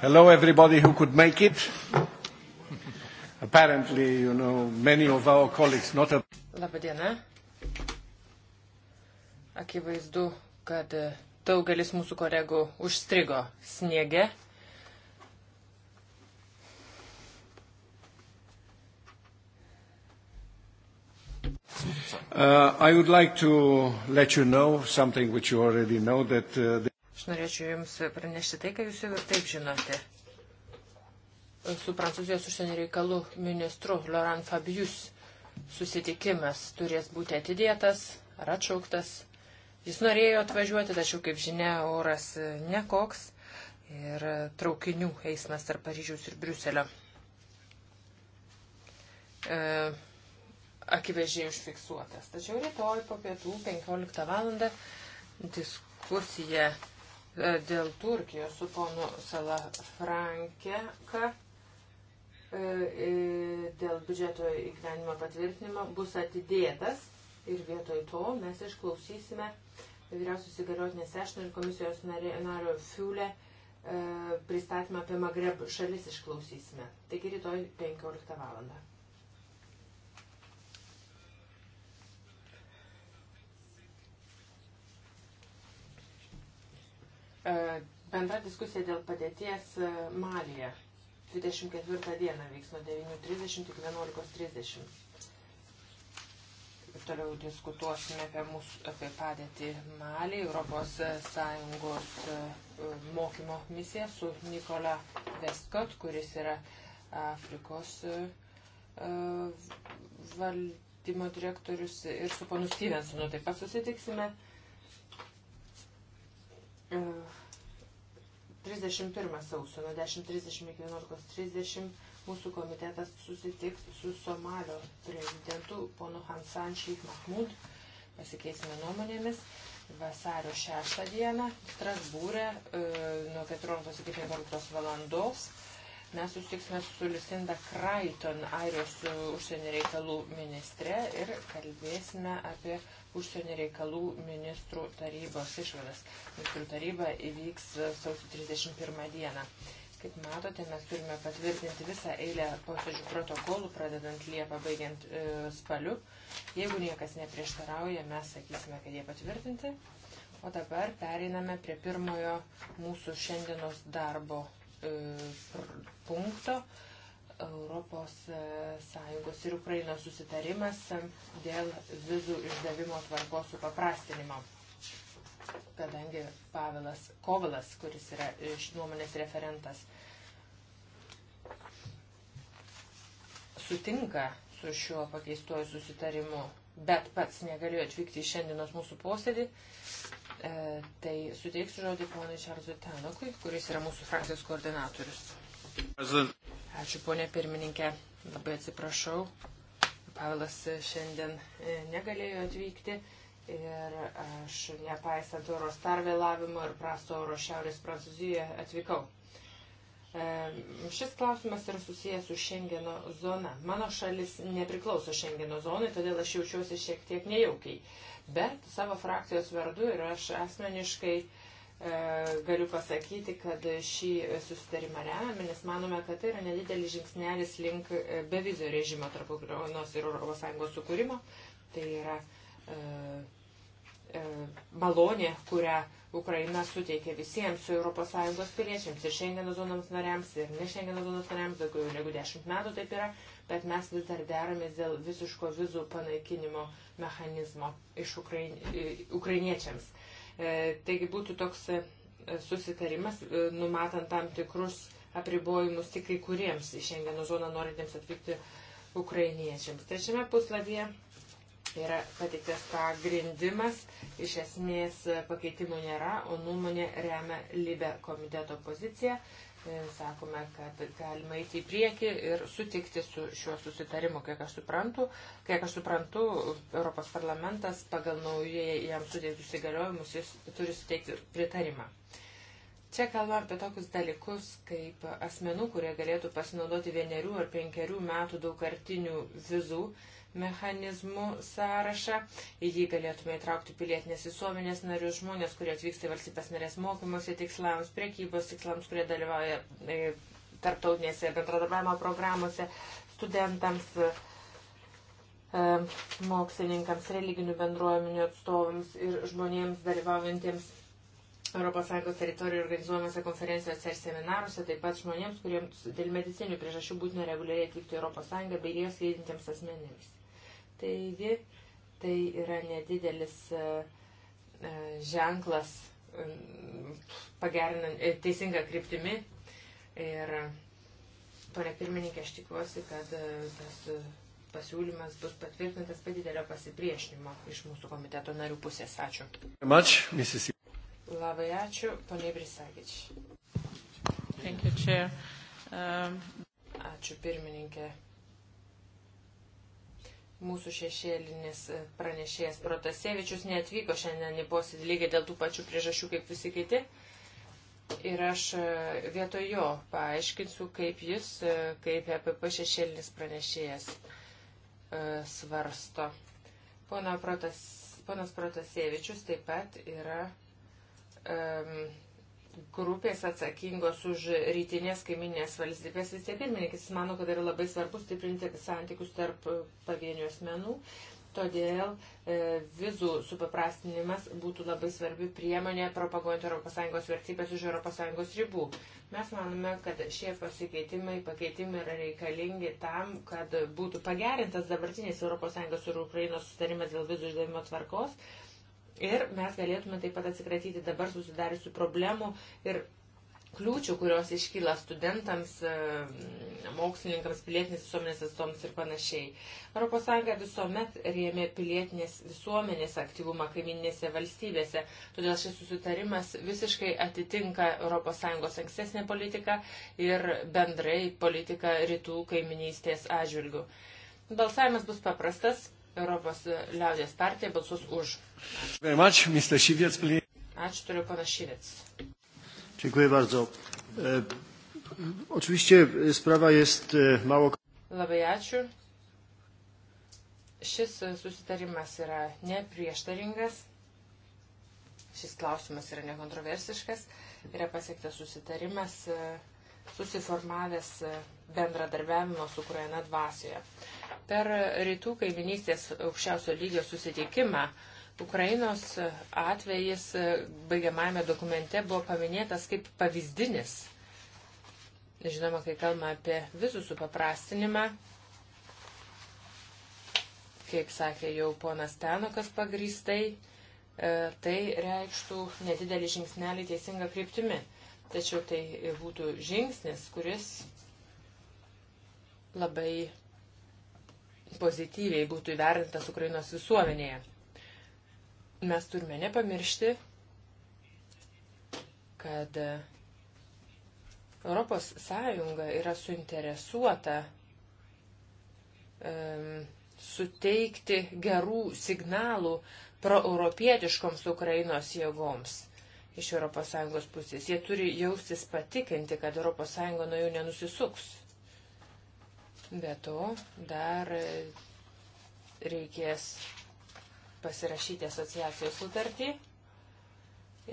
Hello, everybody who could make it. Apparently, you know, many of our colleagues not a... Labadiena. Akivaizdu, kad e, daugelis mūsų kolegų užstrigo sniege. Uh, I would like to let you know something which you already know that uh, the Aš norėčiau Jums pranešti tai, ką Jūs jau ir taip žinote. Su Prancūzijos užsienio reikalų ministru Laurent Fabius susitikimas turės būti atidėtas ar atšauktas. Jis norėjo atvažiuoti, tačiau, kaip žinia, oras nekoks ir traukinių eismas tarp Paryžiaus ir Briuselio. E, akivaizdžiai užfiksuotas. Tačiau rytoj po pietų 15 val. diskusija E, dėl Turkijos su ponu Salafrankeka e, e, dėl biudžeto įgyvenimo patvirtinimo bus atidėtas ir vietoj to mes išklausysime vyriausios įgaliotinės Ešner ir komisijos nario Fiulė pristatymą apie Magreb šalis išklausysime. Taigi rytoj 15 valandą. E, bendra diskusija dėl padėties e, Malija. 24 dieną vyks nuo 9.30 iki 11.30. Toliau diskutuosime apie, mūsų, apie padėtį Malį, Europos e, Sąjungos mokymo misiją su Nikola Veskot, kuris yra Afrikos valdymo direktorius ir su ponu Stevensonu taip pat susitiksime. Uh 31 sausio nuo 10.30 iki 11.30 mūsų komitetas susitiks su Somalio prezidentu ponu Hansan Šeik Mahmud. Pasikeisime nuomonėmis. Vasario 6 dieną Strasbūrė e, nuo 14 iki 15 valandos. Mes susitiksime su Lucinda Kraiton, Airijos užsienio reikalų ministre, ir kalbėsime apie užsienio reikalų ministrų tarybos išvadas. Ministrų taryba įvyks sausio 31 dieną. Kaip matote, mes turime patvirtinti visą eilę posėdžių protokolų, pradedant Liepą, baigiant e, spaliu. Jeigu niekas neprieštarauja, mes sakysime, kad jie patvirtinti. O dabar pereiname prie pirmojo mūsų šiandienos darbo e, punkto. E, ES e, ir Ukrainos susitarimas dėl vizų išdavimo tvarkos supaprastinimo. Kadangi Pavelas Kovalas, kuris yra iš nuomonės referentas, sutinka su šiuo pakeistuoju susitarimu, bet pats negalėjo atvykti į šiandienos mūsų posėdį, e, tai suteiksiu žodį ponui Čarzui Tenokui, kuris yra mūsų frakcijos koordinatorius. Ačiū, ponė pirmininkė. Labai atsiprašau. Pavilas šiandien e, negalėjo atvykti ir aš, nepaisant oro starvėlavimo ir prasto oro šiaurės Prancūzijoje, atvykau. E, šis klausimas yra susijęs su Šengeno zona. Mano šalis nepriklauso Šengeno zonai, todėl aš jaučiuosi šiek tiek nejaukiai. Bet savo frakcijos vardu ir aš asmeniškai uh, E, galiu pasakyti, kad šį susitarimą remiame, nes manome, kad tai yra nedidelis žingsnelis link e, bevizio režimo tarp Ukrainos ir ES sukūrimo. Tai yra e, e, malonė, kurią Ukraina suteikė visiems su ES piliečiams ir Schengeno zonoms nariams ir ne Schengeno zonos nariams, daugiau negu dešimt metų taip yra, bet mes vis dar deramės dėl visiško vizų panaikinimo mechanizmo iš Ukrain, e, ukrainiečiams E, taigi būtų toks e, susitarimas, e, numatant tam tikrus apribojimus tik kai kuriems į Šengeno zoną norintiems atvykti ukrainiečiams. Trečiame puslapyje yra pateiktas pagrindimas, iš esmės pakeitimų nėra, o nuomonė remia Libe komiteto poziciją. E, sakome, kad galima eiti į priekį ir sutikti su šiuo susitarimu. Kiek aš suprantu, kiek aš suprantu Europos parlamentas pagal naujai jam sudėtus įgaliojimus jis turi suteikti pritarimą. Čia kalbam apie tokius dalykus, kaip asmenų, kurie galėtų pasinaudoti vienerių ar penkerių metų daugkartinių vizų, uh, mechanizmų sąrašą. Į jį galėtume įtraukti pilietinės visuomenės narius, žmonės, kurie atvyksta į valstybės narės mokymuose tikslams, priekybos tikslams, kurie dalyvauja e, tarptautinėse bendradarbiavimo programuose, studentams, e, e mokslininkams, religinių bendruomenių atstovams ir žmonėms dalyvaujantiems ES teritorijų organizuojamose konferencijose ir seminaruose, taip pat žmonėms, kuriems dėl medicinių priežasčių būtina reguliariai atvykti į ES bei jas lydintiems asmenėms. Taigi, tai yra nedidelis e, e, ženklas pagerinant e, teisingą kryptimį. Ir, ponia pirmininkė, aš tikiuosi, kad tas pasiūlymas bus patvirtintas be didelio pasipriešinimo iš mūsų komiteto narių pusės. Ačiū. Much, Mrs. Labai ačiū, ponia Brisagič. Thank you, Chair. Um... Ačiū, pirmininkė. Mūsų šešėlinis e, pranešėjas Protasevičius neatvyko šiandien į posėdį lygiai dėl tų pačių priežasčių kaip visi kiti. Ir aš e, vietoj jo paaiškinsiu, kaip jis, e, kaip EPP šešėlinis pranešėjas svarsto. Ponas Protas, Protasevičius taip pat yra um, grupės atsakingos už rytinės kaiminės valstybės vicepirmininkis. Jis mano, kad yra labai svarbu stiprinti santykius tarp pavienių asmenų. Todėl e, vizų supaprastinimas būtų labai svarbi priemonė propaguojant ES vertybės už ES ribų. Mes manome, kad šie pasikeitimai, pakeitimai yra reikalingi tam, kad būtų pagerintas dabartinis ES ir Ukrainos sustarimas dėl vizų išdavimo tvarkos Ir mes galėtume taip pat atsikratyti dabar susidariusių problemų ir kliūčių, kurios iškyla studentams, e, mokslininkams, pilietinės visuomenės atstovams ir panašiai. ES visuomet rėmė pilietinės visuomenės aktyvumą kaiminėse valstybėse, todėl šis susitarimas visiškai atitinka ES ankstesnę politiką ir bendrai politiką rytų kaiminystės atžvilgių. Balsavimas bus paprastas, Europos liaudės partija balsus už. Ačiū, Ačiū turiu panašyvėts. Dziękuję bardzo. E, oczywiście e, sprawa jest e, mało. Labai ačiū. Šis e, susitarimas yra neprieštaringas, šis klausimas yra nekontroversiškas, yra pasiektas susitarimas susiformavęs bendradarbiavimo su Ukraina dvasioje. Per rytų kaiminystės aukščiausio lygio susitikimą Ukrainos atvejis baigiamame dokumente buvo paminėtas kaip pavyzdinis. Žinoma, kai kalbame apie vizų supaprastinimą, kaip sakė jau ponas Tenukas pagrįstai, e, tai reikštų nedidelį žingsnelį teisingą kryptimi. Tačiau tai būtų žingsnis, kuris labai pozityviai būtų įvertintas Ukrainos visuomenėje. Mes turime nepamiršti, kad Europos Sąjunga yra suinteresuota um, suteikti gerų signalų proeuropietiškoms Ukrainos jėgoms iš ES pusės. Jie turi jaustis patikinti, kad ES nuo jų nenusisuks. Be to, dar reikės pasirašyti asociacijos sutartį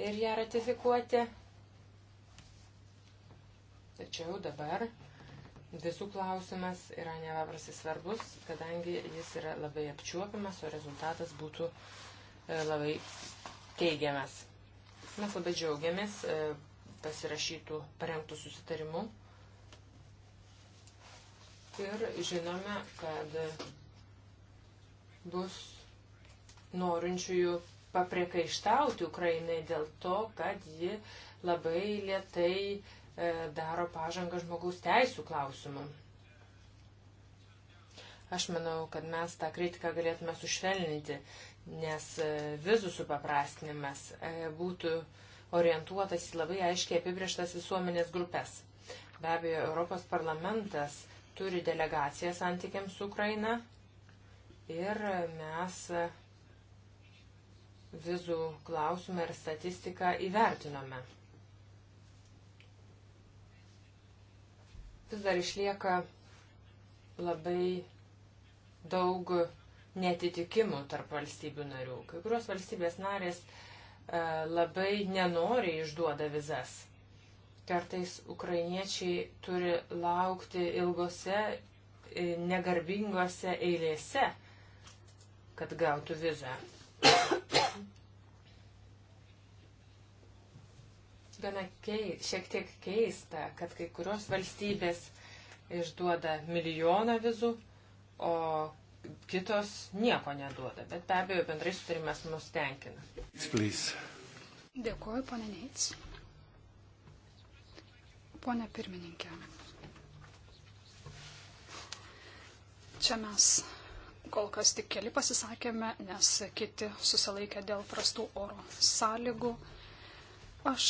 ir ją ratifikuoti. Tačiau dabar visų klausimas yra nevaprastai svarbus, kadangi jis yra labai apčiuopiamas, o rezultatas būtų e, labai teigiamas. Mes labai džiaugiamės e, pasirašytų parengtų susitarimų ir žinome, kad bus norinčiųjų papriekaištauti Ukrainai dėl to, kad ji labai lietai e, daro pažangą žmogaus teisų klausimu. Aš manau, kad mes tą kritiką galėtume sušvelninti, nes e, vizų supaprastinimas e, būtų orientuotas į labai aiškiai apibrieštas visuomenės grupės. Be abejo, Europos parlamentas turi delegaciją santykiams su Ukraina ir mes vizų klausimą ir statistiką įvertinome. Vis dar išlieka labai daug netitikimų tarp valstybių narių. Kai kurios valstybės narės e, labai nenoriai išduoda vizas Kartais ukrainiečiai turi laukti ilgose, e, negarbingose eilėse, kad gautų vizą. Gana kei, šiek tiek keista, kad kai kurios valstybės išduoda milijoną vizų, o kitos nieko neduoda. Bet be abejo, bendrai sutarimas mus tenkina. Please. Dėkuoju, pane Neits. Pone pirmininkė, čia mes kol kas tik keli pasisakėme, nes kiti susilaikė dėl prastų oro sąlygų. Aš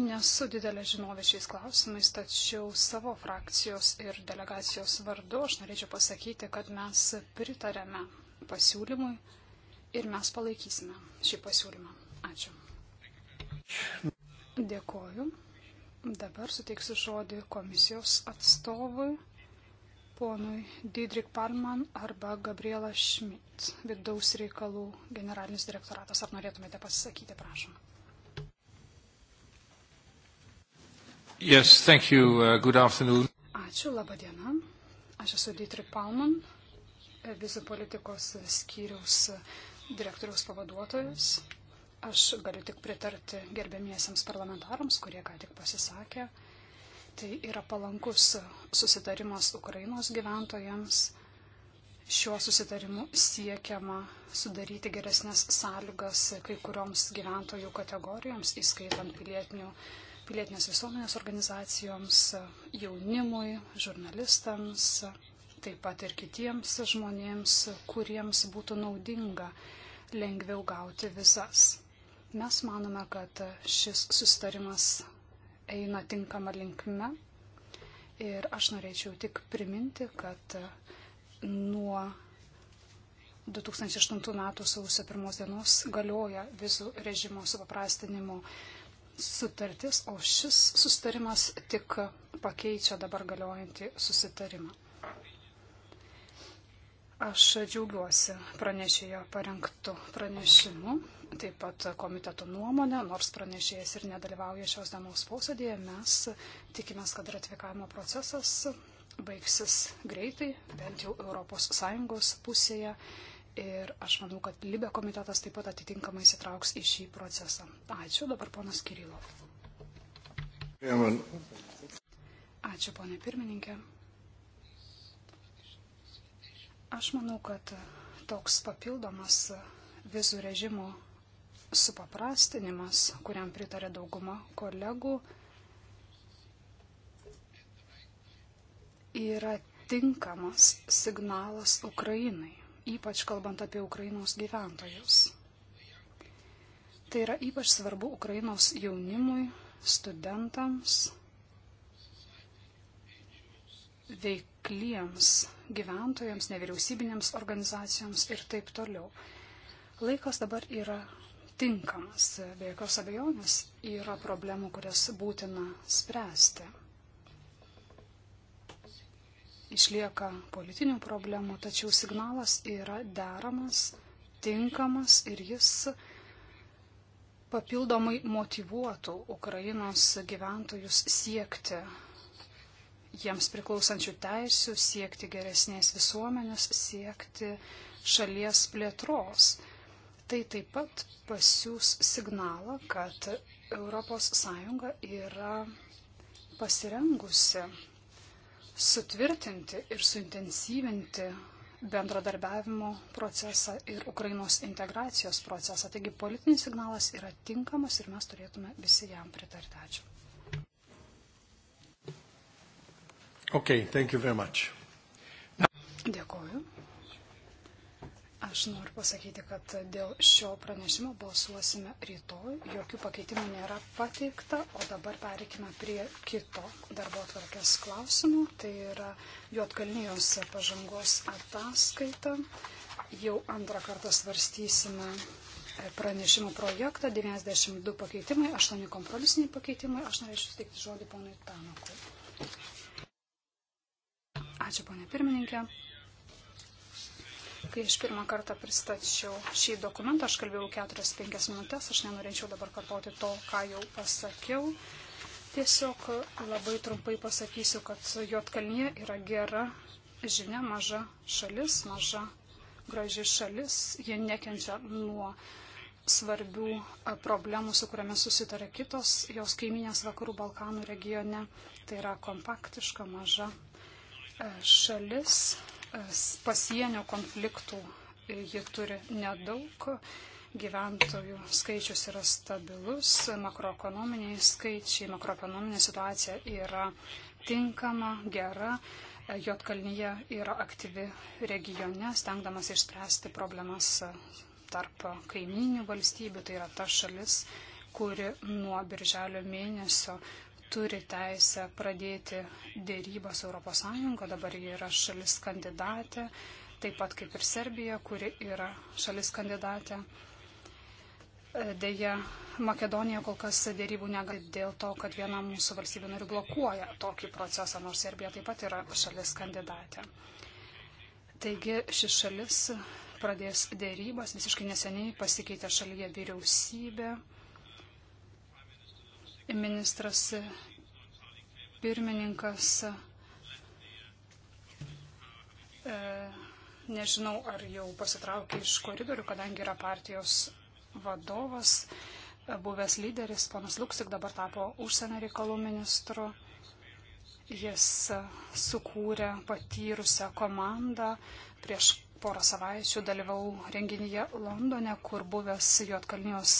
nesu didelė žinovė šiais klausimais, tačiau savo frakcijos ir delegacijos vardu aš norėčiau pasakyti, kad mes pritarėme pasiūlymui ir mes palaikysime šį pasiūlymą. Ačiū. Dėkoju. Dabar suteiksiu žodį komisijos atstovui, ponui Didrik Parman arba Gabriela Schmidt, vidaus reikalų generalinis direktoratas. Ar norėtumėte pasisakyti, prašom. Yes, thank you. Uh, good afternoon. Ačiū, laba diena. Aš esu Didrik Palman, vizų politikos skyriaus direktoriaus pavaduotojas. Mm -hmm Aš galiu tik pritarti gerbėmiesiams parlamentarams, kurie ką tik pasisakė. Tai yra palankus susitarimas Ukrainos gyventojams. Šiuo susitarimu siekiama sudaryti geresnės sąlygas kai kurioms gyventojų kategorijoms, įskaitant pilietinių, pilietinės visuomenės organizacijoms, jaunimui, žurnalistams, taip pat ir kitiems žmonėms, kuriems būtų naudinga lengviau gauti vizas. Mes manome, kad šis sustarimas eina tinkama linkme ir aš norėčiau tik priminti, kad nuo 2008 metų sausio pirmos dienos galioja vizų režimo supaprastinimo sutartis, o šis sustarimas tik pakeičia dabar galiojantį susitarimą. Aš džiaugiuosi pranešėjo parengtų pranešimų, taip pat komiteto nuomonę, nors pranešėjas ir nedalyvauja šios dienos posėdėje, mes tikimės, kad ratifikavimo procesas baigsis greitai, bent jau ES pusėje. Ir aš manau, kad Libė komitetas taip pat atitinkamai įsitrauks į šį procesą. Ačiū, dabar ponas Kirilo. Ačiū, ponė pirmininkė. Aš manau, kad toks papildomas vizų režimo supaprastinimas, kuriam pritarė dauguma kolegų, yra tinkamas signalas Ukrainai, ypač kalbant apie Ukrainos gyventojus. Tai yra ypač svarbu Ukrainos jaunimui, studentams, veikliems gyventojams, nevyriausybinėms organizacijoms ir taip toliau. Laikas dabar yra tinkamas, be jokios abejonės yra problemų, kurias būtina spręsti. Išlieka politinių problemų, tačiau signalas yra deramas, tinkamas ir jis papildomai motivuotų Ukrainos gyventojus siekti jiems priklausančių teisių, siekti geresnės visuomenės, siekti šalies plėtros. Tai taip pat pasiūs signalą, kad ES yra pasirengusi sutvirtinti ir suintensyvinti bendradarbiavimo procesą ir Ukrainos integracijos procesą. Taigi politinis signalas yra tinkamas ir mes turėtume visi jam pritarti. Ačiū. Okay, thank you very much. Dėkoju. Aš noriu pasakyti, kad dėl šio pranešimo balsuosime rytoj. Jokių pakeitimų nėra pateikta, o dabar pereikime prie kito darbo atvarkės klausimų. Tai yra Juotkalnijos pažangos ataskaita. Jau antrą kartą svarstysime pranešimo projektą. 92 pakeitimai, 8 kompromisiniai pakeitimai. Aš norėčiau suteikti žodį ponui Tanakui. Ačiū, ponė pirmininkė. Kai aš pirmą kartą pristačiau šį dokumentą, aš kalbėjau 4-5 minutės, aš nenorėčiau dabar kartoti to, ką jau pasakiau. Tiesiog labai trumpai pasakysiu, kad Jotkalnie yra gera žinia, maža šalis, maža graži šalis, jie nekenčia nuo svarbių e, problemų, su kuriamis susitarė kitos jos kaiminės vakarų Balkanų regione. Tai yra kompaktiška, maža šalis, pasienio konfliktų e, ji turi nedaug, gyventojų skaičius yra stabilus, makroekonominiai skaičiai, makroekonominė situacija yra tinkama, gera. E, Jotkalnyje yra aktyvi regione, stengdamas išspręsti problemas e, tarp kaiminių valstybių, tai yra ta šalis, kuri nuo birželio mėnesio turi teisę pradėti dėrybą su ES, dabar ji yra šalis kandidatė, taip pat kaip ir Serbija, kuri yra šalis kandidatė. Deja, Makedonija kol kas dėrybų negali dėl to, kad viena mūsų valstybė narių blokuoja tokį procesą, nors Serbija taip pat yra šalis kandidatė. Taigi ši šalis pradės dėrybas, visiškai neseniai pasikeitė šalyje vyriausybė ministras pirmininkas. E, nežinau, ar jau pasitraukė iš koridorių, kadangi yra partijos vadovas, e, buvęs lyderis, ponas Luksik dabar tapo užsienio reikalų ministru. Jis sukūrė patyrusią komandą, prieš porą savaičių dalyvau renginyje Londone, kur buvęs Juotkalnijos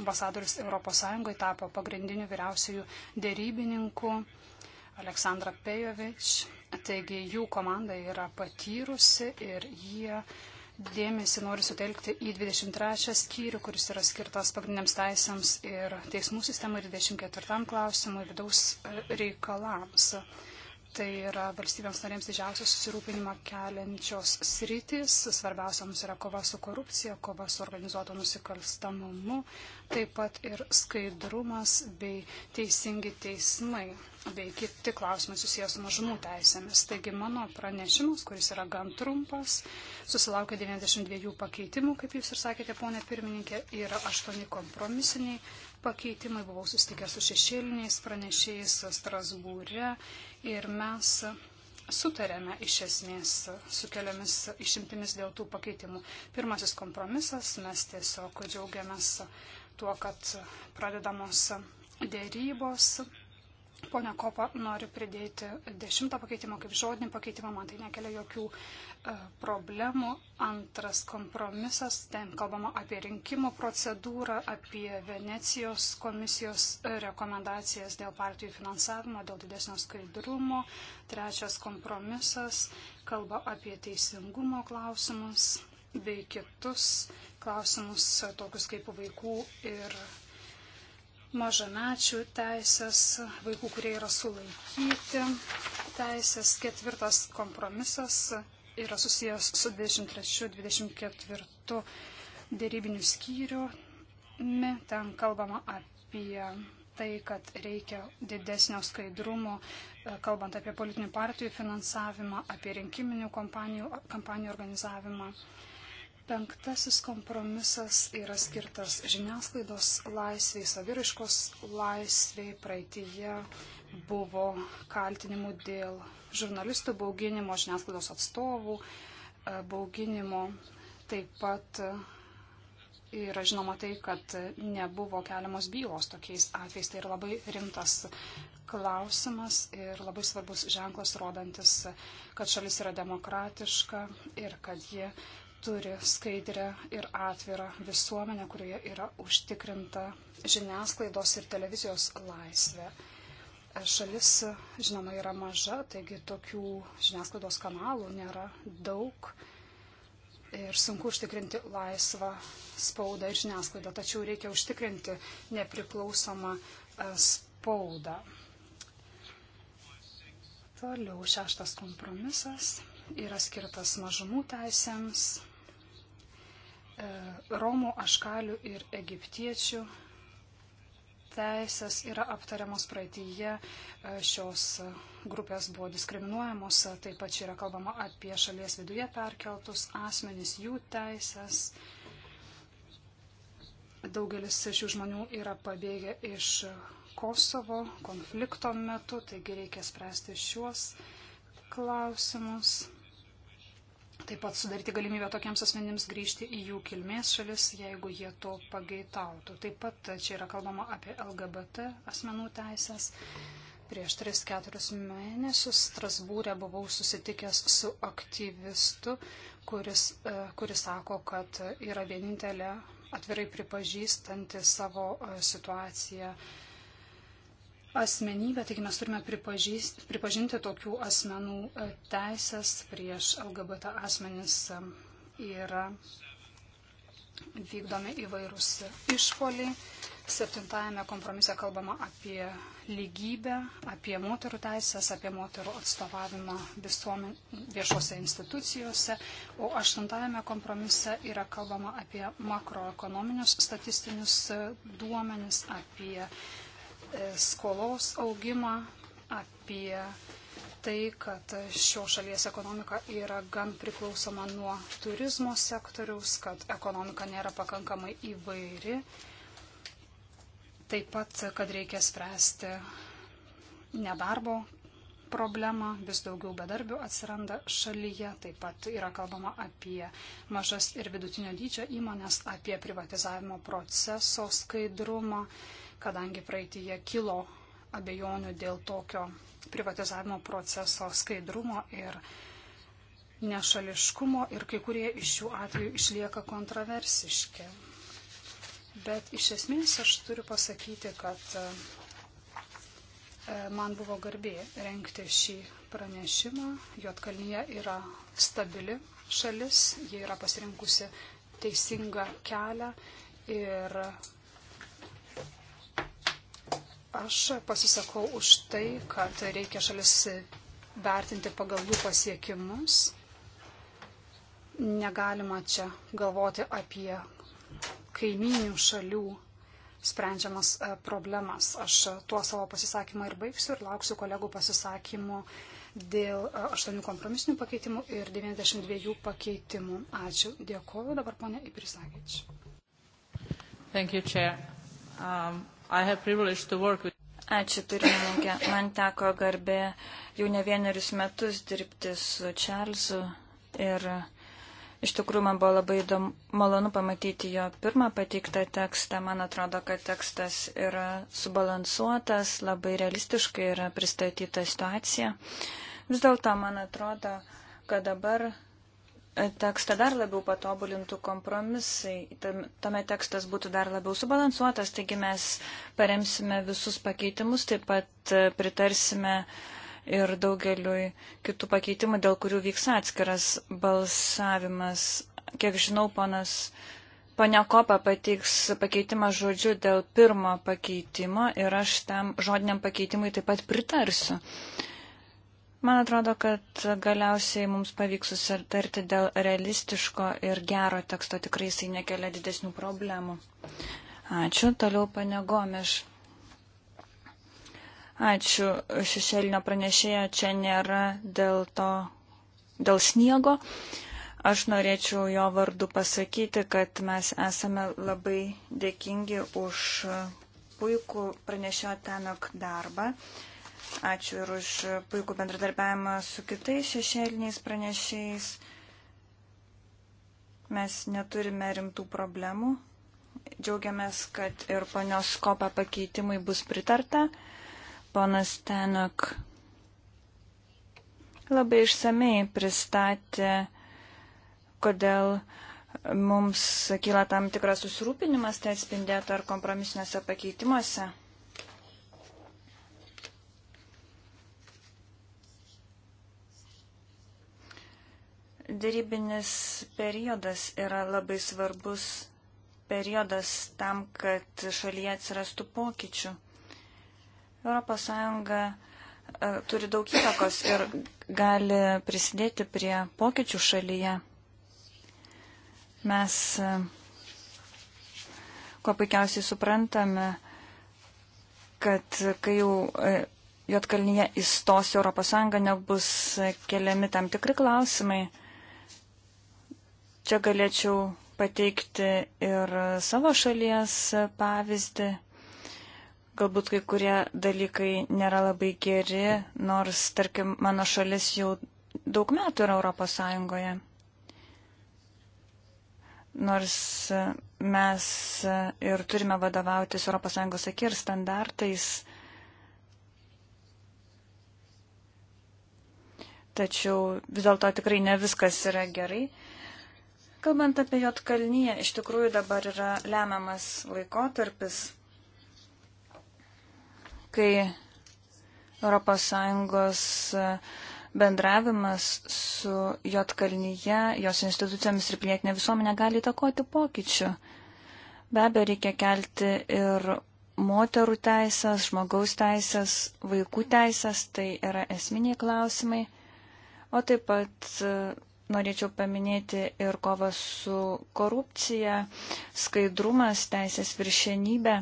ambasadorius ES tapo pagrindiniu vyriausiųjų dėrybininku Aleksandra Pejovič. Taigi jų komanda yra patyrusi ir jie dėmesį nori sutelkti į 23 skyrių, kuris yra skirtas pagrindiniams teisėms ir teismų sistemai ir 24 klausimui vidaus reikalams. Tai yra valstybėms narėms didžiausią susirūpinimą keliančios sritys. Svarbiausiams yra kova su korupcija, kova su organizuoto nusikalstamumu, taip pat ir skaidrumas bei teisingi teismai, bei kiti klausimai susijęs su mažumų teisėmis. Taigi mano pranešimas, kuris yra gan trumpas, susilaukė 92 pakeitimų, kaip jūs ir sakėte, ponė pirmininkė, yra 8 kompromisiniai pakeitimai. Buvau susitikęs su šešėliniais pranešėjais Strasbūre ir mes sutarėme iš esmės su keliomis išimtimis dėl tų pakeitimų. Pirmasis kompromisas, mes tiesiog džiaugiamės tuo, kad pradedamos dėrybos. Pone Kopa, noriu pridėti dešimtą pakeitimą kaip žodinį pakeitimą, man tai nekelia jokių uh, E, problemų. Antras kompromisas, ten kalbama apie rinkimų procedūrą, apie Venecijos komisijos e, rekomendacijas dėl partijų finansavimo, dėl didesnio skaidrumo. Trečias kompromisas kalba apie teisingumo klausimus bei kitus klausimus, e, tokius kaip vaikų ir mažamečių teisės, vaikų, kurie yra sulaikyti teisės. Ketvirtas kompromisas yra susijęs su 23-24 dėrybinių skyrių. Ten kalbama apie tai, kad reikia didesnio skaidrumo, e, kalbant apie politinių partijų finansavimą, apie rinkiminių kompanijų, kampanijų organizavimą. Penktasis kompromisas yra skirtas žiniasklaidos laisviai, saviriškos laisviai. Praeitįje buvo kaltinimų dėl žurnalistų bauginimo, žiniasklaidos atstovų e, bauginimo. Taip pat e, yra žinoma tai, kad nebuvo keliamos bylos tokiais atvejais. Tai yra labai rimtas klausimas ir labai svarbus ženklas rodantis, kad šalis yra demokratiška ir kad ji turi skaidrę ir atvirą visuomenę, kurioje yra užtikrinta žiniasklaidos ir televizijos laisvė. Šalis, žinoma, yra maža, taigi tokių žiniasklaidos kanalų nėra daug ir sunku užtikrinti laisvą spaudą ir žiniasklaidą, tačiau reikia užtikrinti nepriklausomą e, spaudą. Toliau šeštas kompromisas yra skirtas mažumų teisėms, e, Romų, Aškalių ir Egiptiečių teisės yra aptariamos praeitįje, e, šios e, grupės buvo diskriminuojamos, e, taip pat čia yra kalbama apie šalies viduje perkeltus asmenys, jų teisės. Daugelis šių žmonių yra pabėgę iš Kosovo konflikto metu, taigi reikia spręsti šiuos klausimus taip pat sudaryti galimybę tokiems asmenims grįžti į jų kilmės šalis, jeigu jie to pageitautų. Taip pat čia yra kalbama apie LGBT asmenų teisės. Prieš 3-4 mėnesius Strasbūrė buvau susitikęs su aktyvistu, kuris, e, kuris sako, kad yra vienintelė atvirai pripažįstanti savo e, situaciją asmenybę, taigi mes turime pripažinti tokių asmenų e, teisės prieš LGBT asmenis yra e, vykdomi įvairūs išpoliai. Septintajame kompromise kalbama apie lygybę, apie moterų teisės, apie moterų atstovavimą visuomen, viešose institucijose, o aštuntajame kompromise yra kalbama apie makroekonominius statistinius e, duomenis, apie E, skolos augimą, apie tai, kad šio šalies ekonomika yra gan priklausoma nuo turizmo sektoriaus, kad ekonomika nėra pakankamai įvairi. Taip pat, kad reikia spręsti nedarbo problemą, vis daugiau bedarbių atsiranda šalyje, taip pat yra kalbama apie mažas ir vidutinio dydžio įmonės, apie privatizavimo proceso skaidrumą, kadangi praeitįje kilo abejonių dėl tokio privatizavimo proceso skaidrumo ir nešališkumo ir kai kurie iš šių atvejų išlieka kontroversiški. Bet iš esmės aš turiu pasakyti, kad e, man buvo garbė renkti šį pranešimą. Jotkalnyje yra stabili šalis, jie yra pasirinkusi teisingą kelią ir Aš pasisakau už tai, kad reikia šalis vertinti pagal jų pasiekimus. Negalima čia galvoti apie kaiminių šalių sprendžiamas e, problemas. Aš e, tuo savo pasisakymą ir baigsiu ir lauksiu kolegų pasisakymų dėl 8 e, kompromisinių pakeitimų ir 92 pakeitimų. Ačiū. Dėkuoju dabar ponė Iprisagič. Thank you, Chair. Um... With... Ačiū pirmininkė. Man teko garbė jau ne vienerius metus dirbti su Čarlzu ir iš tikrųjų man buvo labai įdomu, malonu pamatyti jo pirmą pateiktą tekstą. Man atrodo, kad tekstas yra subalansuotas, labai realistiškai yra pristatyta situacija. Vis dėlto man atrodo, kad dabar tekstą dar labiau patobulintų kompromisai, tame tekstas būtų dar labiau subalansuotas, taigi mes paremsime visus pakeitimus, taip pat pritarsime ir daugeliui kitų pakeitimų, dėl kurių vyks atskiras balsavimas. Kiek žinau, ponas ponia Kopa pateiks pakeitimą žodžiu dėl pirmo pakeitimo ir aš tam žodiniam pakeitimui taip pat pritarsiu. Uh, Man atrodo, kad galiausiai mums pavyks susitarti dėl realistiško ir gero teksto, tikrai jisai nekelia didesnių problemų. Ačiū, toliau panegomiš. Ačiū, šešėlinio pranešėjo čia nėra dėl to, dėl sniego. Aš norėčiau jo vardu pasakyti, kad mes esame labai dėkingi už puikų pranešėjo tenok darbą. Uh, Ačiū ir už puikų bendradarbiavimą su kitais šešėliniais pranešiais. Mes neturime rimtų problemų. Džiaugiamės, kad ir ponios kopa pakeitimai bus pritarta. Ponas Tenok labai išsamei pristatė, kodėl mums kyla tam tikras susirūpinimas, tai atspindėta ar kompromisiniuose pakeitimuose. Darybinis periodas yra labai svarbus periodas tam, kad šalyje atsirastų pokyčių. ES e, turi daug įtakos ir gali prisidėti prie pokyčių šalyje. Mes e, ko puikiausiai suprantame, kad kai jau e, Jotkalnyje įstos Europos Sąjunga, nebus keliami tam tikri klausimai. Čia galėčiau pateikti ir savo šalies pavyzdį. Galbūt kai kurie dalykai nėra labai geri, nors, tarkim, mano šalis jau daug metų yra Europos Sąjungoje. Nors mes ir turime vadovautis Europos Sąjungos akir standartais, tačiau vis dėlto tikrai ne viskas yra gerai. Kalbant apie Jotkalnyje, iš tikrųjų dabar yra lemiamas laikotarpis, kai ES e, bendravimas su Jotkalnyje, jos institucijomis ir pilietinė visuomenė gali įtakoti pokyčių. Be abejo, reikia kelti ir moterų teisės, žmogaus teisės, vaikų teisės, tai yra esminiai klausimai, o taip pat e, norėčiau paminėti ir kovą su korupcija, skaidrumas, teisės viršenybė.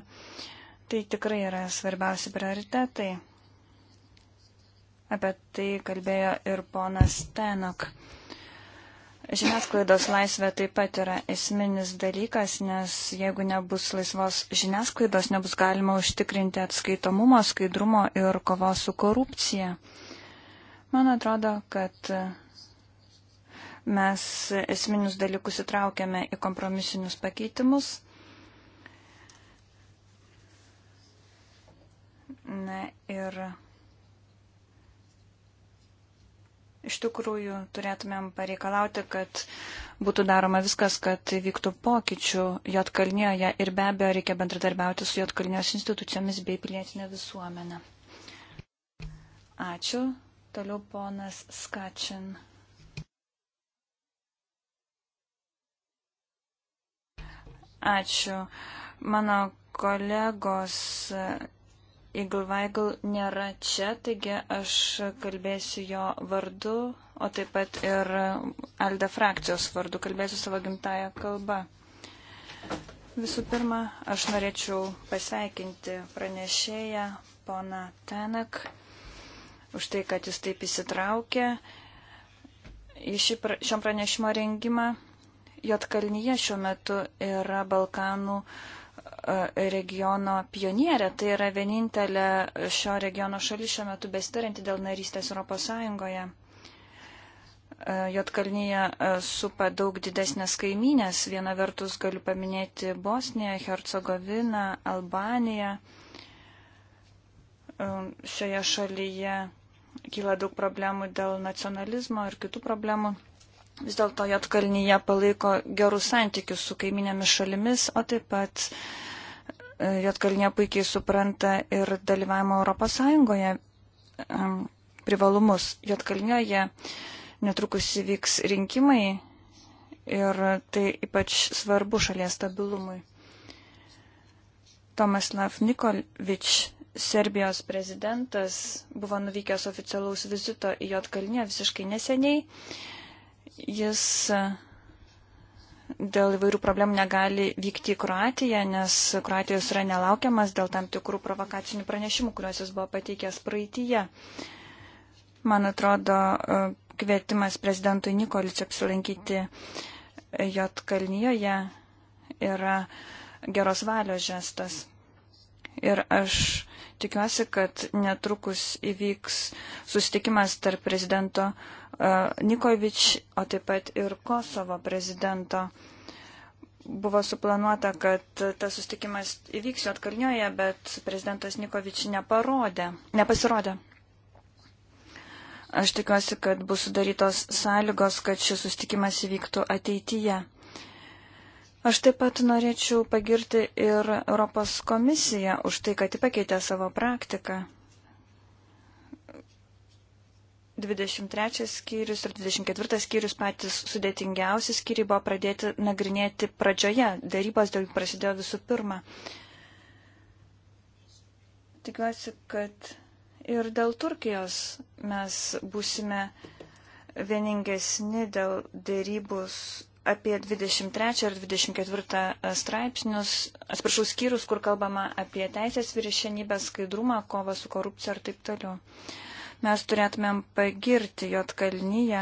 Tai tikrai yra svarbiausi prioritetai. Apie tai kalbėjo ir ponas Tenok. Žiniasklaidos laisvė taip pat yra esminis dalykas, nes jeigu nebus laisvos žiniasklaidos, nebus galima užtikrinti atskaitomumo, skaidrumo ir kovos su korupcija. Man atrodo, kad Mes esminius dalykus įtraukėme į kompromisinius pakeitimus. Na ir iš tikrųjų turėtumėm pareikalauti, kad būtų daroma viskas, kad vyktų pokyčių Jotkalnijoje ir be abejo reikia bendradarbiauti su Jotkalnijos institucijomis bei pilietinė visuomenė. Ačiū. Toliau ponas Skačin. Ačiū. Mano kolegos Iglvaigl e, nėra čia, taigi aš kalbėsiu jo vardu, o taip pat ir Alde frakcijos vardu, kalbėsiu savo gimtają kalbą. Visų pirma, aš norėčiau pasveikinti pranešėją poną Tenak už tai, kad jis taip įsitraukė į šį, šiom pranešimo rengimą. Jotkalnyje šiuo metu yra Balkanų e, regiono pionierė. Tai yra vienintelė šio regiono šalis šiuo metu besitarinti dėl narystės Europos Sąjungoje. E, Jotkalnyje e, supa daug didesnės kaiminės. Viena vertus galiu paminėti Bosniją, Hercegoviną, Albaniją. Šioje šalyje kyla daug problemų dėl nacionalizmo ir kitų problemų. Vis dėlto Jotkalnyje palaiko gerus santykius su kaiminėmis šalimis, o taip pat e, Jotkalnyje puikiai supranta ir dalyvavimo ES privalumus. Jotkalnyje netrukus įvyks rinkimai ir tai ypač svarbu šalies stabilumui. Tomaslav Nikolič Serbijos prezidentas buvo nuvykęs oficialaus vizito į Jotkalnę visiškai neseniai jis e, dėl įvairių problemų negali vykti į Kroatiją, nes Kroatijos yra nelaukiamas dėl tam tikrų provokacinių pranešimų, kuriuos jis buvo pateikęs praeitįje. Man atrodo, e, kvietimas prezidentui Nikoličiu apsilankyti e, Jotkalnyjoje yra geros valios žestas. Ir aš tikiuosi, kad netrukus įvyks susitikimas tarp prezidento uh, Nikovič, o taip pat ir Kosovo prezidento. Buvo suplanuota, kad tas sustikimas įvyks Jotkalnioje, bet prezidentas Nikovič neparodė, nepasirodė. Aš tikiuosi, kad bus sudarytos sąlygos, kad šis sustikimas įvyktų ateityje. Aš taip pat norėčiau pagirti ir Europos komisiją už tai, kad ji pakeitė savo praktiką. 23 skyrius ir 24 skyrius patys sudėtingiausi skyriai buvo pradėti nagrinėti pradžioje. Darybos dėl jų prasidėjo visų pirma. Tikiuosi, kad ir dėl Turkijos mes būsime vieningesni dėl darybus apie 23 ir 24 straipsnius, atsiprašau, skyrius, kur kalbama apie teisės viršienybę, skaidrumą, kovą su korupcija ir taip toliau. Mes turėtumėm pagirti Jotkalnyje,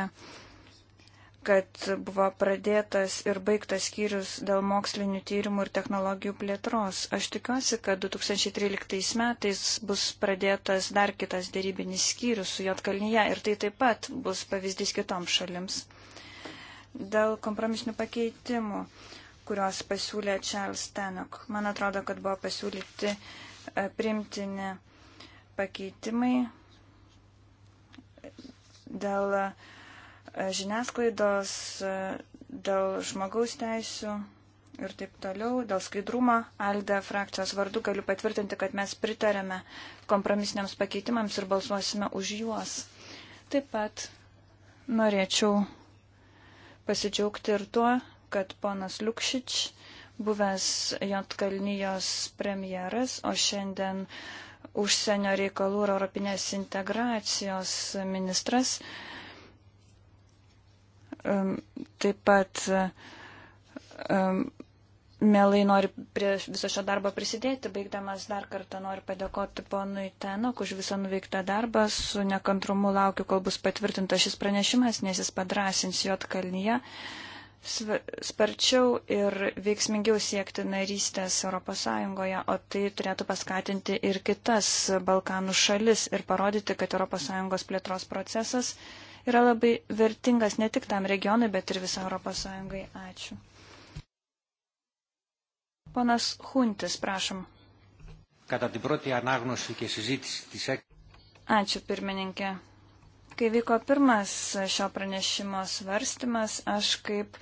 kad buvo pradėtas ir baigtas skyrius dėl mokslinių tyrimų ir technologijų plėtros. Aš tikiuosi, kad 2013 metais bus pradėtas dar kitas dėrybinis skyrius su Jotkalnyje ir tai taip pat bus pavyzdys kitoms šalims. Dėl kompromisinių pakeitimų kuriuos pasiūlė Charles Tenok. Man atrodo, kad buvo pasiūlyti e, primtini pakeitimai, dėl e, žiniasklaidos, e, dėl žmogaus teisų ir taip toliau, dėl skaidrumo. Alde frakcijos vardu galiu patvirtinti, kad mes pritarėme kompromisiniams pakeitimams ir balsuosime už juos. Taip pat norėčiau pasidžiaugti ir tuo, kad ponas Liukšič, buvęs Jotkalnyjos premjeras, o šiandien uh, užsienio reikalų ir europinės integracijos ministras. Taip pat mielai noriu prie viso šio darbo prisidėti. Baigdamas dar kartą noriu padėkoti ponui Tenok už visą nuveiktą darbą. Su nekantrumu laukiu, kol bus patvirtintas šis pranešimas, nes jis padrasins juot kalnyje. Uh, sparčiau ir veiksmingiau siekti narystės ES, o tai turėtų paskatinti ir kitas Balkanų šalis ir parodyti, kad ES plėtros procesas yra labai vertingas ne tik tam regionui, bet ir visą ES. Ačiū. Ponas Huntis, prašom. Ačiū, pirmininkė. Kai vyko pirmas šio pranešimo svarstymas, aš kaip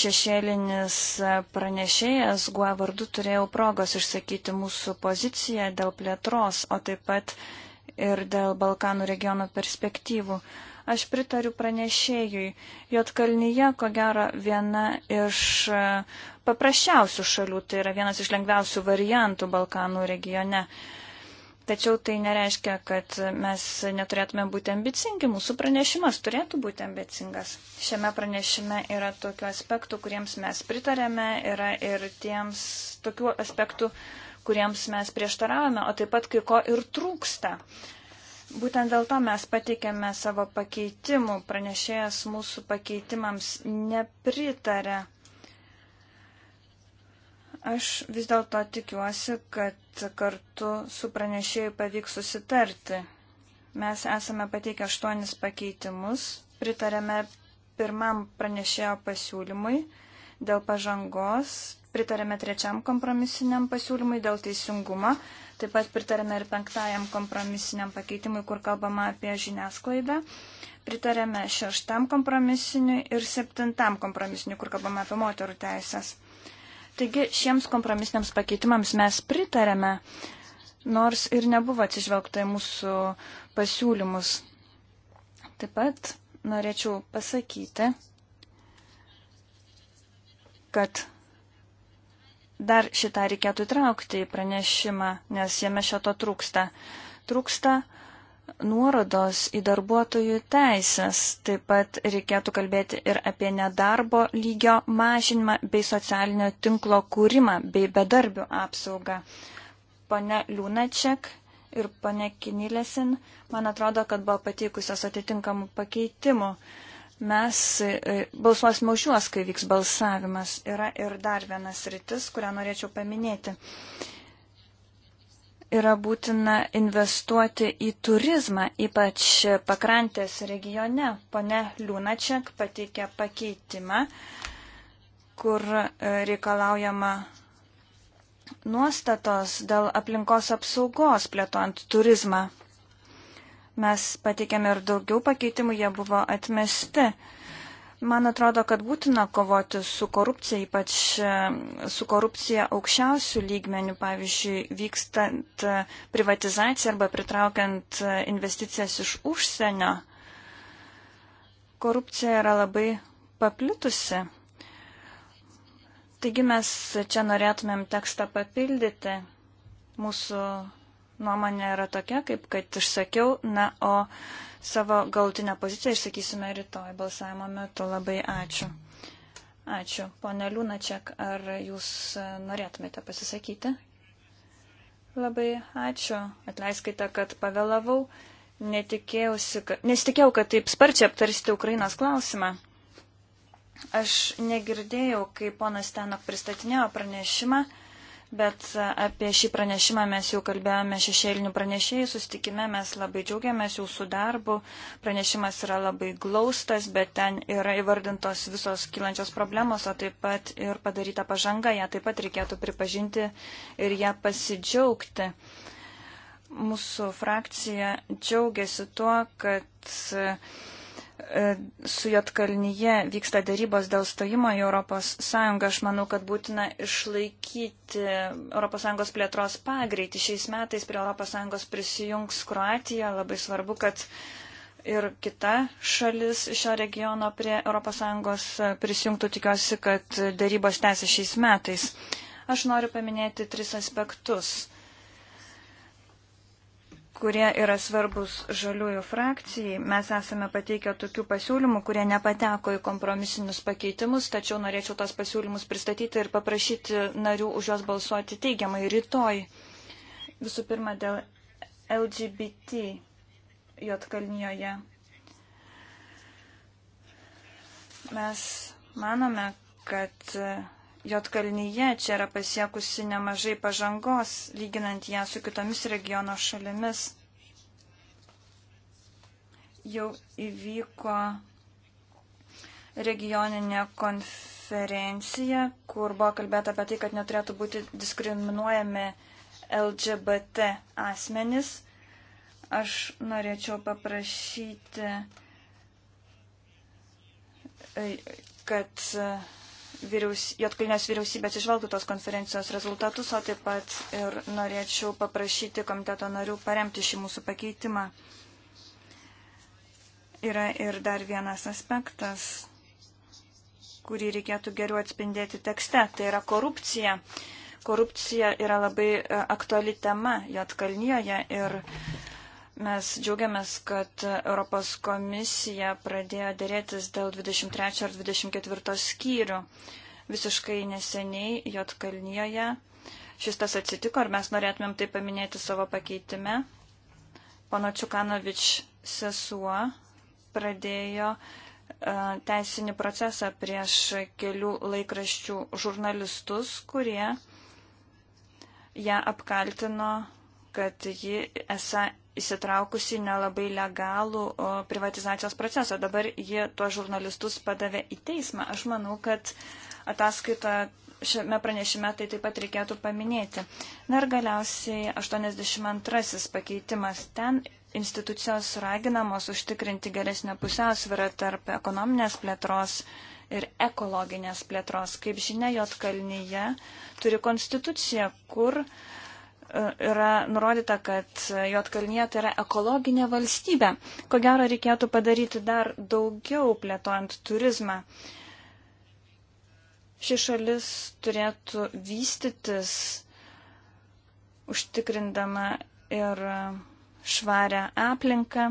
šešėlinis pranešėjas guo vardu turėjau progos išsakyti mūsų poziciją dėl plėtros, o taip pat ir dėl Balkanų regiono perspektyvų. Aš pritariu pranešėjui, Jotkalnyje, ko gero, viena iš paprasčiausių šalių, tai yra vienas iš lengviausių variantų Balkanų regione. Tačiau tai nereiškia, kad mes neturėtume būti ambicingi, mūsų pranešimas turėtų būti ambicingas. Šiame pranešime yra tokių aspektų, kuriems mes pritarėme, yra ir tiems tokių aspektų, kuriems mes prieštaravome, o taip pat kai ko ir trūksta. Būtent dėl to mes pateikėme savo pakeitimų, pranešėjas mūsų pakeitimams nepritarė. Aš vis dėlto tikiuosi, kad kartu su pranešėjai pavyks susitarti. Mes esame pateikę aštuonis pakeitimus, pritarėme pirmam pranešėjo pasiūlymui dėl pažangos, pritarėme trečiam kompromisiniam pasiūlymui dėl teisingumo, taip pat pritarėme ir penktajam kompromisiniam pakeitimui, kur kalbama apie žiniasklaidą, pritarėme šeštam kompromisiniui ir septintam kompromisiniui, kur kalbama apie moterų teisės. Taigi šiems kompromisiniams pakeitimams mes pritarėme, nors ir nebuvo atsižvelgta į mūsų pasiūlymus. Taip pat norėčiau pasakyti, kad dar šitą reikėtų įtraukti į pranešimą, nes jame šito trūksta. Trūksta uh, nuorodos į darbuotojų teisės. Taip pat reikėtų kalbėti ir apie nedarbo lygio mažinimą bei socialinio tinklo kūrimą bei bedarbių apsaugą. Pone Liūnačiak ir pone Kinilėsin, man atrodo, kad buvo pateikusios atitinkamų pakeitimų. Mes e, balsuosime už juos, kai vyks balsavimas. Yra ir dar vienas rytis, kurią norėčiau paminėti yra būtina investuoti į turizmą, ypač pakrantės regione. Pone Liūnačiak pateikė pakeitimą, kur e, reikalaujama nuostatos dėl aplinkos apsaugos plėtojant turizmą. Mes pateikėme ir daugiau pakeitimų, jie buvo atmesti. Man atrodo, kad būtina kovoti su korupcija, ypač e, su korupcija aukščiausių lygmenių, pavyzdžiui, vykstant e, privatizaciją arba pritraukiant e, investicijas iš užsienio. Korupcija yra labai paplitusi. Taigi mes čia norėtumėm tekstą papildyti. Mūsų nuomonė yra tokia, kaip kad išsakiau, na, o savo galtinę poziciją išsakysime rytoj balsavimo metu. Labai ačiū. Ačiū. Pone Liūnačiak, ar jūs norėtumėte pasisakyti? Labai ačiū. Atleiskite, kad pavėlavau. Kad, nesitikėjau, kad taip sparčiai aptarsite Ukrainos klausimą. Aš negirdėjau, kai ponas Tenok pristatinėjo pranešimą bet apie šį pranešimą mes jau kalbėjome šešėlinių pranešėjų sustikime, mes labai džiaugiamės jūsų darbu, pranešimas yra labai glaustas, bet ten yra įvardintos visos kylančios problemos, o taip pat ir padaryta pažanga, ją taip pat reikėtų pripažinti ir ją pasidžiaugti. Mūsų frakcija džiaugiasi tuo, kad E, su Jotkalnyje vyksta darybos dėl stojimo į ES, aš manau, kad būtina išlaikyti ES plėtros pagreitį. Šiais metais prie ES prisijungs Kroatija. Labai svarbu, kad ir kita šalis šio regiono prie ES prisijungtų. Tikiuosi, kad darybos tęsi šiais metais. Aš noriu paminėti tris aspektus kurie yra svarbus žaliųjų frakcijai. Mes esame pateikę tokių pasiūlymų, kurie nepateko į kompromisinius pakeitimus, tačiau norėčiau tos pasiūlymus pristatyti ir paprašyti narių už juos balsuoti teigiamai rytoj. Visų pirma, dėl LGBT Jotkalnijoje. Mes manome, kad Jotkalnyje čia yra pasiekusi nemažai pažangos, lyginant ją su kitomis regiono šalimis. Jau įvyko regioninė konferencija, kur buvo kalbėta apie tai, kad neturėtų būti diskriminuojami LGBT asmenys. Aš norėčiau paprašyti, kad vyriaus, Jotkalnės vyriausybės išvalgtų tos konferencijos rezultatus, o taip pat ir norėčiau paprašyti komiteto narių paremti šį mūsų pakeitimą. Yra ir dar vienas aspektas, kurį reikėtų geriau atspindėti tekste, tai yra korupcija. Korupcija yra labai e, aktuali tema Jotkalnyje ir Mes džiaugiamės, kad Europos komisija pradėjo dėrėtis dėl 23 ar 24 skyrių. Visiškai neseniai Jotkalnyje šis tas atsitiko ir mes norėtumėm tai paminėti savo pakeitime. Pono Čukanovič sesuo pradėjo e, teisinį procesą prieš kelių laikraščių žurnalistus, kurie ją apkaltino kad ji esą įsitraukusi nelabai legalų privatizacijos procesą. Dabar jie tuos žurnalistus padavė į teismą. Aš manau, kad ataskaita šiame pranešime tai taip pat reikėtų paminėti. Na ir galiausiai 82 pakeitimas. Ten institucijos raginamos užtikrinti geresnę pusiausvyrą tarp ekonominės plėtros ir ekologinės plėtros. Kaip žinia, Jotkalnyje turi konstituciją, kur uh, yra nurodyta, kad Jotkalnie tai yra ekologinė valstybė. Ko gero reikėtų padaryti dar daugiau plėtojant turizmą. Ši šalis turėtų vystytis, užtikrindama ir švarę aplinką,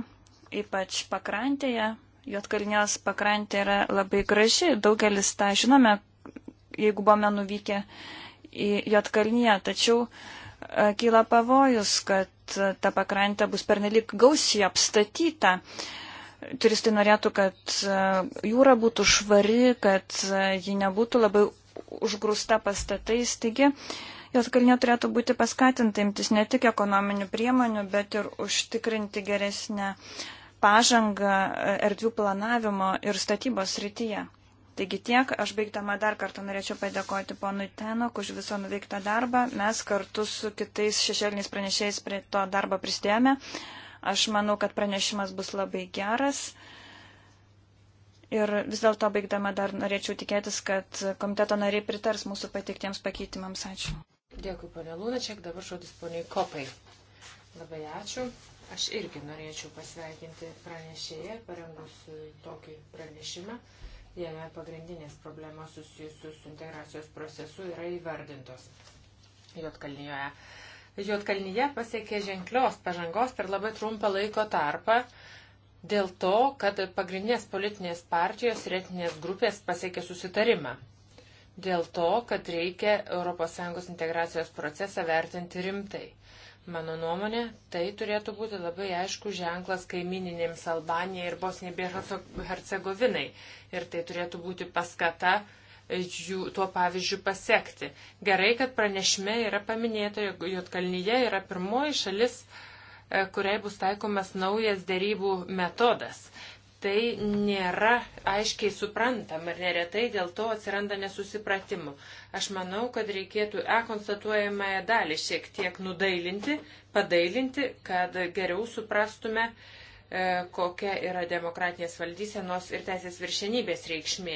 ypač pakrantėje. Jotkalnios pakrantė yra labai graži, daugelis tą žinome, jeigu buvome nuvykę į Jotkalniją, tačiau uh, kyla pavojus, kad ta pakrantė bus pernelyg gausiai apstatyta. Turistai norėtų, kad e, jūra būtų švari, kad e, ji nebūtų labai užgrūsta pastatais. Taigi, jos kalnė turėtų būti paskatinta imtis ne tik ekonominių priemonių, bet ir užtikrinti geresnę pažangą e, erdvių planavimo ir statybos rytyje. Taigi tiek, aš baigdama dar kartą norėčiau padėkoti ponui Tenok už viso nuveiktą darbą. Mes kartu su kitais šešėliniais pranešėjais prie to darbo prisidėjome. Aš manau, kad pranešimas bus labai geras. Ir vis dėlto baigdama dar norėčiau tikėtis, kad komiteto nariai pritars mūsų pateiktiems pakeitimams. Ačiū. Dėkui, ponė Lūnačiak. Dabar žodis poniai Kopai. Labai ačiū. Aš irgi norėčiau pasveikinti pranešėją, parengus tokį pranešimą. Jame pagrindinės problemos susijusius su integracijos procesu yra įvardintos Jotkalnyje. Jotkalnyje pasiekė ženklios pažangos per labai trumpą laiko tarpą. Dėl to, kad pagrindinės politinės partijos ir etinės grupės pasiekė susitarimą. Dėl to, kad reikia ES integracijos procesą vertinti rimtai. Mano nuomonė, tai turėtų būti labai aišku ženklas kaimininėms Albanijai ir Bosnijai bei Hercegovinai. Ir tai turėtų būti paskata e, jų tuo pavyzdžiu pasiekti. Gerai, kad pranešime yra paminėta, jog Jotkalnyje yra pirmoji šalis, e, kuriai bus taikomas naujas dėrybų metodas tai nėra aiškiai suprantama ir neretai dėl to atsiranda nesusipratimų. Aš manau, kad reikėtų E konstatuojamąją dalį šiek tiek nudailinti, padailinti, kad geriau suprastume, uh, E, kokia yra demokratinės valdysenos ir teisės viršenybės reikšmė.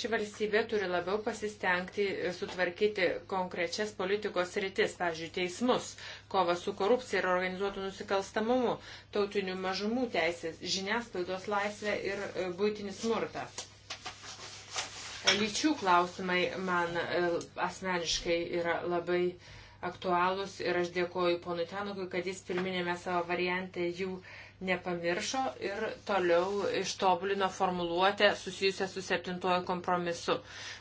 Ši valstybė turi labiau pasistengti sutvarkyti konkrečias politikos rytis, pavyzdžiui, teismus, kovą su korupcija ir organizuotų nusikalstamumu, tautinių mažumų teisės, žiniasklaidos laisvę ir e, būtinį smurtą. Lyčių klausimai man e, asmeniškai yra labai aktualūs ir aš dėkoju ponu Tenukui, kad jis pirminėme savo variante jų uh, nepamiršo ir toliau ištobulino formuluotę susijusią su septintuoju kompromisu.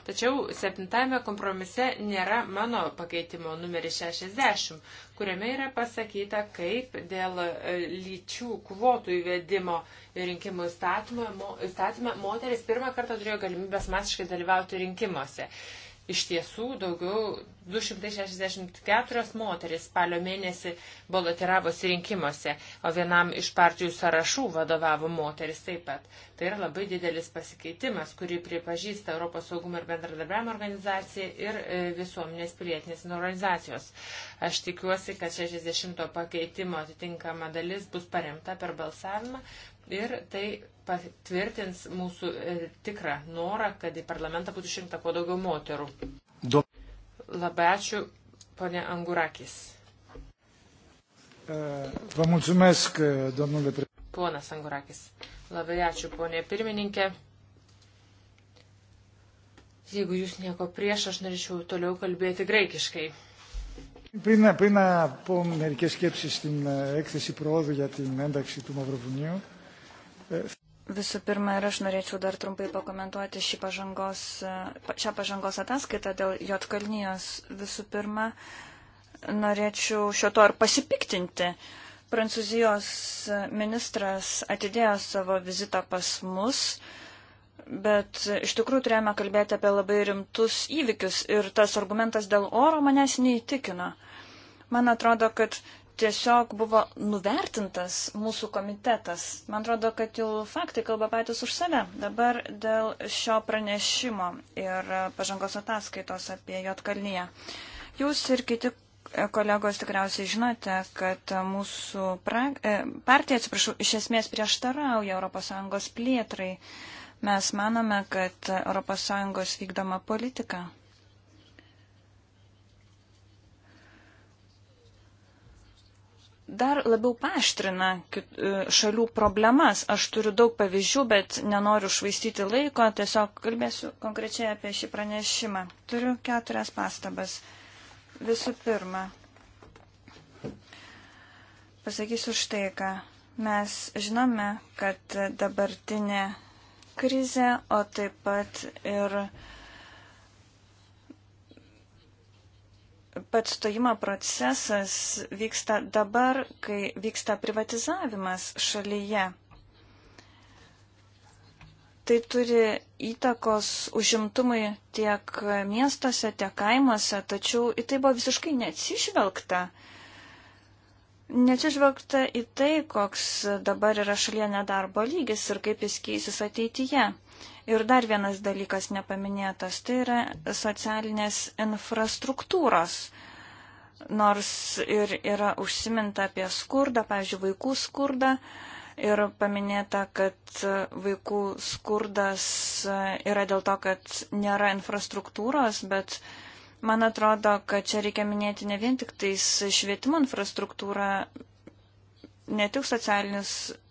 Tačiau septintame kompromise nėra mano pakeitimo numeris 60, kuriame yra pasakyta, kaip dėl e, lyčių kvotų įvedimo rinkimų įstatymą, mo, įstatymą moteris pirmą kartą turėjo galimybę masiškai dalyvauti rinkimuose. Iš tiesų, daugiau 264 moteris spalio mėnesį balotiravosi rinkimuose, o vienam iš partijų sąrašų vadovavo moteris taip pat. Tai yra labai didelis pasikeitimas, kurį pripažįsta Europos saugumo ir bendradarbiavimo organizacija ir e, visuomenės pilietinės organizacijos. Aš tikiuosi, kad 60 pakeitimo atitinkama dalis bus paremta per balsavimą, ir tai patvirtins mūsų tikrą norą, kad į parlamentą būtų išrinkta kuo daugiau moterų. Du. Labai ačiū, ponė Angurakis. Vă mulțumesc, domnule președinte. Ponas Angurakis. Labai ačiū, ponė pirmininkė. Jeigu jūs nieko prieš, aš norėčiau toliau kalbėti graikiškai. Πριν, πριν από μερικές σκέψεις στην έκθεση προόδου για την ένταξη του Μαυροβουνίου, Visų pirma, ir aš norėčiau dar trumpai pakomentuoti šį pažangos, šią pažangos ataskaitą dėl Jotkalnyjos. Visų pirma, norėčiau šio to ir pasipiktinti. Prancūzijos ministras atidėjo savo vizitą pas mus, bet iš tikrųjų turėjome kalbėti apie labai rimtus įvykius ir tas argumentas dėl oro manęs neįtikino. Man atrodo, kad tiesiog buvo nuvertintas mūsų komitetas. Man atrodo, kad jau faktai kalba patys už save. Dabar dėl šio pranešimo ir pažangos ataskaitos apie Jotkalnyje. Jūs ir kiti kolegos tikriausiai žinote, kad mūsų pra... E, partija, atsiprašau, iš esmės prieštarauja ES plėtrai. Mes manome, kad ES vykdoma politika dar labiau paštrina e, šalių problemas. Aš turiu daug pavyzdžių, bet nenoriu švaistyti laiko, tiesiog kalbėsiu konkrečiai apie šį pranešimą. Turiu keturias pastabas. Visų pirma, pasakysiu štai ką. Mes žinome, kad dabartinė krizė, o taip pat ir uh, pats stojimo procesas vyksta dabar, kai vyksta privatizavimas šalyje. Tai turi įtakos užimtumui tiek miestuose, tiek kaimuose, tačiau į tai buvo visiškai neatsižvelgta. Neatsižvelgta į tai, koks dabar yra šalyje nedarbo lygis ir kaip jis keisis ateityje. Ir dar vienas dalykas nepaminėtas, tai yra socialinės infrastruktūros. Nors ir yra užsiminta apie skurdą, pavyzdžiui, vaikų skurdą. Ir paminėta, kad vaikų skurdas yra dėl to, kad nėra infrastruktūros, bet man atrodo, kad čia reikia minėti ne vien tik tais švietimo infrastruktūrą, ne tik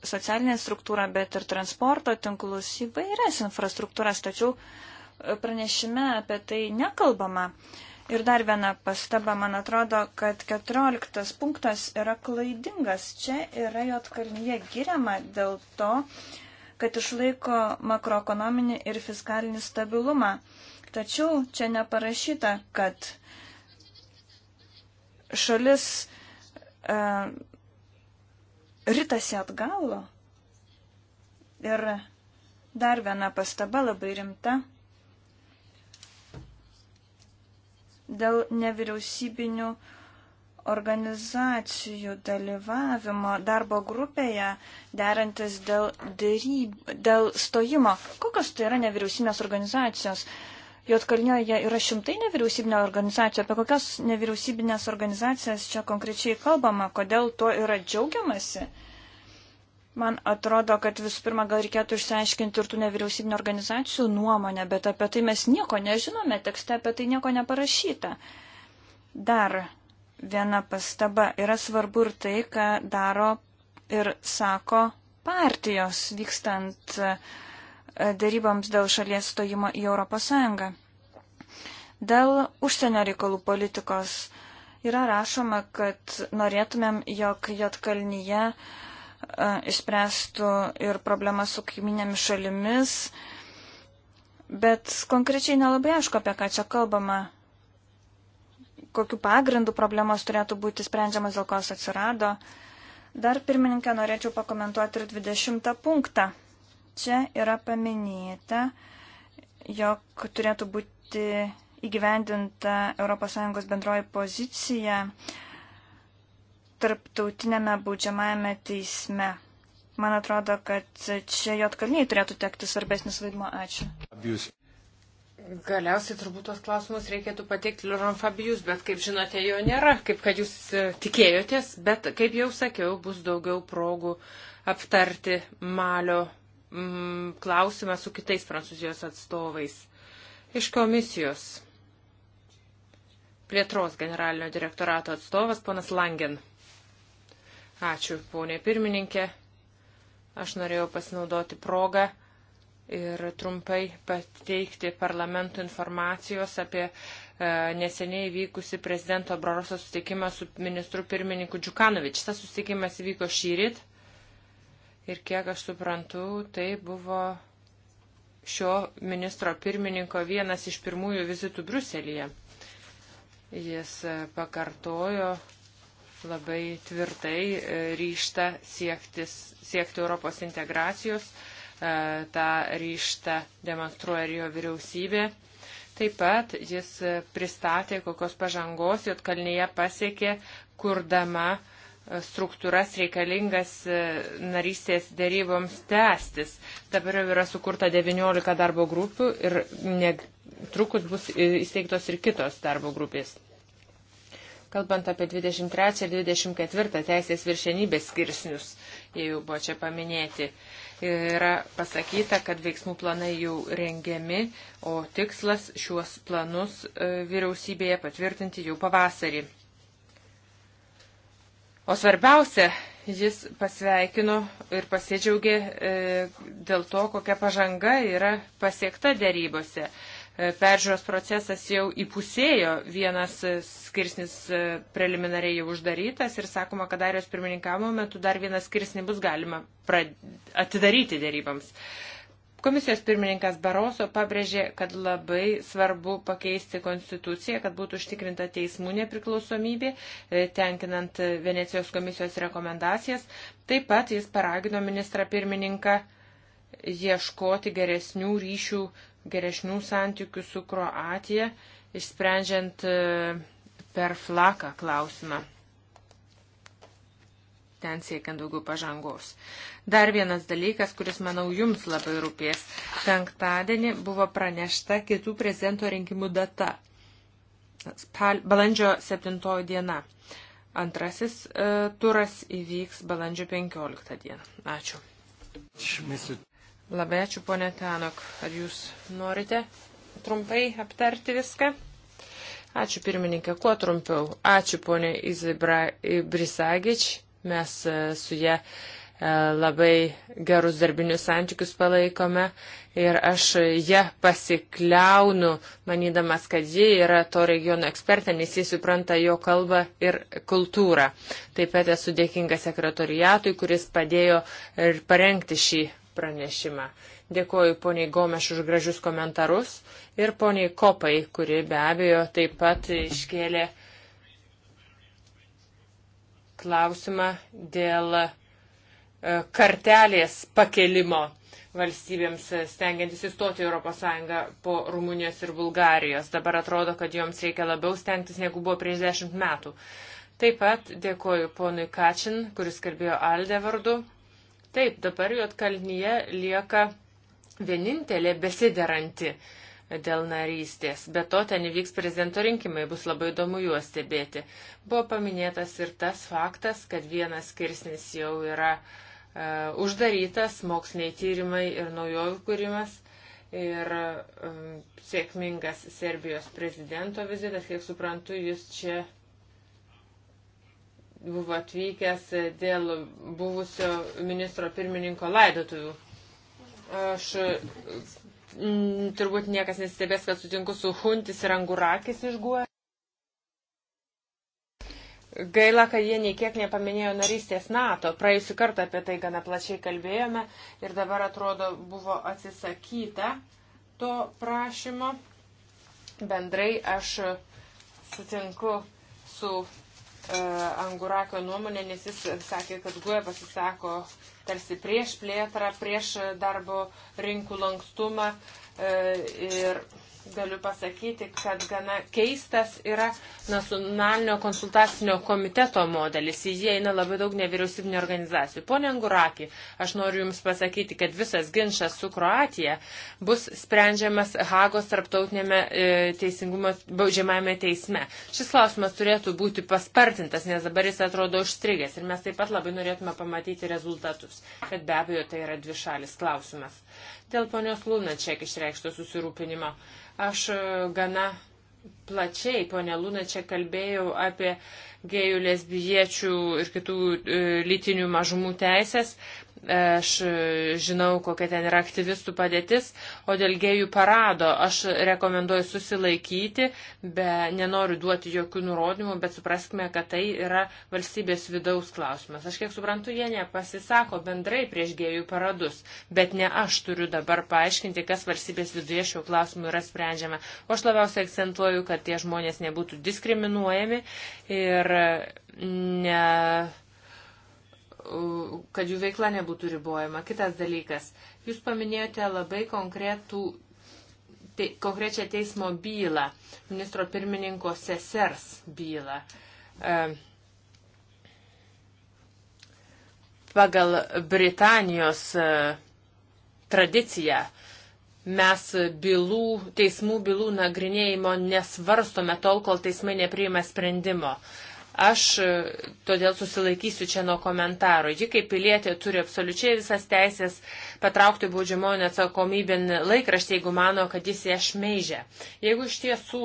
socialinę struktūrą, bet ir transporto tinklus, įvairias infrastruktūras, tačiau e, pranešime apie tai nekalbama. Ir dar viena pastaba, man atrodo, kad 14 punktas yra klaidingas. Čia yra Jotkalnyje giriama dėl to, kad išlaiko makroekonominį ir fiskalinį stabilumą. Tačiau čia neparašyta, kad šalis e, ritasi atgal. Ir dar viena pastaba labai rimta dėl nevyriausybinių organizacijų dalyvavimo darbo grupėje derantis dėl, dėryb, dėl stojimo. Kokios tai yra nevyriausybinės organizacijos? Uh, Jotkalnijoje yra šimtai nevyriausybinio organizacijų. Apie kokias nevyriausybinės organizacijas čia konkrečiai kalbama, kodėl tuo yra džiaugiamasi? Man atrodo, kad visų pirma gal reikėtų išsiaiškinti ir tų nevyriausybinio organizacijų nuomonę, bet apie tai mes nieko nežinome, tekste apie tai nieko neparašyta. Dar viena pastaba yra svarbu ir tai, ką daro ir sako partijos vykstant uh, daryboms dėl šalies stojimo į ES. Dėl užsienio reikalų politikos yra rašoma, kad norėtumėm, jog Jotkalnyje e, išspręstų ir problemą su kaiminėmis šalimis, bet konkrečiai nelabai aišku, apie ką čia kalbama kokiu pagrindu problemos turėtų būti sprendžiamas, dėl kos atsirado. Dar pirmininkę norėčiau pakomentuoti ir 20 punktą. Čia yra paminėta, jog turėtų būti įgyvendinta ES bendroji pozicija tarptautinėme baudžiamajame teisme. Man atrodo, kad čia jotkalniai turėtų tekti svarbesnis vaidmo. Ačiū. Abuse. Galiausiai turbūt tos klausimus reikėtų pateikti Liuron Fabijus, bet kaip žinote, jo nėra, kaip kad jūs e, tikėjotės, bet kaip jau sakiau, bus daugiau progų aptarti Malio mm, klausimą su kitais Prancūzijos atstovais iš komisijos. Plėtros generalinio direktorato atstovas ponas Langen. Ačiū, ponė pirmininkė. Aš norėjau pasinaudoti progą ir trumpai pateikti parlamentų informacijos apie e, neseniai vykusi prezidento Baroso susitikimą su ministru pirmininku Džukanovič. Tas susitikimas vyko šyrit. rytą ir kiek aš suprantu, tai buvo šio ministro pirmininko vienas iš pirmųjų vizitų Bruselėje. Jis e, pakartojo labai tvirtai e, ryštą siektis, siekti Europos integracijos, e, tą ryštą demonstruoja ir jo vyriausybė. Taip pat jis pristatė, kokios pažangos Jotkalnyje pasiekė, kurdama uh, struktūras reikalingas e, narystės dėryboms tęstis. Dabar jau yra sukurta 19 darbo grupių ir netrukus bus įsteigtos ir kitos darbo grupės. Kalbant apie 23 ir 24 teisės viršenybės skirsnius, jie jau buvo čia paminėti, yra pasakyta, kad veiksmų planai jau rengiami, o tikslas šiuos planus e, vyriausybėje patvirtinti jau pavasarį. O svarbiausia, jis pasveikino ir pasidžiaugė e, dėl to, kokia pažanga yra pasiekta dėrybose. E, peržiūros procesas jau įpusėjo, vienas skirsnis e, preliminariai jau uždarytas ir sakoma, kad darijos pirmininkavimo metu dar vieną skirsnį bus galima atidaryti dėrybams. E, Komisijos pirmininkas Baroso pabrėžė, kad labai svarbu pakeisti konstituciją, kad būtų užtikrinta teismų nepriklausomybė, e, tenkinant Venecijos komisijos rekomendacijas. Taip pat jis paragino ministrą pirmininką ieškoti geresnių ryšių, geresnių santykių su Kroatija, išsprendžiant e, per flaką klausimą ten siekiant daugiau pažangos. Dar vienas dalykas, kuris, manau, jums labai rūpės. Penktadienį buvo pranešta kitų prezidento rinkimų data. Spal, balandžio 7 diena. Antrasis e, turas įvyks balandžio 15 dieną. Ačiū. Labai ačiū, ponė Tanok. Ar jūs norite trumpai aptarti viską? Ačiū pirmininkė, kuo trumpiau. Ačiū ponė Izibra Brisagič Mes e, su jie labai gerus darbinius santykius palaikome ir aš ją pasikliaunu, manydamas, kad ji yra to regiono ekspertė, nes jis supranta jo kalbą ir kultūrą. Taip pat esu dėkinga sekretoriatui, kuris padėjo ir parengti šį pranešimą. Dėkuoju poniai Gomeš už gražius komentarus ir poniai Kopai, kuri be abejo taip pat iškėlė uh, klausimą dėl e, kartelės pakelimo valstybėms e, stengiantis įstoti Europos Sąjungą po Rumunijos ir Bulgarijos. Dabar atrodo, kad joms reikia labiau stengtis, negu buvo prieš dešimt metų. Taip pat dėkoju ponui Kačin, kuris kalbėjo Alde vardu. Taip, dabar Jotkalnyje lieka vienintelė besideranti uh, dėl narystės. Be to, ten įvyks prezidento rinkimai, bus labai įdomu juos stebėti. Buvo paminėtas ir tas faktas, kad vienas kirsnis jau yra e, uždarytas, moksliniai tyrimai ir naujovių kūrimas. Ir um, e, sėkmingas Serbijos prezidento vizitas, kiek suprantu, jis čia buvo atvykęs dėl buvusio ministro pirmininko laidotuvių. Aš m, mm, turbūt niekas nesistebės, kad sutinku su Huntis ir Angurakis iš Guo. Gaila, kad jie nei kiek nepaminėjo narystės NATO. Praėjusiu kartą apie tai gana plačiai kalbėjome ir dabar atrodo buvo atsisakyta to prašymo. Bendrai aš sutinku su E, Angurakio nuomonę, nes jis sakė, kad Guja pasisako tarsi prieš plėtrą, prieš darbo rinkų lankstumą e, ir galiu pasakyti, kad gana keistas yra nacionalinio konsultacinio komiteto modelis. Į jį eina labai daug nevyriausybinio organizacijų. Pone Anguraki, aš noriu Jums pasakyti, kad visas ginčas su Kroatija bus sprendžiamas Hagos tarptautinėme e, teisingumo baudžiamame teisme. Šis klausimas turėtų būti paspartintas, nes dabar jis atrodo užstrigęs ir mes taip pat labai norėtume pamatyti rezultatus. Bet be abejo, tai yra dvi šalis klausimas. Dėl ponios Lunačiek išreikšto susirūpinimo. Aš e, gana plačiai, ponė Lunačiek, kalbėjau apie gėjų, lesbiečių ir kitų e, lytinių mažumų teisės. Aš e, žinau, kokia ten yra aktyvistų padėtis, o dėl gėjų parado aš rekomenduoju susilaikyti, be, nenoriu duoti jokių nurodymų, bet supraskime, kad tai yra valstybės vidaus klausimas. Aš kiek suprantu, jie nepasisako bendrai prieš gėjų paradus, bet ne aš turiu dabar paaiškinti, kas valstybės viduje šiuo klausimu yra sprendžiama. O aš labiausiai akcentuoju, kad tie žmonės nebūtų diskriminuojami ir e, ne kad jų veikla nebūtų ribojama. Kitas dalykas, jūs paminėjote labai konkretų, te, konkrečią teismo bylą, ministro pirmininko sesers bylą. E, pagal Britanijos e, tradiciją mes bylų, teismų bylų nagrinėjimo nesvarstome tol, kol teismai nepriima sprendimo. Aš e, todėl susilaikysiu čia nuo komentaro. Ji kaip pilietė turi absoliučiai visas teisės patraukti baudžiamojo atsakomybėn laikraštį, jeigu mano, kad jis ją šmeižia. Jeigu iš tiesų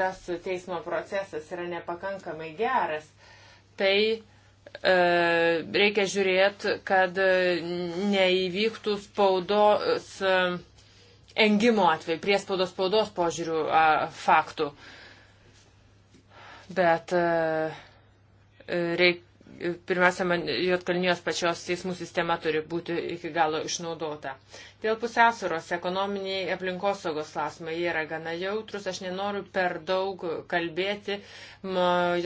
tas teismo procesas yra nepakankamai geras, tai e, reikia žiūrėti, kad neįvyktų spaudos e, engimo atveju, priespaudos spaudos požiūrių faktų. Bet uh, reik, pirmiausia, Jotkalnijos pačios teismų sistema turi būti iki galo išnaudota. Dėl pusiausvėros ekonominiai aplinkosaugos klausimai yra gana jautrus, aš nenoriu per daug kalbėti,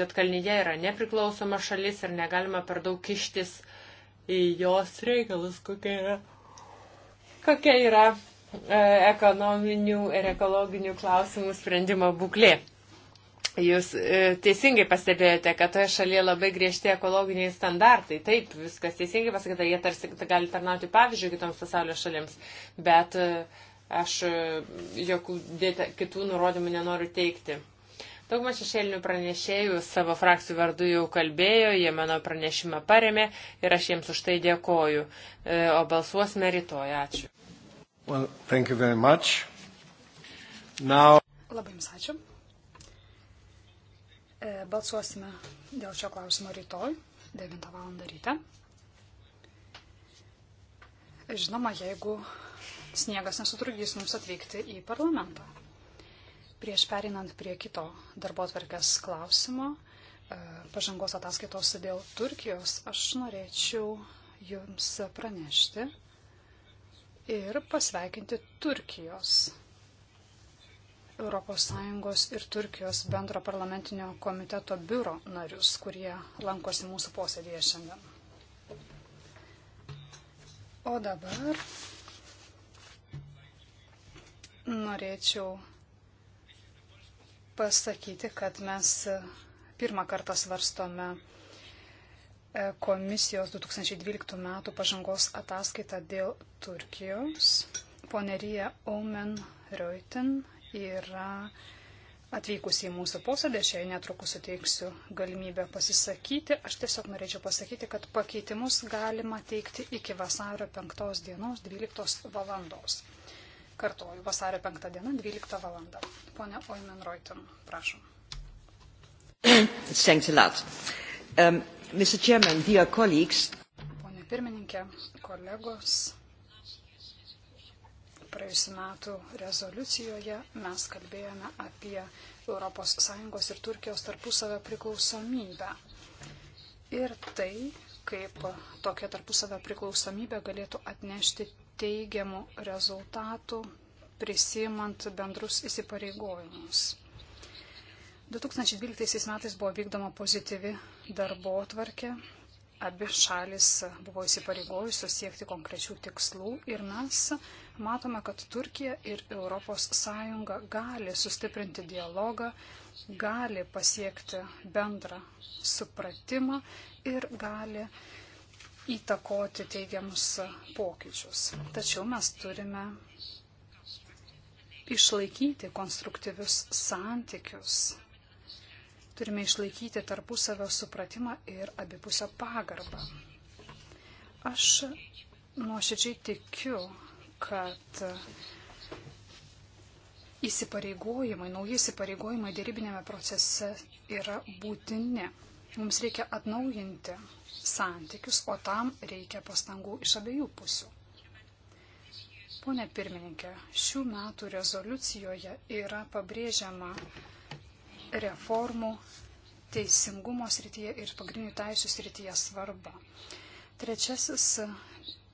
Jotkalnyje yra nepriklausoma šalis ir negalima per daug kištis į jos reikalus, kokia yra, kokia yra e, ekonominių ir ekologinių klausimų sprendimo būklė. Jūs e, teisingai pastebėjote, kad toje šalyje labai griežti ekologiniai standartai. Taip, viskas teisingai pasakyta, jie tarsi gali tarnauti pavyzdžių kitoms pasaulio šalims, bet e, aš e, jokių kitų nurodymų nenoriu teikti. Daugumą šešėlinių pranešėjų savo frakcijų vardu jau kalbėjo, jie mano pranešimą paremė ir aš jiems už tai dėkoju. O balsuosime rytoj. Ačiū. Well, Now... Labai jums ačiū. E, balsuosime dėl šio klausimo rytoj, 9 val. ryte. Žinoma, jeigu sniegas nesutrukdys mums atvykti į parlamentą. Prieš perinant prie kito darbo atverkės klausimo, e, pažangos ataskaitos dėl Turkijos, aš norėčiau Jums pranešti ir pasveikinti Turkijos ES ir Turkijos bendro parlamentinio komiteto biuro narius, kurie lankosi mūsų posėdėje šiandien. O dabar norėčiau pasakyti, kad mes pirmą kartą svarstome e, komisijos 2012 metų pažangos ataskaitą dėl Turkijos. Ponerija Omen Reutin yra atvykusi į mūsų posėdį, aš jai netrukus suteiksiu galimybę pasisakyti. Aš tiesiog norėčiau pasakyti, kad pakeitimus galima teikti iki vasario 5 dienos 12 valandos. Kartuoju, vasario 5 diena 12 valanda. Pone Oimen Reutin, prašom. Thanks a lot. Um, Mr. Chairman, dear colleagues. Pone pirmininkė, kolegos praėjusiu metu rezoliucijoje mes kalbėjome apie ES ir Turkijos tarpusavę priklausomybę. Ir tai, kaip tokia tarpusavę priklausomybė galėtų atnešti teigiamų rezultatų, prisimant bendrus įsipareigojimus. 2012 metais buvo vykdoma pozityvi darbo atvarkė, abi šalis buvo įsipareigojusios siekti konkrečių tikslų ir mes matome, kad Turkija ir ES gali sustiprinti dialogą, gali pasiekti bendrą supratimą ir gali įtakoti teigiamus pokyčius. Tačiau mes turime išlaikyti konstruktyvius santykius turime išlaikyti tarpusavio supratimą ir abipusio pagarbą. Aš nuoširdžiai tikiu kad įsipareigojimai, nauji įsipareigojimai dėrybinėme procese yra būtini. Mums reikia atnaujinti santykius, o tam reikia pastangų iš abiejų pusių. Pone pirmininkė, šių metų rezoliucijoje yra pabrėžiama reformų teisingumo srityje ir pagrindinių teisų srityje svarba. Trečiasis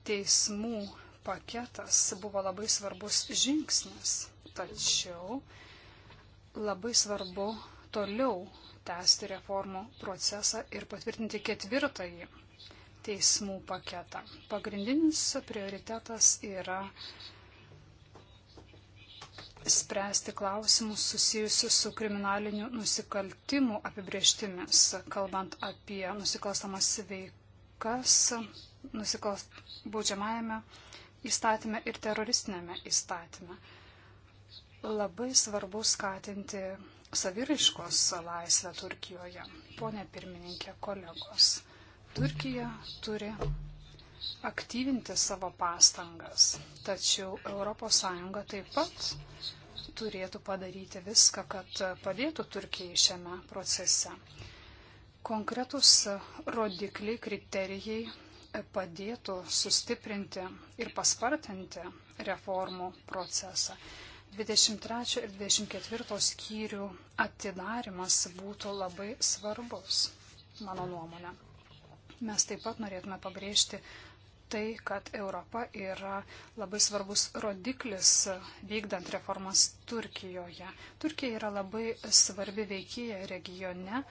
teismų paketas buvo labai svarbus žingsnis, tačiau labai svarbu toliau tęsti reformų procesą ir patvirtinti ketvirtąjį teismų paketą. Pagrindinis prioritetas yra spręsti klausimus susijusius su kriminaliniu nusikaltimu apibrieštimis, kalbant apie nusikalstamas veikas nusikals... baudžiamajame įstatymę ir teroristinėme įstatymę. Labai svarbu skatinti saviraiškos laisvę Turkijoje. Pone pirmininkė, kolegos, Turkija turi aktyvinti savo pastangas, tačiau ES taip pat turėtų padaryti viską, kad padėtų Turkijai šiame procese. Konkretus rodikliai, kriterijai padėtų sustiprinti ir paspartinti reformų procesą. 23 ir 24 skyrių atidarimas būtų labai svarbus, mano nuomonė. Mes taip pat norėtume pabrėžti tai, kad Europa yra labai svarbus rodiklis vykdant reformas Turkijoje. Turkija yra labai svarbi veikėja regione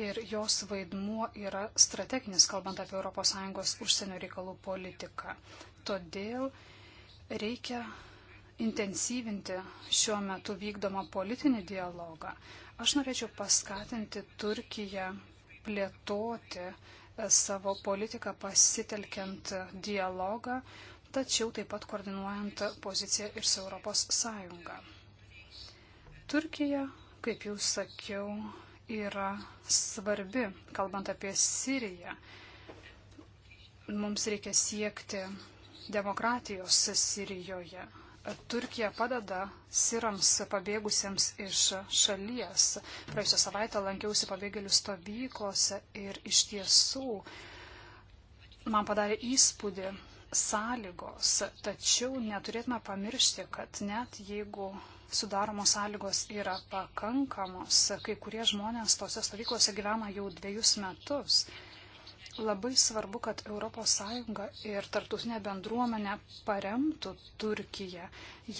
ir jos vaidmuo yra strateginis, kalbant apie ES užsienio reikalų politiką. Todėl reikia intensyvinti šiuo metu vykdomą politinį dialogą. Aš norėčiau paskatinti Turkiją plėtoti e, savo politiką pasitelkiant dialogą, tačiau taip pat koordinuojant poziciją ir su ES. Turkija, kaip jau sakiau, yra svarbi, kalbant apie Siriją. Mums reikia siekti demokratijos Sirijoje. Turkija padeda sirams pabėgusiems iš šalies. Praėjusią savaitę lankiausi pabėgėlių stovyklose ir iš tiesų man padarė įspūdį sąlygos, tačiau neturėtume pamiršti, kad net jeigu sudaromos sąlygos yra pakankamos. Kai kurie žmonės tose stovyklose gyvena jau dviejus metus. Labai svarbu, kad ES ir tartutinė bendruomenė paremtų Turkiją,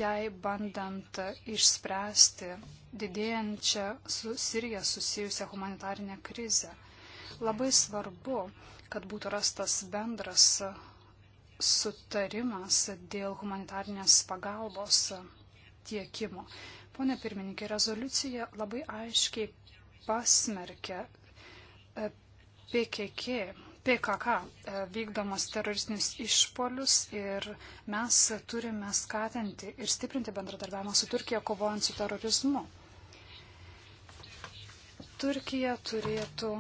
jai bandant išspręsti didėjančią su Sirija susijusią humanitarinę krizę. Labai svarbu, kad būtų rastas bendras sutarimas dėl humanitarnės pagalbos tiekimo. Pone pirmininkė, rezoliucija labai aiškiai pasmerkia e, PKK, PKK e, vykdomas teroristinius išpolius ir mes turime skatinti ir stiprinti bendradarbiavimą su Turkija kovojant su terorizmu. Turkija turėtų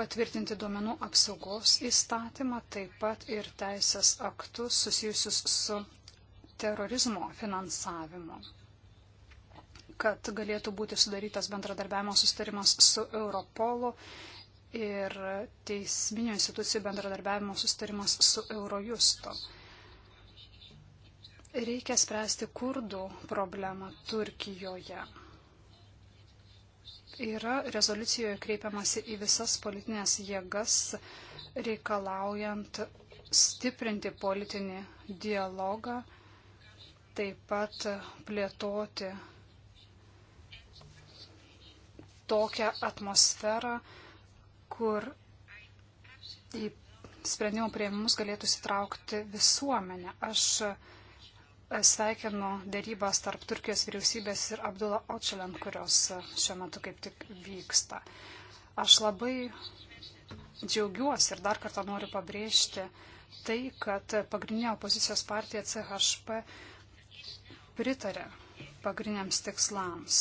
patvirtinti duomenų apsaugos įstatymą, taip pat ir teisės aktus susijusius su terorizmo finansavimo, kad galėtų būti sudarytas bendradarbiavimo sustarimas su Europolu ir teisminio institucijų bendradarbiavimo sustarimas su Eurojusto. Reikia spręsti kurdų problemą Turkijoje. Yra rezoliucijoje kreipiamasi į visas politinės jėgas, reikalaujant stiprinti politinį dialogą taip pat plėtoti tokią atmosferą, kur į sprendimų prieimimus galėtų sitraukti visuomenė. Aš sveikinu dėrybas tarp Turkijos vyriausybės ir Abdullah Očelen, kurios šiuo metu kaip tik vyksta. Aš labai džiaugiuosi ir dar kartą noriu pabrėžti tai, kad pagrindinė opozicijos partija CHP pritarė pagrindiniams tikslams.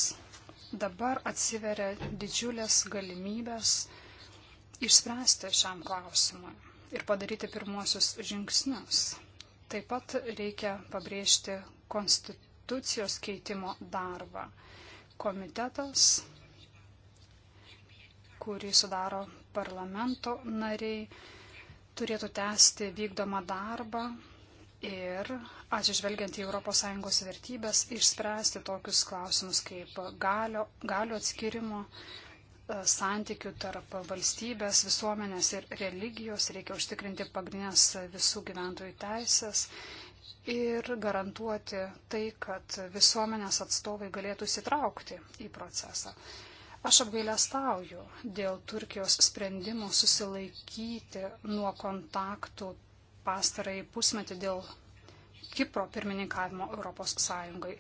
Dabar atsiveria didžiulės galimybės išspręsti šiam klausimui ir padaryti pirmuosius žingsnius. Taip pat reikia pabrėžti konstitucijos keitimo darbą. Komitetas, kurį sudaro parlamento nariai, turėtų tęsti vykdomą darbą ir atsižvelgiant į ES vertybės, išspręsti tokius klausimus kaip galio, galio atskirimo, e, santykių tarp valstybės, visuomenės ir religijos, reikia užtikrinti pagrindinės visų gyventojų teisės ir garantuoti tai, kad visuomenės atstovai galėtų įsitraukti į procesą. Aš apgailestauju dėl Turkijos sprendimo susilaikyti nuo kontaktų pastarai pusmetį dėl Kipro pirmininkavimo Europos Sąjungai.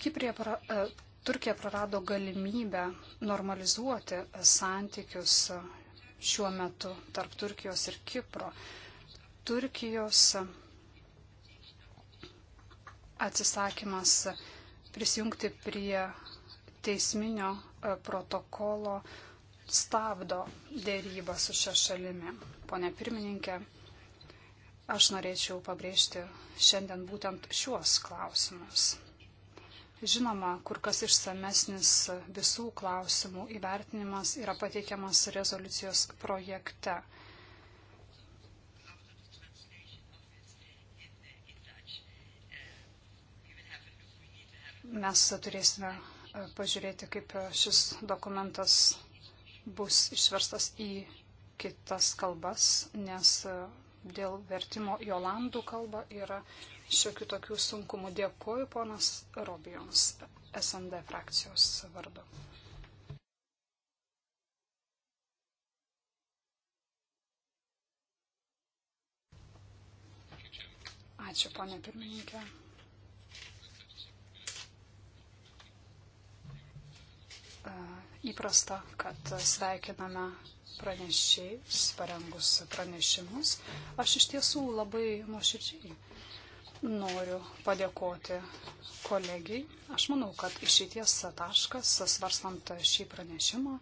Kiprė, pra, e, Turkija prarado galimybę normalizuoti santykius e, šiuo metu tarp Turkijos ir Kipro. Turkijos e, atsisakymas prisijungti prie teisminio protokolo stabdo dėrybą su šia šalimi. Pone pirmininkė, Aš norėčiau pabrėžti šiandien būtent šiuos klausimus. Žinoma, kur kas išsamesnis visų klausimų įvertinimas yra pateikiamas rezoliucijos projekte. Mes turėsime e, pažiūrėti, kaip šis dokumentas bus išverstas į kitas kalbas, nes e, dėl vertimo į olandų kalbą yra šiokių tokių sunkumų. Dėkuoju ponas Robijoms, SND frakcijos vardu. Ačiū, ponė pirmininkė. Įprasta, kad sveikiname pranešėjus, parengus pranešimus. Aš iš tiesų labai nuoširdžiai noriu padėkoti kolegijai. Aš manau, kad išeities taškas, svarstant šį pranešimą,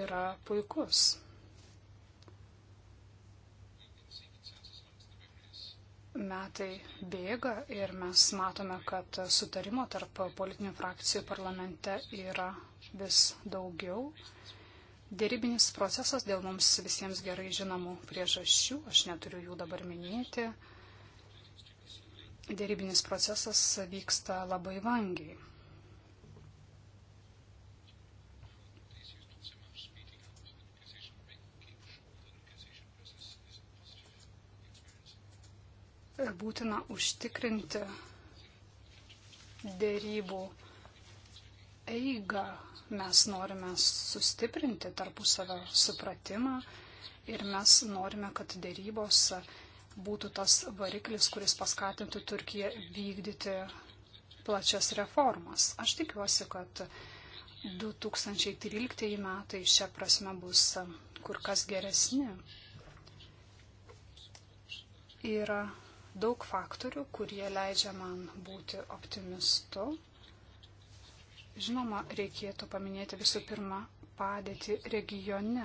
yra puikus. metai bėga ir mes matome, kad sutarimo tarp politinių frakcijų parlamente yra vis daugiau. Dėrybinis procesas dėl mums visiems gerai žinomų priežasčių, aš neturiu jų dabar minėti, dėrybinis procesas vyksta labai vangiai. Būtina užtikrinti dėrybų procesą eigą. Mes norime sustiprinti tarpusavio supratimą ir mes norime, kad dėrybos būtų tas variklis, kuris paskatintų Turkiją vykdyti plačias reformas. Aš tikiuosi, kad 2013 metai šią prasme bus kur kas geresni. Yra daug faktorių, kurie leidžia man būti optimistu. Žinoma, reikėtų paminėti visų pirma padėtį regione.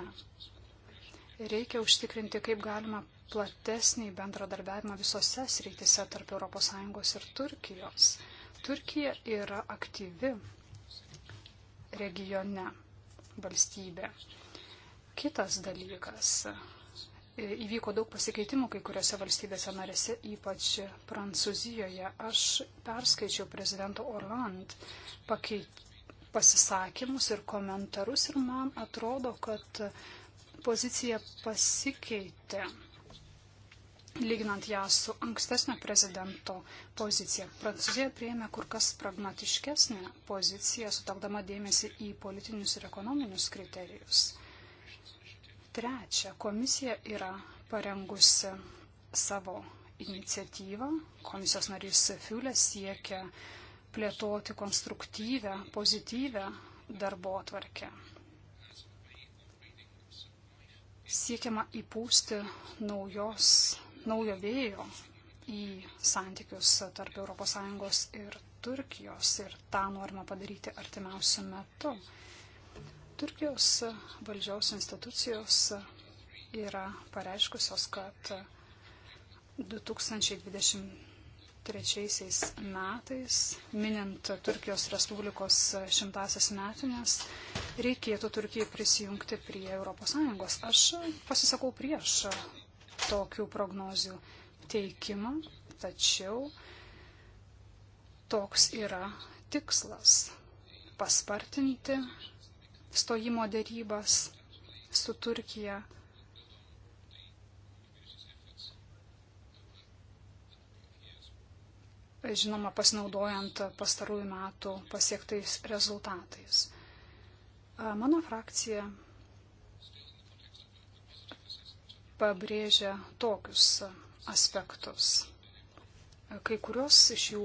Reikia užtikrinti, kaip galima platesnį bendradarbiavimą visose srityse tarp ES ir Turkijos. Turkija yra aktyvi regione valstybė. Kitas dalykas E, įvyko daug pasikeitimų kai kuriuose valstybėse narėse, ypač Prancūzijoje. Aš perskaičiau prezidento Orland pakeit, pasisakymus ir komentarus ir man atrodo, kad pozicija pasikeitė, lyginant ją su ankstesnio prezidento pozicija. Prancūzija prieėmė kur kas pragmatiškesnę poziciją, sutelkdama dėmesį į politinius ir ekonominius kriterijus. Trečia, komisija yra parengusi savo iniciatyvą. Komisijos narys Fiulė siekia plėtoti konstruktyvę, pozityvę darbo atvarkę. Siekiama įpūsti naujos, naujo vėjo į santykius tarp ES ir Turkijos ir tą norima padaryti artimiausių metų. Turkijos valdžiaus institucijos yra pareiškusios, kad 2023 metais, minint Turkijos Respublikos šimtasias metinės, reikėtų Turkijai prisijungti prie ES. Aš pasisakau prieš tokių prognozių teikimą, tačiau toks yra tikslas - paspartinti stojimo dėrybas su Turkija. Žinoma, pasinaudojant pastarųjų metų pasiektais rezultatais. Mano frakcija pabrėžia tokius aspektus. Kai kurios iš jų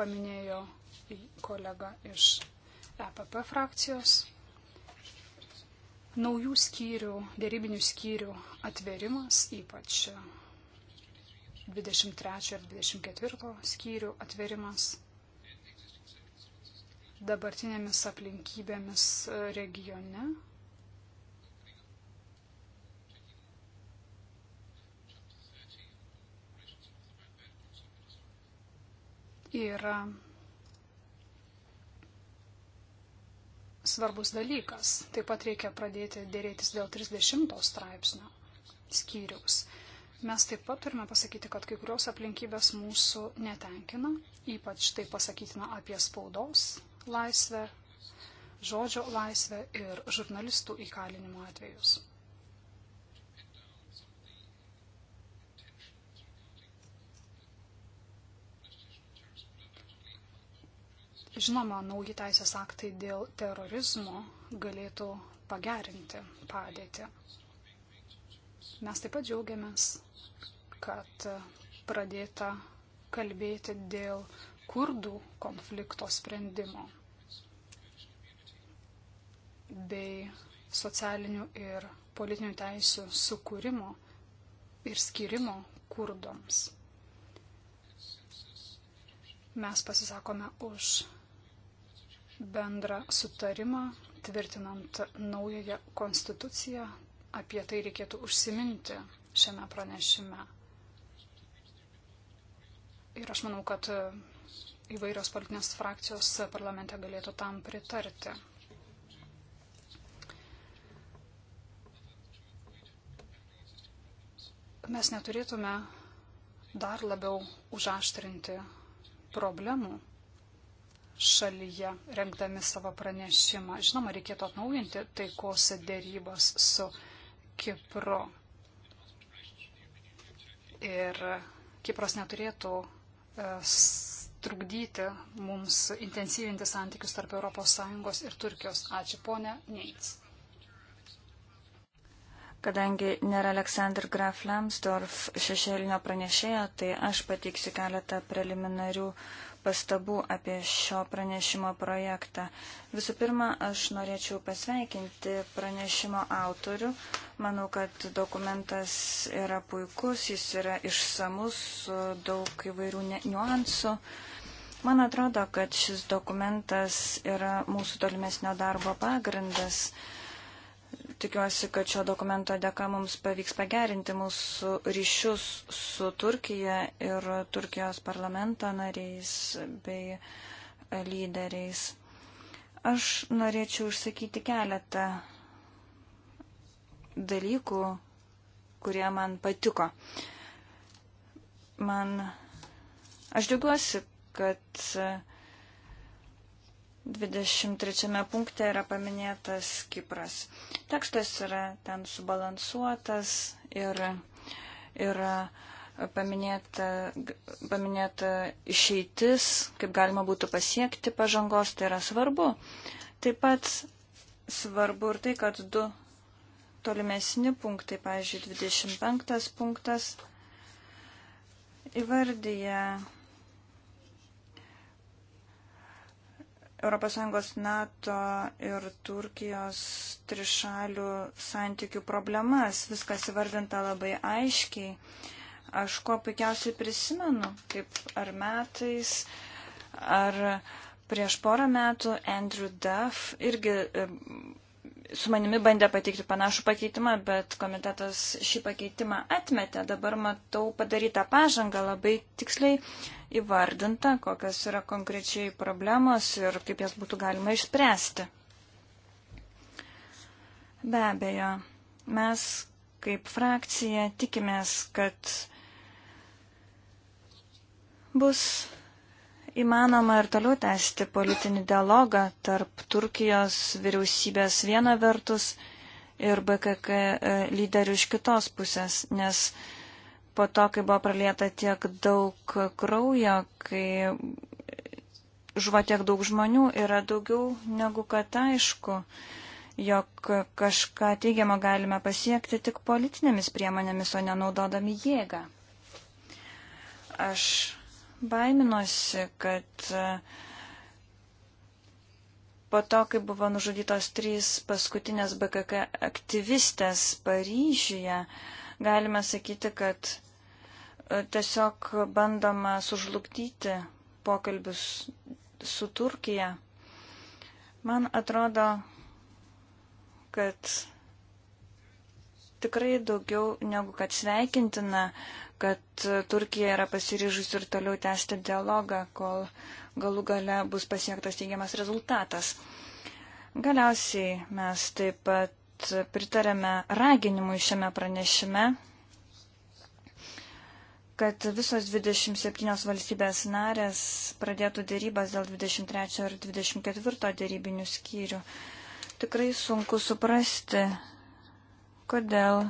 paminėjo kolega iš EPP frakcijos, naujų skyrių, dėrybinių skyrių atverimas, ypač 23 ir 24 skyrių atverimas dabartinėmis aplinkybėmis regione. Yra svarbus dalykas. Taip pat reikia pradėti dėrėtis dėl 30 straipsnio skyriaus. Mes taip pat turime pasakyti, kad kai kurios aplinkybės mūsų netenkina, ypač tai pasakytina apie spaudos laisvę, žodžio laisvę ir žurnalistų įkalinimo atvejus. Žinoma, nauji teisės aktai dėl terorizmo galėtų pagerinti padėtį. Mes taip pat džiaugiamės, kad pradėta kalbėti dėl kurdų konflikto sprendimo bei socialinių ir politinių teisių sukūrimo ir skirimo kurdoms. Mes pasisakome už bendrą sutarimą, tvirtinant naująją konstituciją. Apie tai reikėtų užsiminti šiame pranešime. Ir aš manau, kad įvairios politinės frakcijos parlamente galėtų tam pritarti. Mes neturėtume dar labiau užaštrinti problemų šalyje, rengdami savo pranešimą. Žinoma, reikėtų atnaujinti taikos dėrybos su Kipru. Ir Kipras neturėtų e, trukdyti mums intensyvinti santykius tarp ES ir Turkijos. Ačiū, ponė Neits. Kadangi nėra Aleksandr Graf Lamsdorf šešėlinio pranešėjo, tai aš pateiksiu keletą preliminarių uh, pastabų apie šio pranešimo projektą. Visų pirma, aš norėčiau pasveikinti pranešimo autorių. Manau, kad dokumentas yra puikus, jis yra išsamus, su daug įvairių niuansų. Man atrodo, kad šis dokumentas yra mūsų tolimesnio darbo pagrindas tikiuosi, kad šio dokumento dėka mums pavyks pagerinti mūsų ryšius su Turkija ir Turkijos parlamento nariais bei lyderiais. Aš norėčiau užsakyti keletą dalykų, kurie man patiko. Man, aš džiaugiuosi, kad uh, 23 punkte yra paminėtas Kipras. Tekstas yra ten subalansuotas ir yra paminėta, paminėta išeitis, kaip galima būtų pasiekti pažangos, tai yra svarbu. Taip pat svarbu ir tai, kad du tolimesni punktai, pavyzdžiui, 25 punktas įvardyja ES NATO ir Turkijos trišalių santykių problemas. Viskas įvardinta labai aiškiai. Aš kuo puikiausiai prisimenu, kaip ar metais, ar prieš porą metų Andrew Duff irgi su manimi bandė pateikti panašų pakeitimą, bet komitetas šį pakeitimą atmetė. Dabar matau padarytą pažangą labai tiksliai įvardinta, kokios yra konkrečiai problemos ir kaip jas būtų galima išspręsti. Be abejo, mes kaip frakcija tikimės, kad bus Įmanoma ir toliau tęsti politinį dialogą tarp Turkijos vyriausybės viena vertus ir BKK e, lyderių iš kitos pusės, nes po to, kai buvo pralieta tiek daug kraujo, kai žuvo tiek daug žmonių, yra daugiau negu kad aišku, jog kažką teigiamą galime pasiekti tik politinėmis priemonėmis, o nenaudodami jėgą. Aš baiminosi, kad e, po to, kai buvo nužudytos trys paskutinės BKK aktyvistės Paryžiuje, galime sakyti, kad e, tiesiog bandoma sužlugdyti pokalbius su Turkija. Man atrodo, kad tikrai daugiau negu kad sveikintina kad Turkija yra pasiryžusi ir toliau tęsti dialogą, kol galų gale bus pasiektas teigiamas rezultatas. Galiausiai mes taip pat pritarėme raginimui šiame pranešime, kad visos 27 valstybės narės pradėtų dėrybas dėl 23 ir 24 dėrybinių skyrių. Tikrai sunku suprasti, kodėl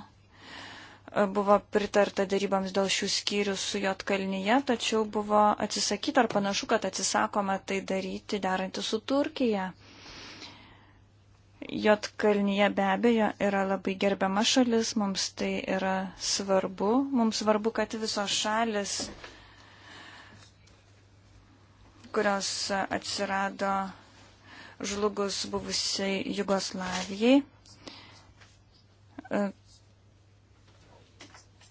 buvo pritarta darybams dėl šių skyrių su Jotkalnyje, tačiau buvo atsisakyta ar panašu, kad atsisakoma tai daryti derantį su Turkija. Jotkalnyje be abejo yra labai gerbiama šalis, mums tai yra svarbu, mums svarbu, kad visos šalis, kurios atsirado žlugus buvusiai Jugoslavijai,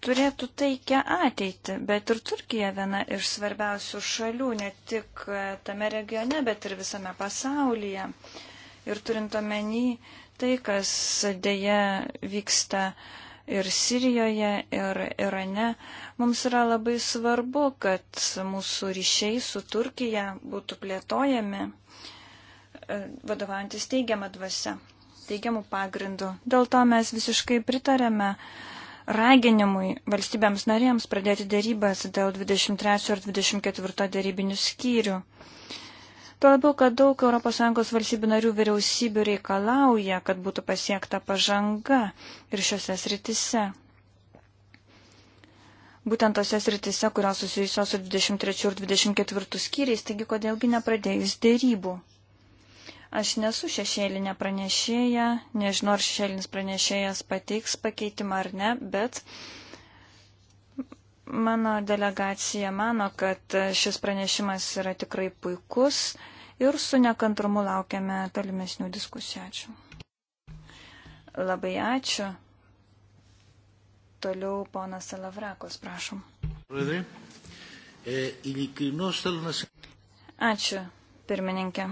turėtų taikę ateitį, bet ir Turkija viena iš svarbiausių šalių, ne tik e, tame regione, bet ir visame pasaulyje. Ir turint omeny tai, kas dėja vyksta ir Sirijoje, ir Irane, mums yra labai svarbu, kad mūsų ryšiai su Turkija būtų plėtojami e, vadovantis teigiamą dvasę, teigiamų pagrindų. Dėl to mes visiškai pritarėme uh, raginimui valstybėms narėms pradėti dėrybas dėl 23 ir 24 dėrybinių skyrių. Tuo labiau, kad daug ES valstybių narių vyriausybių reikalauja, kad būtų pasiekta pažanga ir šiuose sritise. Būtent tose sritise, kurios susijusios su 23 ir 24 skyriais, taigi kodėlgi nepradėjus dėrybų. Aš nesu šešėlinė pranešėja, nežinau, ar šešėlinis pranešėjas pateiks pakeitimą ar ne, bet mano delegacija mano, kad šis pranešimas yra tikrai puikus ir su nekantrumu laukiame tolimesnių diskusijų. Ačiū. Labai ačiū. Toliau ponas Salavrakos, prašom. Ačiū, pirmininkė.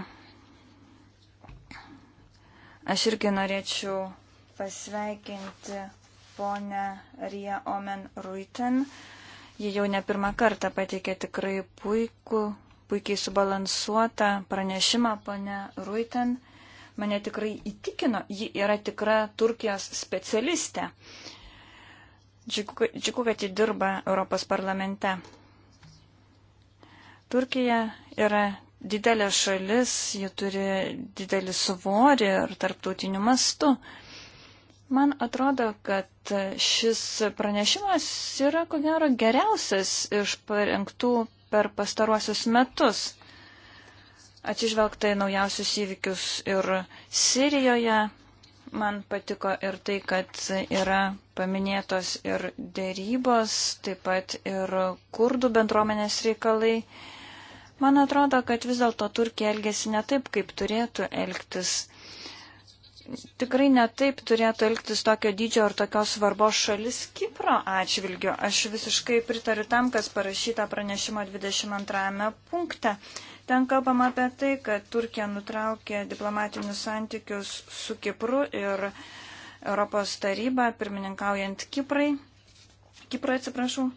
Aš irgi norėčiau pasveikinti ponę Rie Omen Ruiten. Ji jau ne pirmą kartą pateikė tikrai puikų, puikiai subalansuotą pranešimą, ponė Ruiten. Mane tikrai įtikino, ji yra tikra Turkijos specialistė. Džiugu, kad ji dirba Europos parlamente. Turkija yra didelė šalis, ji turi didelį svorį ir tarptautiniu mastu. Man atrodo, kad šis pranešimas yra ko gero geriausias iš parengtų per pastaruosius metus. Atsižvelgtai naujausius įvykius ir Sirijoje, man patiko ir tai, kad yra paminėtos ir dėrybos, taip pat ir kurdų bendruomenės reikalai. Man atrodo, kad vis dėlto Turkija elgesi ne taip, kaip turėtų elgtis. Tikrai ne taip turėtų elgtis tokio dydžio ar tokios svarbos šalis Kipro atžvilgio. Aš visiškai pritariu tam, kas parašyta pranešimo 22 punkte. Ten kalbama apie tai, kad Turkija nutraukė diplomatinius santykius su Kipru ir Europos taryba, pirmininkaujant Kiprai. Kipro atsiprašau.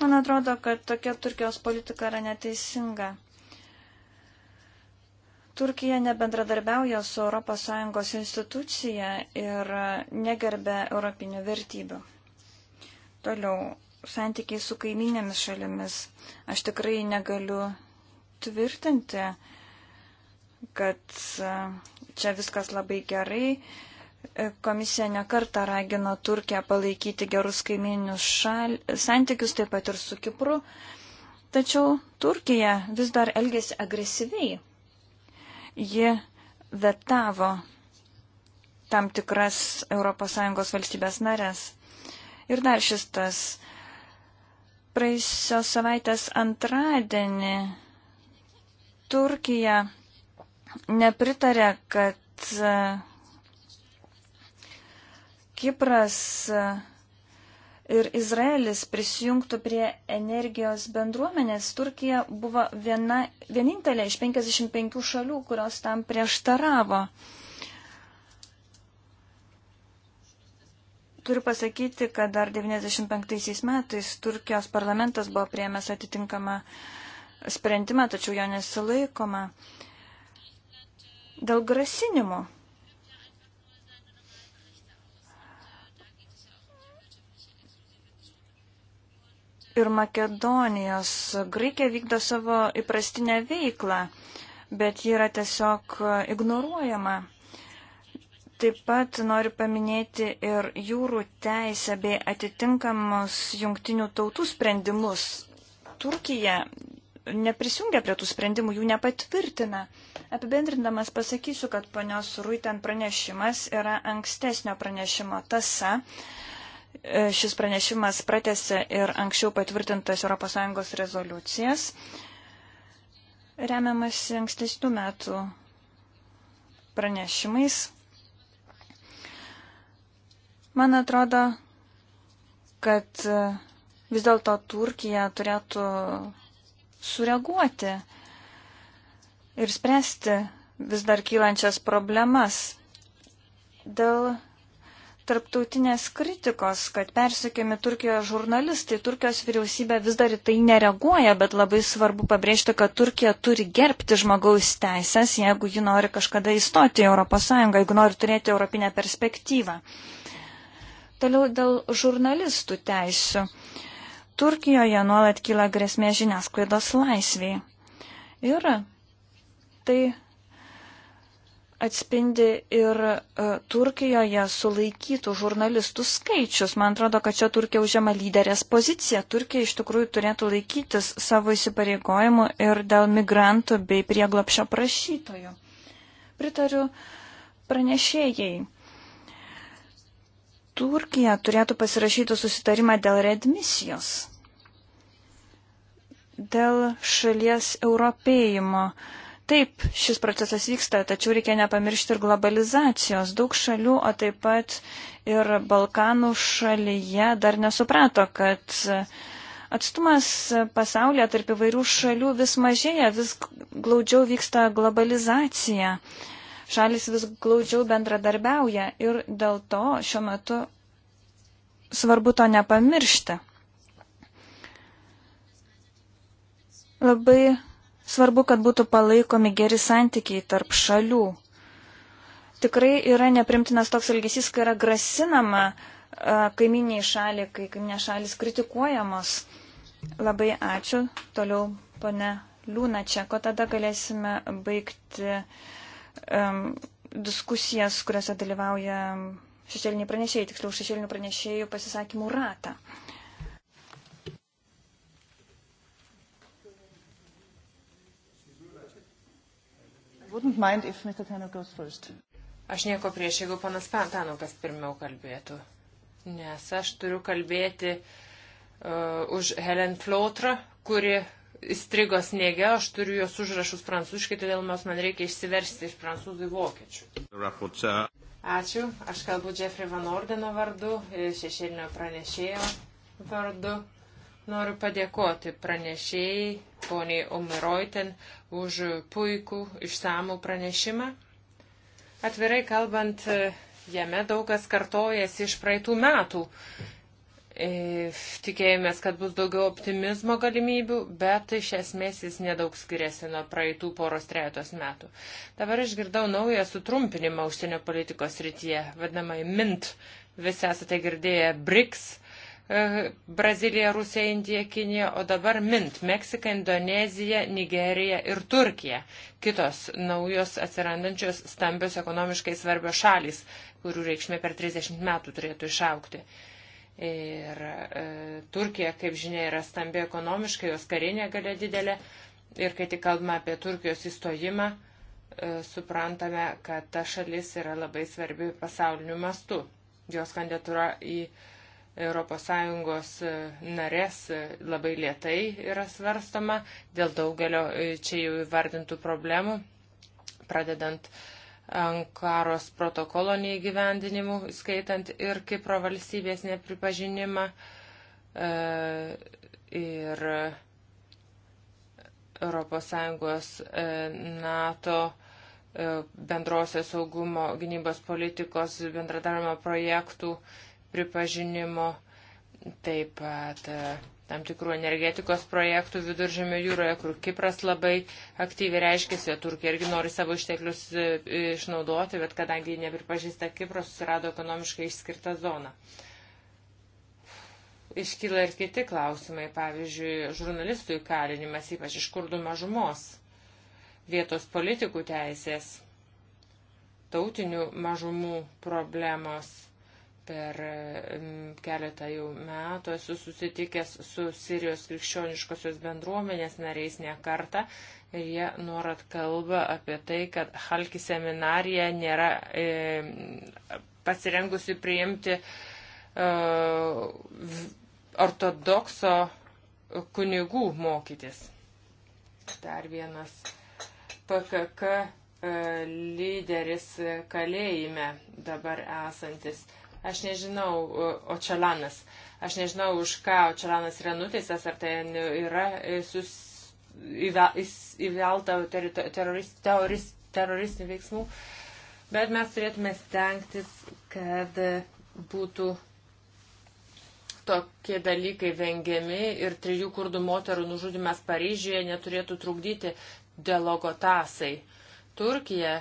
Man atrodo, kad tokia Turkijos politika yra neteisinga. Turkija nebendradarbiauja su ES institucija ir negerbė europinių vertybių. Toliau, santykiai su kaiminėmis šalimis. Aš tikrai negaliu tvirtinti, kad e, čia viskas labai gerai Komisija nekarta ragino Turkiją palaikyti gerus kaiminius šal... santykius, taip pat ir su Kipru. Tačiau Turkija vis dar elgėsi agresyviai. Ji vetavo tam tikras ES valstybės narės. Ir dar šis tas. Praėjusios savaitės antradienį Turkija nepritarė, kad Kipras ir Izraelis prisijungtų prie energijos bendruomenės, Turkija buvo viena, vienintelė iš 55 šalių, kurios tam prieštaravo. Turiu pasakyti, kad dar 95 metais Turkijos parlamentas buvo priemęs atitinkamą sprendimą, tačiau jo nesilaikoma. Dėl grasinimų ir Makedonijos. Graikija vykdo savo įprastinę veiklą, bet ji yra tiesiog ignoruojama. Taip pat noriu paminėti ir jūrų teisę bei atitinkamus jungtinių tautų sprendimus. Turkija neprisijungia prie tų sprendimų, jų nepatvirtina. Apibendrindamas pasakysiu, kad ponios Ruiten pranešimas yra ankstesnio pranešimo tasa. Šis pranešimas pratėsi ir anksčiau patvirtintas ES rezoliucijas, remiamas ankstesnių metų pranešimais. Man atrodo, kad e, vis dėlto Turkija turėtų sureaguoti ir spręsti vis dar kylančias problemas dėl tarptautinės kritikos, kad persikėmi Turkijos žurnalistai, Turkijos vyriausybė vis dar į tai nereaguoja, bet labai svarbu pabrėžti, kad Turkija turi gerbti žmogaus teisės, jeigu ji nori kažkada įstoti į ES, jeigu nori turėti europinę perspektyvą. Toliau dėl žurnalistų teisių. Turkijoje nuolat kyla grėsmė žiniasklaidos laisviai. Ir tai atspindi ir e, Turkijoje sulaikytų žurnalistų skaičius. Man atrodo, kad čia Turkija užima lyderės poziciją. Turkija iš tikrųjų turėtų laikytis savo įsipareigojimų ir dėl migrantų bei prieglapšio prašytojų. Pritariu pranešėjai. Turkija turėtų pasirašyti susitarimą dėl redmisijos, dėl šalies europėjimo. Taip, šis procesas vyksta, tačiau reikia nepamiršti ir globalizacijos. Daug šalių, o taip pat ir Balkanų šalyje dar nesuprato, kad atstumas pasaulyje tarp įvairių šalių vis mažėja, vis glaudžiau vyksta globalizacija. Šalis vis glaudžiau bendradarbiauja ir dėl to šiuo metu svarbu to nepamiršti. Labai Svarbu, kad būtų palaikomi geri santykiai tarp šalių. Tikrai yra neprimtinas toks elgesys, kai yra grasinama kaiminiai šaliai, kai kaiminė šalis kritikuojamos. Labai ačiū. Toliau, pone Liūna Čeko, tada galėsime baigti um, diskusijas, kuriuose dalyvauja šešėliniai pranešėjai, tiksliau šešėlinių pranešėjų pasisakymų ratą. wouldn't mind if Mr. Tanner goes first. Aš nieko prieš, jeigu panas Pantanokas pirmiau kalbėtų. Nes aš turiu kalbėti uh, už Helen Flotrą, kuri įstrigo sniege, aš turiu jos užrašus prancūziškai, todėl mes man reikia išsiversti iš prancūzų į vokiečių. Ačiū, aš kalbu Jeffrey Van Ordeno vardu, šešėlinio pranešėjo vardu. Noriu padėkoti pranešėjai, poniai Umiroiten, už puikų išsamų pranešimą. Atvirai kalbant, jame daug kas kartojasi iš praeitų metų. E, tikėjomės, kad bus daugiau optimizmo galimybių, bet iš esmės jis nedaug skiriasi nuo praeitų poros trejetos metų. Dabar išgirdau naują sutrumpinimą užsienio politikos rytyje, vadinamai MINT. Visi esate girdėję BRICS E, Brazilija, Rusija, Indija, Kinija, o dabar mint Meksika, Indonezija, Nigerija ir Turkija. Kitos naujos atsirandančios stambios ekonomiškai svarbios šalis, kurių reikšmė per 30 metų turėtų išaukti. Ir e, Turkija, kaip žinia, yra stambi ekonomiškai, jos karinė galia didelė. Ir kai tik kalbame apie Turkijos įstojimą, e, suprantame, kad ta šalis yra labai svarbi pasauliniu mastu. Jos kandidatūra į e, ES e, narės e, labai lietai yra svarstoma dėl daugelio e, čia jau įvardintų problemų, pradedant Ankaros protokolo neįgyvendinimu, skaitant ir Kipro valstybės nepripažinimą ir ES NATO bendrosios saugumo gynybos politikos bendradarimo projektų pripažinimo, taip pat e, tam tikrų energetikos projektų viduržėmio jūroje, kur Kipras labai aktyviai reiškėsi, Turkija irgi nori savo išteklius e, išnaudoti, bet kadangi nepripažįsta Kipro, susirado ekonomiškai išskirtą zoną. Iškyla ir kiti klausimai, pavyzdžiui, žurnalistų įkalinimas, ypač iš kurdų mažumos, vietos politikų teisės, tautinių mažumų problemos Per keletą jau metų esu susitikęs su Sirijos krikščioniškosios bendruomenės nariais ne kartą ir jie nuorat kalba apie tai, kad Halki seminarija nėra e, pasirengusi priimti e, ortodokso kunigų mokytis. Dar vienas PKK e, lyderis kalėjime dabar esantis Aš nežinau, Očelanas. Aš nežinau, už ką Očelanas yra nuteistas, ar tai yra sus, įvelta terorist, terorist, teroristinių veiksmų. Bet mes turėtume stengtis, kad būtų tokie dalykai vengiami ir trijų kurdų moterų nužudimas Paryžiuje neturėtų trukdyti dialogo tasai. Turkija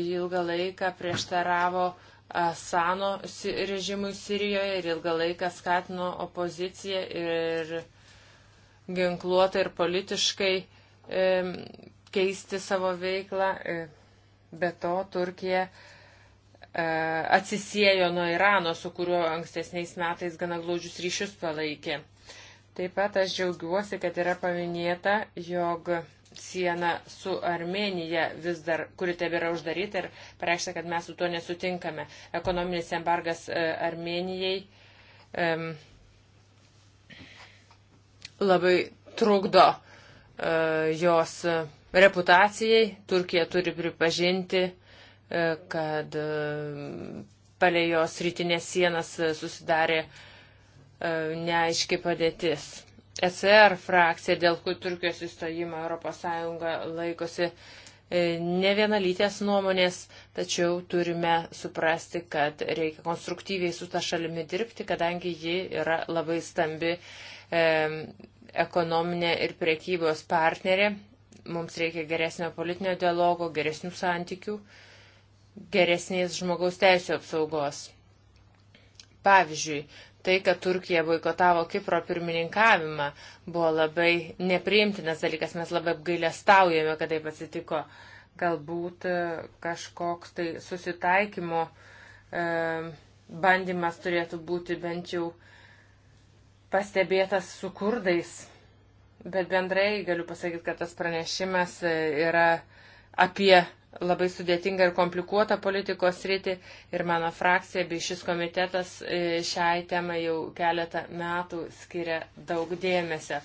ilgą laiką prieštaravo Asano režimui Sirijoje ir ilgą laiką skatino opoziciją ir ginkluotai ir politiškai e, keisti savo veiklą. E, be to, Turkija e, atsisėjo nuo Irano, su kuriuo ankstesniais metais gana glaudžius ryšius palaikė. Taip pat aš džiaugiuosi, kad yra paminėta, jog siena su Armenija vis dar, kuri tebėra uždaryta ir pareikšta, kad mes su tuo nesutinkame. Ekonominis embargas e, Armenijai um, labai trukdo uh, jos reputacijai. Turkija turi pripažinti, uh, kad uh, palei jos rytinės sienas susidarė uh, neaiški padėtis ECR frakcija dėl Turkijos įstojimo ES laikosi e, ne vienalytės nuomonės, tačiau turime suprasti, kad reikia konstruktyviai su ta šalimi dirbti, kadangi ji yra labai stambi e, ekonominė ir priekybos partnerė. Mums reikia geresnio politinio dialogo, geresnių santykių, geresnės žmogaus teisų apsaugos. Pavyzdžiui, Tai, kad Turkija boikotavo Kipro pirmininkavimą, buvo labai nepriimtinas dalykas. Mes labai apgailestaujame, kad taip atsitiko. Galbūt e, kažkoks tai susitaikymo e, bandymas turėtų būti bent jau pastebėtas su kurdais. Bet bendrai galiu pasakyti, kad tas pranešimas e, yra apie labai sudėtingą ir komplikuotą politikos rytį ir mano frakcija bei šis komitetas e, šiai temai jau keletą metų skiria daug dėmesio.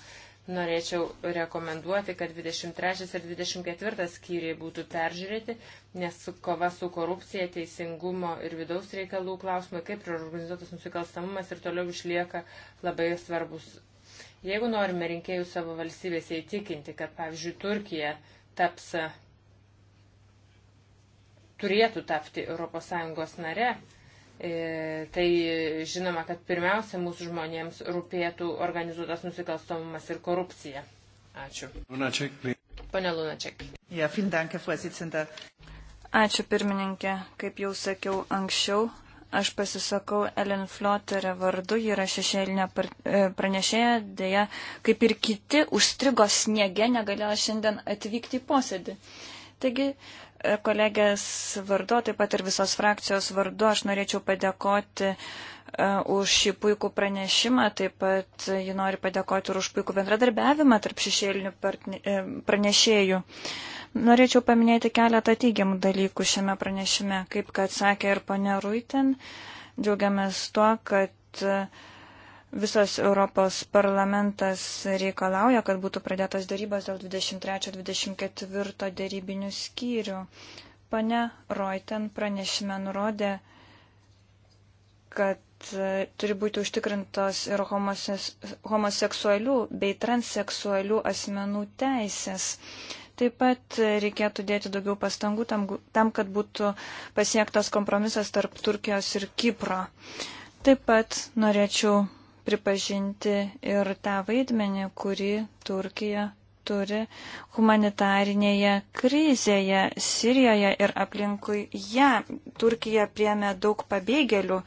Norėčiau rekomenduoti, kad 23 ir 24 skyriai būtų peržiūrėti, nes kova su korupcija, teisingumo ir vidaus reikalų klausimai, kaip ir organizuotas nusikalstamumas ir toliau išlieka labai svarbus. Jeigu norime rinkėjų savo valstybėse įtikinti, kad pavyzdžiui Turkija taps turėtų tapti ES nare, e, tai žinoma, kad pirmiausia mūsų žmonėms rūpėtų organizuotas nusikalstamumas ir korupcija. Ačiū. Lunaček. Pane Lunaček. Ja, danke, Ačiū pirmininkė. Kaip jau sakiau anksčiau, aš pasisakau Ellen Flotter vardu, ji yra šešėlinė e, pranešėja, dėja, kaip ir kiti, užstrigo sniege, negalėjo šiandien atvykti į posėdį. Taigi, kolegės vardu, taip pat ir visos frakcijos vardu. Aš norėčiau padėkoti e, už šį puikų pranešimą, taip pat e, ji nori padėkoti ir už puikų bendradarbiavimą tarp šešėlinių e, pranešėjų. Norėčiau paminėti keletą teigiamų dalykų šiame pranešime, kaip kad sakė ir ponė Ruiten. Džiaugiamės tuo, kad uh, Visas Europos parlamentas reikalauja, kad būtų pradėtas darybas dėl 23-24 darybinių skyrių. Pane Reuten pranešime nurodė, kad e, turi būti užtikrintos ir homoses, homoseksualių bei transseksualių asmenų teisės. Taip pat reikėtų dėti daugiau pastangų tam, tam kad būtų pasiektas kompromisas tarp Turkijos ir Kipro. Taip pat norėčiau pripažinti ir tą vaidmenį, kurį Turkija turi humanitarinėje krizėje Sirijoje ir aplinkui ją. Ja, Turkija priemė daug pabėgėlių.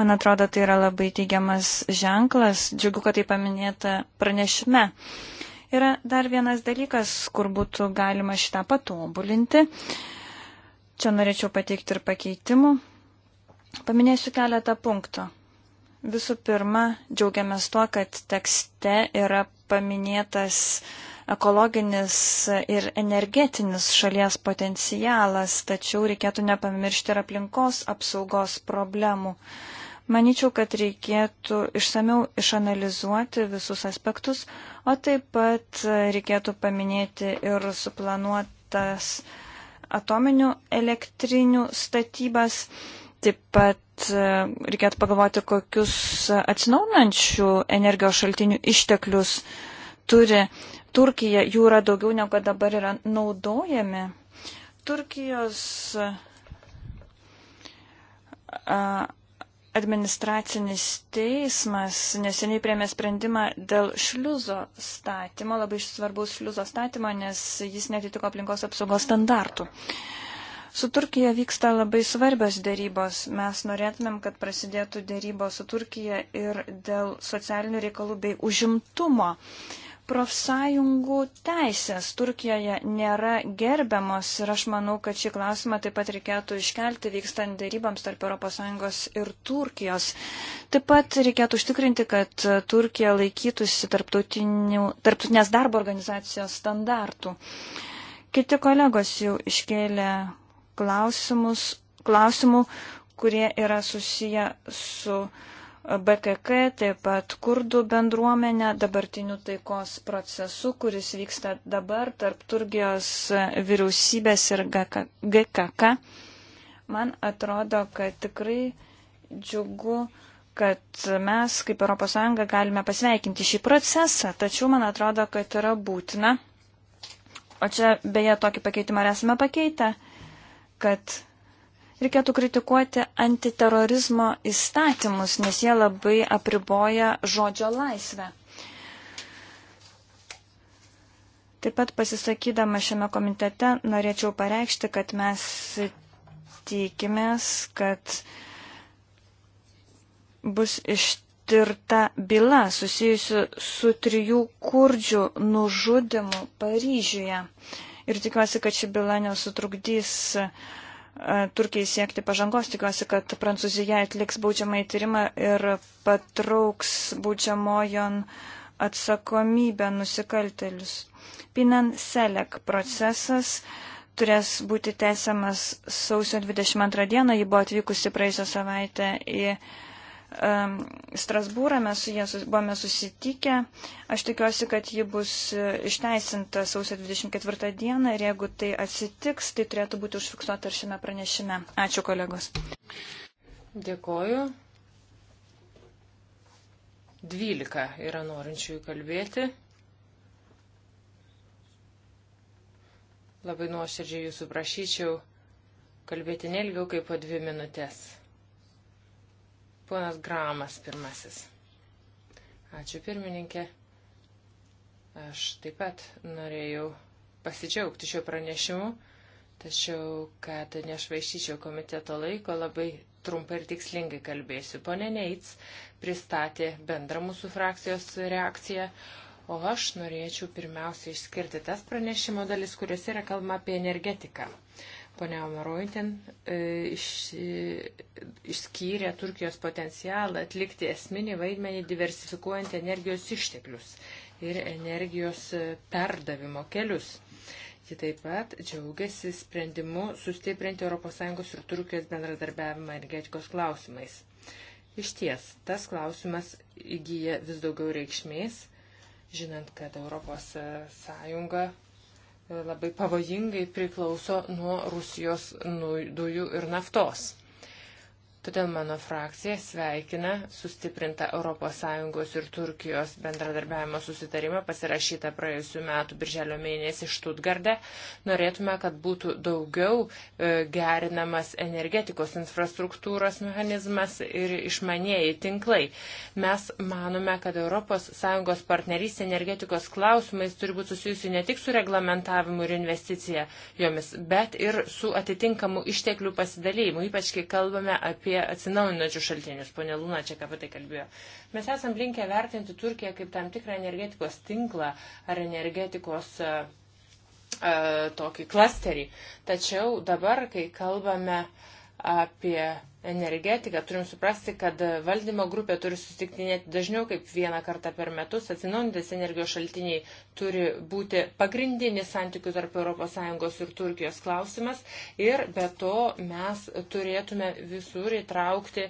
Man atrodo, tai yra labai teigiamas ženklas. Džiugu, kad tai paminėta pranešime. Yra dar vienas dalykas, kur būtų galima šitą patobulinti. Čia norėčiau pateikti ir pakeitimų. Paminėsiu keletą punktų. Visų pirma, džiaugiamės tuo, kad tekste yra paminėtas ekologinis ir energetinis šalies potencialas, tačiau reikėtų nepamiršti ir aplinkos apsaugos problemų. Maničiau, kad reikėtų išsameu išanalizuoti visus aspektus, o taip pat reikėtų paminėti ir suplanuotas atominių elektrinių statybas. Taip pat e, reikėtų pagalvoti, kokius atsinaunančių energijos šaltinių išteklius turi Turkija. Jų yra daugiau negu dabar yra naudojami. Turkijos e, administracinis teismas neseniai priemė sprendimą dėl šliuzo statymo, labai svarbaus šliuzo statymo, nes jis netitiko aplinkos apsaugos standartų. Uh, Su Turkija vyksta labai svarbios dėrybos. Mes norėtumėm, kad prasidėtų dėrybos su Turkija ir dėl socialinių reikalų bei užimtumo. Profsąjungų teisės Turkijoje nėra gerbiamos ir aš manau, kad šį klausimą taip pat reikėtų iškelti vykstant dėryboms tarp ES ir Turkijos. Taip pat reikėtų užtikrinti, kad Turkija laikytųsi tarptautinės darbo organizacijos standartų. Kiti kolegos jau iškėlė klausimų, kurie yra susiję su e, BKK, taip pat kurdų bendruomenė, dabartiniu taikos procesu, kuris vyksta dabar tarp Turkijos e, vyriausybės ir GKK. Man atrodo, kad tikrai džiugu, kad mes kaip ES galime pasveikinti šį procesą, tačiau man atrodo, kad yra būtina. O čia beje tokį pakeitimą esame pakeitę kad reikėtų kritikuoti antiterorizmo įstatymus, nes jie labai apriboja žodžio laisvę. Taip pat pasisakydama šiame komitete norėčiau pareikšti, kad mes tikimės, kad bus ištirta byla susijusi su trijų kurdžių nužudimu Paryžiuje. Uh, ir tikiuosi, kad ši byla nesutrukdys e, Turkijai siekti pažangos. Tikiuosi, kad Prancūzija atliks baudžiamą įtyrimą ir patrauks baudžiamojon atsakomybę nusikaltelius. Pinan Selek procesas turės būti tęsiamas sausio 22 dieną. Ji buvo atvykusi praėjusią savaitę į. Strasbūrą, mes su jie buvome susitikę. Aš tikiuosi, kad ji bus e, išteisinta sausio 24 dieną ir jeigu tai atsitiks, tai turėtų būti užfiksuota ir šiame pranešime. Ačiū kolegos. Dėkoju. 12 yra norinčiųjų kalbėti. Labai nuoširdžiai jūsų prašyčiau kalbėti nelgiau kaip po dvi minutės. Ponas Gramas pirmasis. Ačiū pirmininkė. Aš taip pat norėjau pasidžiaugti šio pranešimu, tačiau, kad nešvaišyčiau komiteto laiko, labai trumpai ir tikslingai kalbėsiu. Pone Neits pristatė bendrą mūsų frakcijos reakciją, o aš norėčiau pirmiausia išskirti tas pranešimo dalis, kuriuose yra kalba apie energetiką ponia Omeroitin e, iš, išskyrė Turkijos potencialą atlikti esminį vaidmenį diversifikuojant energijos išteklius ir energijos e, perdavimo kelius. Ji taip pat džiaugiasi sprendimu sustiprinti ES ir Turkijos bendradarbiavimą energetikos klausimais. Iš ties, tas klausimas įgyja vis daugiau reikšmės, žinant, kad ES labai pavojingai priklauso nuo Rusijos nu- dujų ir naftos. Todėl mano frakcija sveikina sustiprintą ES ir Turkijos bendradarbiavimo susitarimą pasirašytą praėjusiu metu birželio mėnesį Štutgarde. Norėtume, kad būtų daugiau e, gerinamas energetikos infrastruktūros mechanizmas ir išmanėjai tinklai. Mes manome, kad ES partnerystė energetikos klausimais turi būti susijusi ne tik su reglamentavimu ir investicija jomis, bet ir su atitinkamu išteklių pasidalymu, ypač kai kalbame apie apie atsinaujinančius šaltinius. Pone Lūna čia apie tai kalbėjo. Mes esam linkę vertinti Turkiją kaip tam tikrą energetikos tinklą ar energetikos uh, tokį klasterį. Tačiau dabar, kai kalbame apie energetiką, turim suprasti, kad valdymo grupė turi susitikti net dažniau kaip vieną kartą per metus. Atsinaujantis energijos šaltiniai turi būti pagrindinis santykių tarp ES ir Turkijos klausimas. Ir be to mes turėtume visur įtraukti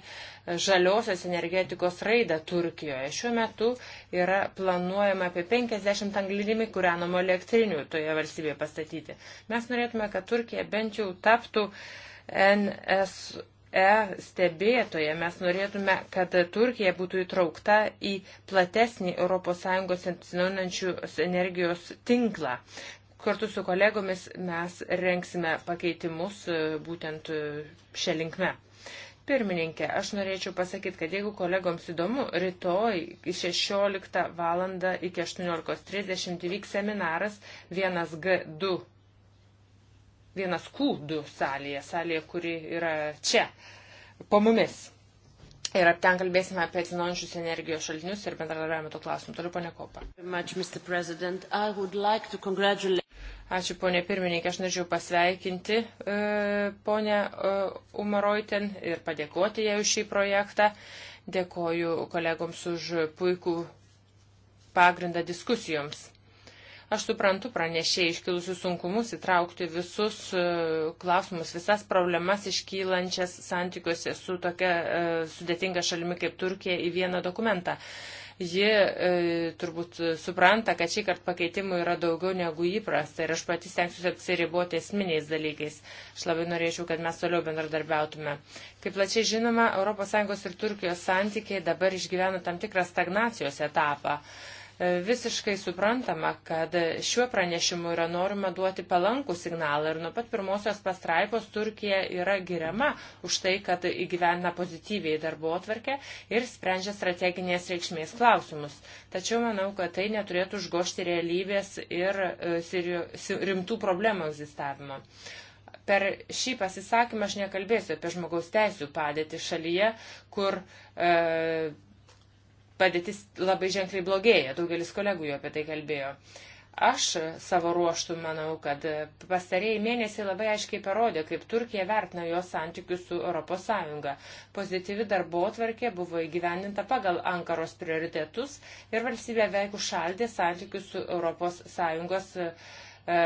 žaliosios energetikos raidą Turkijoje. Šiuo metu yra planuojama apie 50 anglilimi kūrenamo elektrinių toje valstybėje pastatyti. Mes norėtume, kad Turkija bent jau taptų NSO e stebėtoje. Mes norėtume, kad Turkija būtų įtraukta į platesnį ES atsinaujinančių energijos tinklą. Kartu su kolegomis mes renksime pakeitimus e, būtent e, šią linkmę. Pirmininkė, aš norėčiau pasakyti, kad jeigu kolegoms įdomu, rytoj 16 val. iki 18.30 vyks seminaras 1G2 vienas kūdų salėje, salėje, kuri yra čia, po mumis. Ir ten kalbėsime apie atsinaujančius energijos šaltinius ir bendradarbiavimo to klausimu. Toliau, ponė Kopa. Ačiū, ponė pirmininkė. Aš norėčiau pasveikinti e, ponę e, Umaroiten ir padėkoti ją už šį projektą. Dėkoju kolegoms už puikų pagrindą diskusijoms. Aš suprantu pranešėjai iškilusius sunkumus įtraukti visus e, klausimus, visas problemas iškylančias santykiuose su tokia e, sudėtinga šalimi kaip Turkija į vieną dokumentą. Ji e, turbūt supranta, kad šį kartą pakeitimų yra daugiau negu įprasta ir aš pati stengsiuosi apsiriboti esminiais dalykais. Aš labai norėčiau, kad mes toliau bendradarbiautume. Kaip plačiai žinoma, ES ir Turkijos santykiai dabar išgyvena tam tikrą stagnacijos etapą. E, visiškai suprantama, kad šiuo pranešimu yra norima duoti palankų signalą ir nuo pat pirmosios pastraipos Turkija yra giriama už tai, kad įgyvena pozityviai darbo atvarkę ir sprendžia strateginės reikšmės klausimus. Tačiau manau, kad tai neturėtų užgošti realybės ir e, rimtų problemų egzistavimo. Per šį pasisakymą aš nekalbėsiu apie žmogaus teisų padėtį šalyje, kur e, padėtis labai ženkliai blogėja, daugelis kolegų jau apie tai kalbėjo. Aš savo ruoštų manau, kad pastarėjai mėnesiai labai aiškiai parodė, kaip Turkija vertina jos santykius su ES. Pozityvi darbo atvarkė buvo įgyvendinta pagal Ankaros prioritetus ir valstybė veik užšaldė santykius su ES e,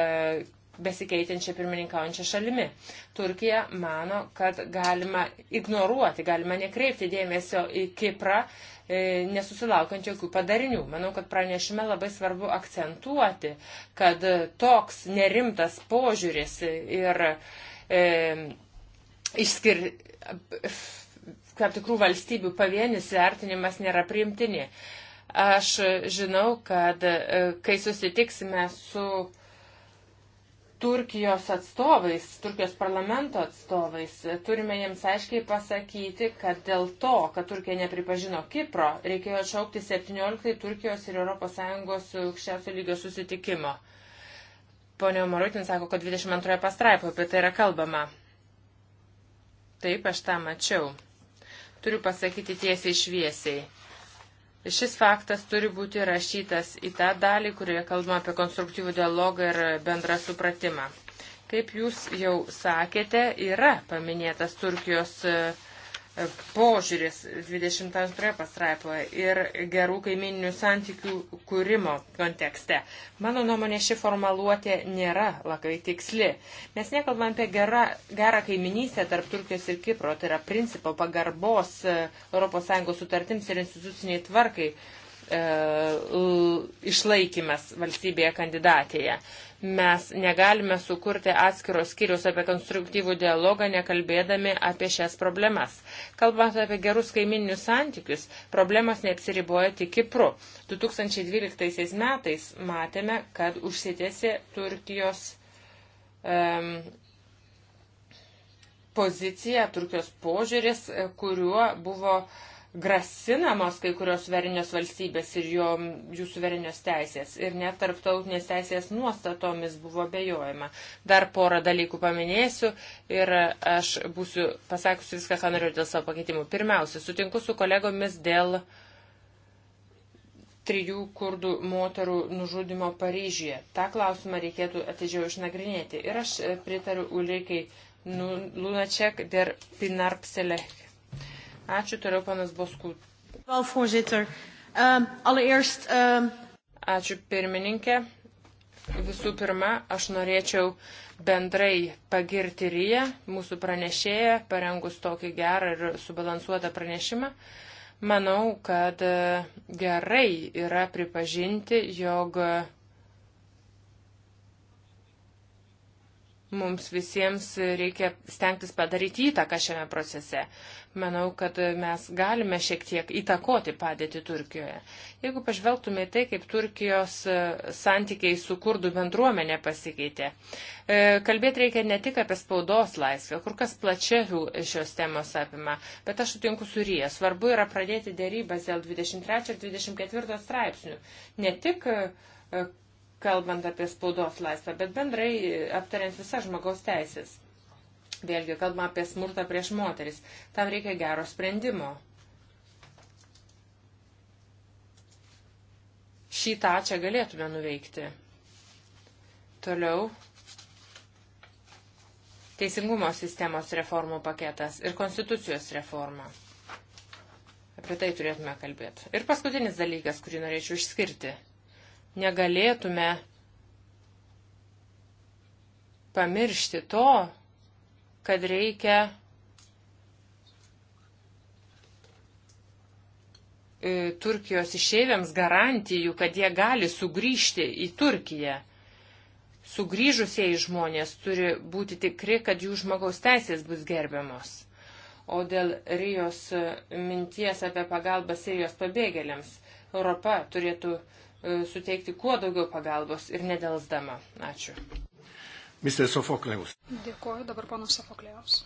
besikeitinčia pirmininkaujančia šalimi. Turkija mano, kad galima ignoruoti, galima nekreipti dėmesio į Kiprą E, nesusilaukiant jokių padarinių. Manau, kad pranešime labai svarbu akcentuoti, kad toks nerimtas požiūris ir e, išskir tam tikrų valstybių pavienis vertinimas nėra priimtini. Aš žinau, kad e, kai susitiksime su Turkijos atstovais, Turkijos parlamento atstovais. Turime jiems aiškiai pasakyti, kad dėl to, kad Turkija nepripažino Kipro, reikėjo atšaukti 17 Turkijos ir ES aukščiausio lygio susitikimo. Pone Marutin sako, kad 22 pastraipoje apie tai yra kalbama. Taip, aš tą mačiau. Turiu pasakyti tiesiai šviesiai Šis faktas turi būti rašytas į tą dalį, kurioje kalbama apie konstruktyvų dialogą ir bendrą supratimą. Kaip jūs jau sakėte, yra paminėtas Turkijos uh, požiūris 22 pastraipoje ir gerų kaimininių santykių kūrimo kontekste. Mano nuomonė ši formaluotė nėra labai tiksli. Mes nekalbam apie gerą, gerą kaiminystę tarp Turkijos ir Kipro, tai yra principo pagarbos ES sutartims ir instituciniai tvarkai e, išlaikimas valstybėje kandidatėje. Mes negalime sukurti atskiros skiriaus apie konstruktyvų dialogą, nekalbėdami apie šias problemas. Kalbant apie gerus kaimininius santykius, problemas neapsiriboja tik Kipru. 2012 metais matėme, kad užsitėsi Turkijos um, pozicija, Turkijos požiūris, kuriuo buvo uh, grasinamos kai kurios suverenios valstybės ir jo, jų suverenios teisės. Ir net tarptautinės teisės nuostatomis buvo bejojama. Dar porą dalykų paminėsiu ir aš būsiu pasakusi viską, ką noriu dėl savo pakeitimų. Pirmiausia, sutinku su kolegomis dėl trijų kurdų moterų nužudimo Paryžyje. Ta klausimą reikėtų atidžiau išnagrinėti. Ir aš pritariu Ulrikai nu- Lunaček der Pinarpselech Ačiū, toliau panas Boskų. Ehm, ehm, Ačiū, pirmininkė. Visų pirma, aš norėčiau bendrai pagirti Ryją, mūsų pranešėją, parengus tokį gerą ir subalansuotą pranešimą. Manau, kad e, gerai yra pripažinti, jog Mums visiems reikia stengtis padaryti įtaką šiame procese. Manau, kad mes galime šiek tiek įtakoti padėtį Turkijoje. Jeigu pažvelgtume į tai, kaip Turkijos e, santykiai su kurdų bendruomenė pasikeitė, e, kalbėti reikia ne tik apie spaudos laisvę, kur kas plačiau šios temos apima, bet aš sutinku su Ryja. Svarbu yra pradėti dėrybas dėl 23 ir 24 straipsnių. Ne tik e, kalbant apie spaudos laisvę, bet bendrai aptariant visas žmogaus teisės. Vėlgi, kalbam apie smurtą prieš moteris. Tam reikia gero sprendimo. Šitą čia galėtume nuveikti. Toliau. Teisingumo sistemos reformų paketas ir konstitucijos reforma. Apie tai turėtume kalbėti. Ir paskutinis dalykas, kurį norėčiau išskirti negalėtume pamiršti to, kad reikia e, Turkijos išeiviams garantijų, kad jie gali sugrįžti į Turkiją. Sugryžusieji žmonės turi būti tikri, kad jų žmogaus teisės bus gerbiamos. O dėl Rijos minties apie pagalbą Sirijos pabėgėliams, Europa turėtų E, suteikti kuo daugiau pagalbos ir nedelsdama. Ačiū. Mr. Sofokleus. Dėkuoju dabar ponas Sofokleus.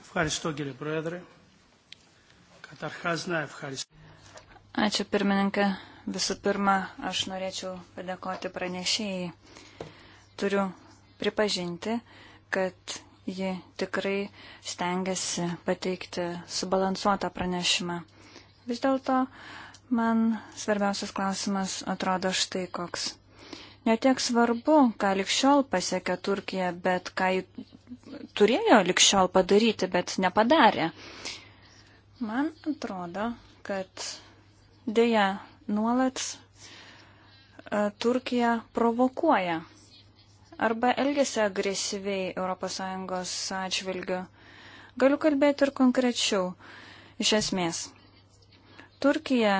Ευχαριστώ κύριε Πρόεδρε. Καταρχάς να ευχαριστώ. Ačiū pirmininkė. Visų pirma, aš norėčiau padėkoti pranešėjai. Turiu pripažinti, kad ji tikrai stengiasi pateikti subalansuotą pranešimą. Vis dėlto man svarbiausias klausimas atrodo štai koks. Netiek svarbu, ką likščiol pasiekė Turkija, bet ką turėjo likščiol padaryti, bet nepadarė. Man atrodo, kad dėja nuolat e, Turkija provokuoja arba elgesi agresyviai ES atžvilgiu. Galiu kalbėti ir konkrečiau. Iš esmės, Turkija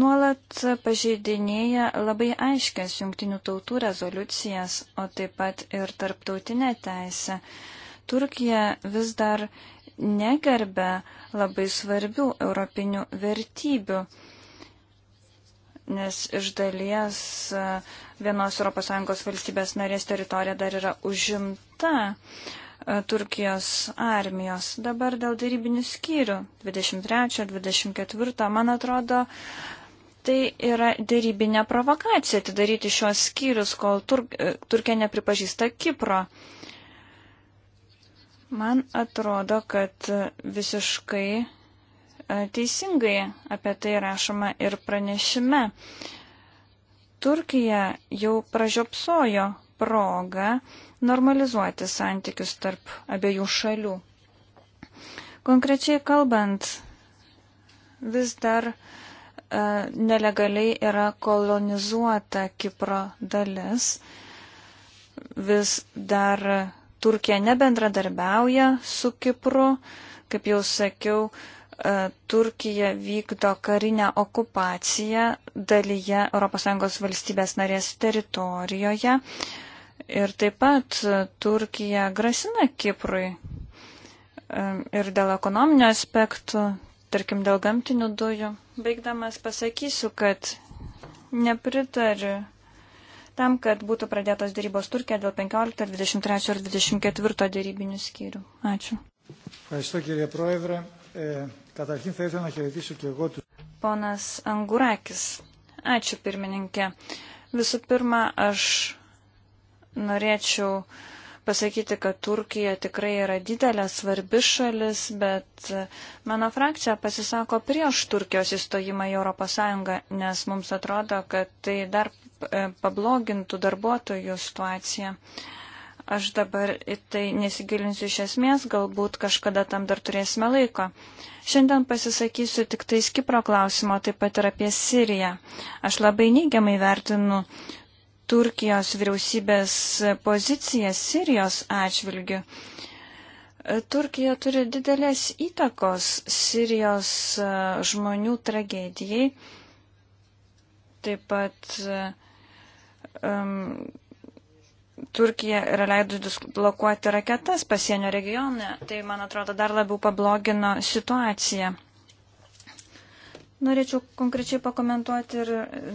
nuolat pažeidinėja labai aiškias jungtinių tautų rezoliucijas, o taip pat ir tarptautinę teisę. Turkija vis dar negerbė labai svarbių europinių vertybių, nes iš dalies e, vienos ES valstybės narės teritorija dar yra užimta. E, Turkijos armijos. Dabar dėl darybinių skyrių 23-24, man atrodo, tai yra darybinė provokacija atidaryti šios skyrius, kol Turk, e, Turkija nepripažįsta Kipro. Man atrodo, kad visiškai e, teisingai apie tai rašoma ir pranešime. Turkija jau pražiopsojo progą normalizuoti santykius tarp abiejų šalių. Konkrečiai kalbant, vis dar e, nelegaliai yra kolonizuota Kipro dalis, vis dar Turkija nebendradarbiauja su Kipru, kaip jau sakiau, e, Turkija vykdo karinę okupaciją dalyje ES valstybės narės teritorijoje. Ir taip pat Turkija grasina Kiprui ir dėl ekonominio aspektų, tarkim, dėl gamtinių dujų. Baigdamas pasakysiu, kad nepritariu tam, kad būtų pradėtos dėrybos Turkija dėl 15, 23 ir 24 dėrybinių skyrių. Ačiū. E, Ponas Angurakis. Ačiū pirmininkė. Visų pirma, aš norėčiau pasakyti, kad Turkija tikrai yra didelė, svarbi šalis, bet e, mano frakcija pasisako prieš Turkijos įstojimą į ES, nes mums atrodo, kad tai dar e, pablogintų darbuotojų situaciją. Aš dabar į tai nesigilinsiu iš esmės, galbūt kažkada tam dar turėsime laiko. Šiandien pasisakysiu tik tai Kipro klausimo, taip pat ir apie Siriją. Aš labai neigiamai vertinu Turkijos vyriausybės poziciją Sirijos atžvilgiu. Turkija turi didelės įtakos Sirijos e, žmonių tragedijai. Taip pat um, Turkija yra leidus blokuoti raketas pasienio regione. Tai, man atrodo, dar labiau pablogino situaciją. Norėčiau konkrečiai pakomentuoti ir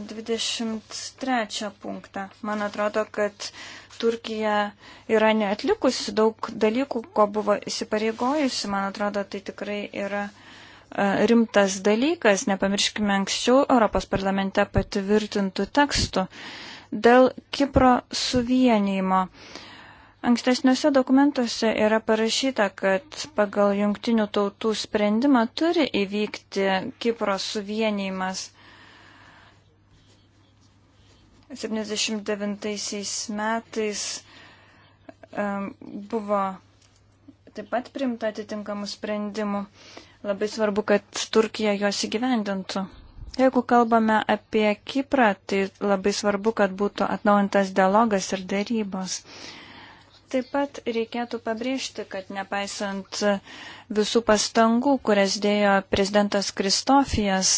23 punktą. Man atrodo, kad Turkija yra neatlikusi daug dalykų, ko buvo įsipareigojusi. Man atrodo, tai tikrai yra e, rimtas dalykas. Nepamirškime anksčiau Europos parlamente patvirtintų tekstų dėl Kipro suvienijimo. Uh, Ankstesniuose dokumentuose yra parašyta, kad pagal jungtinių tautų sprendimą turi įvykti Kipro suvienimas. 79 metais um, buvo taip pat primta atitinkamų sprendimų. Labai svarbu, kad Turkija juos įgyvendintų. Jeigu kalbame apie Kiprą, tai labai svarbu, kad būtų atnaujintas dialogas ir dėrybos. Uh, Taip pat reikėtų pabrėžti, kad nepaisant visų pastangų, kurias dėjo prezidentas Kristofijas,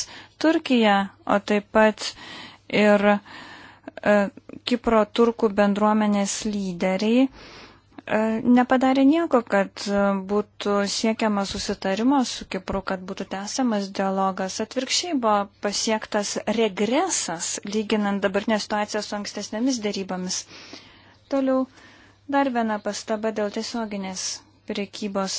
Turkija, o taip pat ir e, Kipro turkų bendruomenės lyderiai, e, nepadarė nieko, kad e, būtų siekiama susitarimo su Kipru, kad būtų tęsiamas dialogas. Atvirkščiai buvo pasiektas regresas, lyginant dabartinę situaciją su ankstesnėmis dėrybomis. Toliau Dar viena pastaba dėl tiesioginės priekybos.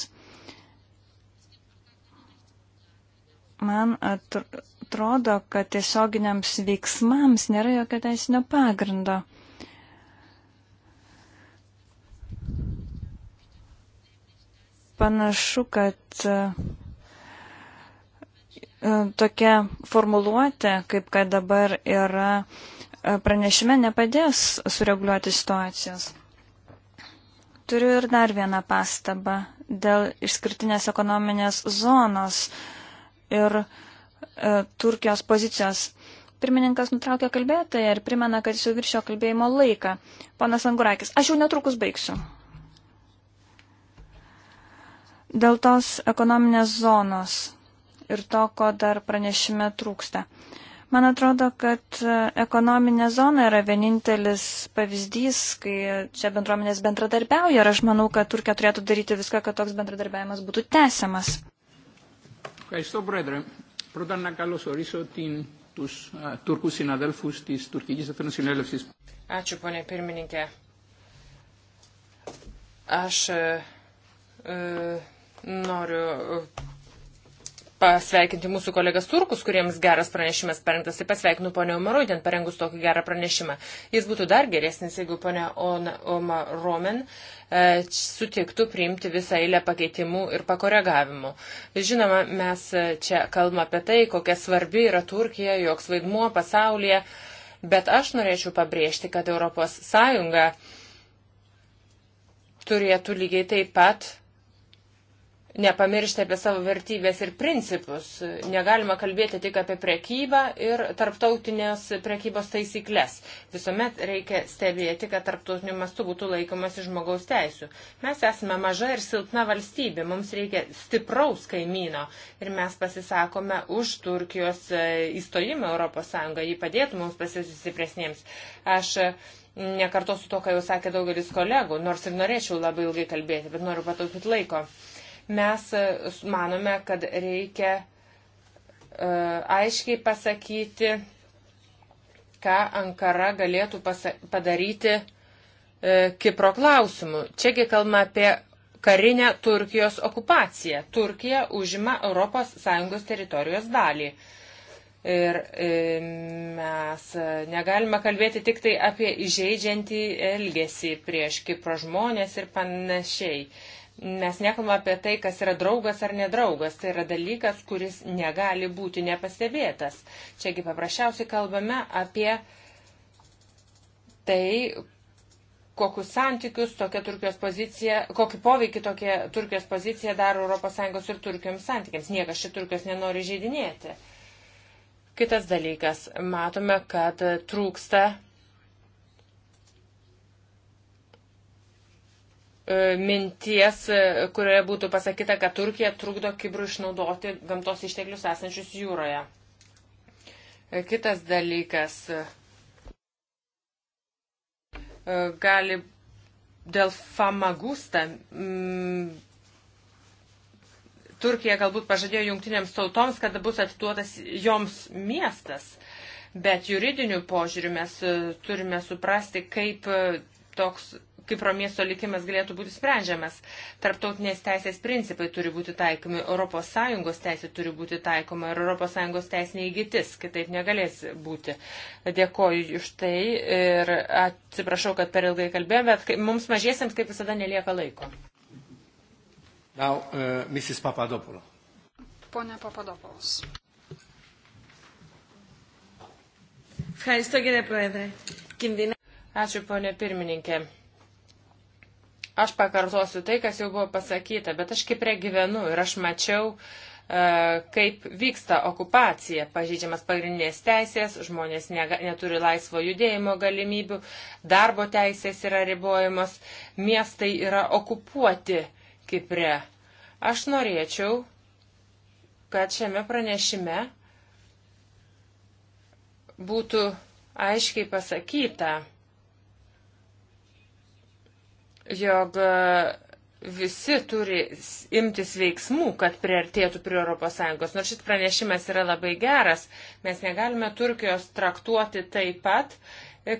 Man atrodo, kad tiesioginiams veiksmams nėra jokio teisinio pagrindo. Panašu, kad e, e, tokia formuluotė, kaip kad dabar yra e, pranešime, nepadės sureguliuoti situacijos. Turiu ir dar vieną pastabą dėl išskirtinės ekonominės zonos ir e, Turkijos pozicijos. Pirmininkas nutraukė kalbėtoją ir primena, kad jis jau viršio kalbėjimo laiką. Ponas Angurakis, aš jau netrukus baigsiu. Dėl tos ekonominės zonos ir to, ko dar pranešime trūksta. E, Man atrodo, kad e, ekonominė zona yra vienintelis pavyzdys, kai čia bendruomenės bendradarbiauja ir aš manau, kad Turkija turėtų daryti viską, kad toks bendradarbiavimas būtų tęsiamas. Ευχαριστώ, Πρόεδρε. Πρώτα να καλωσορίσω την, τους α, Τούρκους συναδέλφους της Τουρκικής Εθνοσυνέλευσης. Ačiū, ponė pirmininkė. Aš e, noriu pasveikinti mūsų kolegas turkus, kuriems geras pranešimas parengtas. Taip pasveikinu ponę Omaroidin parengus tokį gerą pranešimą. Jis būtų dar geresnis, jeigu ponė Omaromen e, sutiktų priimti visą eilę pakeitimų ir pakoregavimų. Žinoma, mes e, čia kalbame apie tai, kokia svarbi yra Turkija, joks vaidmuo pasaulyje, bet aš norėčiau pabrėžti, kad ES turėtų lygiai taip pat nepamiršti apie savo vertybės ir principus. Negalima kalbėti tik apie prekybą ir tarptautinės prekybos taisyklės. Visuomet reikia stebėti, kad tarptautiniu mastu būtų laikomasi žmogaus teisų. Mes esame maža ir silpna valstybė, mums reikia stipraus kaimyno ir mes pasisakome už Turkijos e, įstojimą Europos Sąjungą, jį padėtų mums pasisipresniems. Aš e, nekartosiu to, ką jau sakė daugelis kolegų, nors ir norėčiau labai ilgai kalbėti, bet noriu pataupyti laiko. Mes e, manome, kad reikia e, aiškiai pasakyti, ką Ankara galėtų padaryti e, Kipro klausimu. Čiagi kalba apie karinę Turkijos okupaciją. Turkija užima ES teritorijos dalį. Ir mes negalime kalbėti tik tai apie įžeidžiantį elgesį prieš Kipro žmonės ir panašiai. Mes nekalbame apie tai, kas yra draugas ar nedraugas. Tai yra dalykas, kuris negali būti nepastebėtas. Čiagi paprasčiausiai kalbame apie tai, kokius santykius tokia Turkijos pozicija, kokį poveikį tokia Turkijos pozicija daro ES ir Turkijos santykiams. Niekas čia Turkijos nenori žaidinėti. Kitas dalykas, matome, kad trūksta E, minties, e, kurioje būtų pasakyta, kad Turkija trukdo Kibrų išnaudoti gamtos išteklius esančius jūroje. E, kitas dalykas gali dėl famagusta. Mm, Turkija galbūt pažadėjo jungtinėms tautoms, kad bus atiduotas joms miestas, bet juridiniu požiūriu mes turime suprasti, kaip toks Kipro miesto likimas galėtų būti sprendžiamas. Tarptautinės teisės principai turi būti taikomi, ES teisė turi būti taikoma ir ES teisinė įgytis, kitaip negalės būti. Dėkoju už tai ir atsiprašau, kad per ilgai kalbėjome, bet mums mažiesiams kaip visada nelieka laiko. Now, uh, Mrs. Papadopoulos. Pone Papadopoulos. Ευχαριστώ κύριε Πρόεδρε. Κινδυνεύει. Ačiū, ponė pirmininkė. Aš pakartosiu tai, kas jau buvo pasakyta, bet aš Kiprė gyvenu ir aš mačiau, e, kaip vyksta okupacija, pažydžiamas pagrindinės teisės, žmonės neturi laisvo judėjimo galimybių, darbo teisės yra ribojamos, miestai yra okupuoti Kiprė. Aš norėčiau, kad šiame pranešime būtų aiškiai pasakyta, jog e, visi turi imtis veiksmų, kad priartėtų prie ES. Nors šis pranešimas yra labai geras, mes negalime Turkijos traktuoti taip pat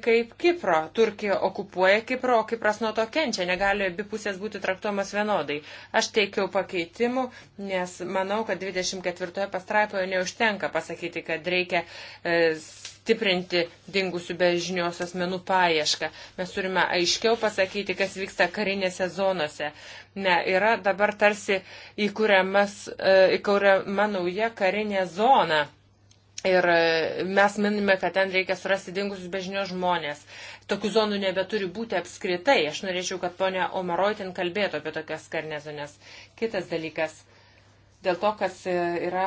kaip Kipro. Turkija okupuoja Kipro, o Kipras nuo to kenčia, negali abi pusės būti traktuomas vienodai. Aš teikiau pakeitimų, nes manau, kad 24 pastraipoje neužtenka pasakyti, kad reikia e, stiprinti dingusių bežinios asmenų paiešką. Mes turime aiškiau pasakyti, kas vyksta karinėse zonose. Ne, yra dabar tarsi įkūriama e, nauja karinė zona. Ir e, mes minime, kad ten reikia surasti dingusius bežinio žmonės. Tokių zonų nebeturi būti apskritai. Aš norėčiau, kad ponia Omaroitin kalbėtų apie tokias karinės zonas. Kitas dalykas. Dėl to, kas e, yra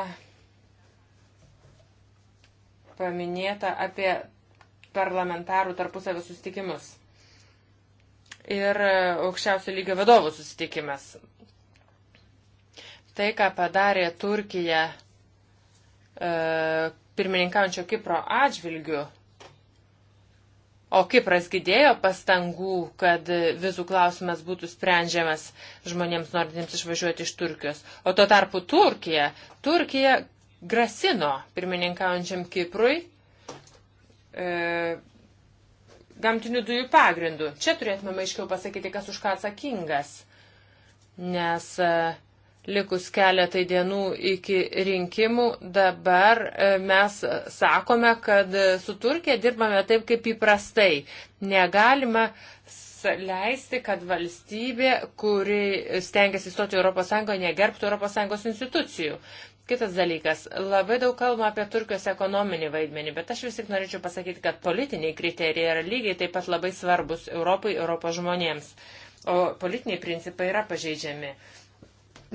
paminėta apie parlamentarų tarpusavio susitikimus. Ir e, aukščiausio lygio vadovų susitikimas. Tai, ką padarė Turkija E, pirmininkaujančio Kipro atžvilgiu. O Kipras gidėjo pastangų, kad vizų klausimas būtų sprendžiamas žmonėms norintiems išvažiuoti iš Turkijos. O tuo tarpu Turkija, Turkija grasino pirmininkaujančiam Kiprui e, gamtinių dujų pagrindų. Čia turėtume aiškiau pasakyti, kas už ką atsakingas. Nes e, likus keletai dienų iki rinkimų, dabar e, mes sakome, kad su Turkija dirbame taip kaip įprastai. Negalima leisti, kad valstybė, kuri stengiasi įstoti Europos Sąjungoje, negerbtų Europos Sąjungos institucijų. Kitas dalykas, labai daug kalbama apie Turkijos ekonominį vaidmenį, bet aš vis tik norėčiau pasakyti, kad politiniai kriterijai yra lygiai taip pat labai svarbus Europai, Europos žmonėms, o politiniai principai yra pažeidžiami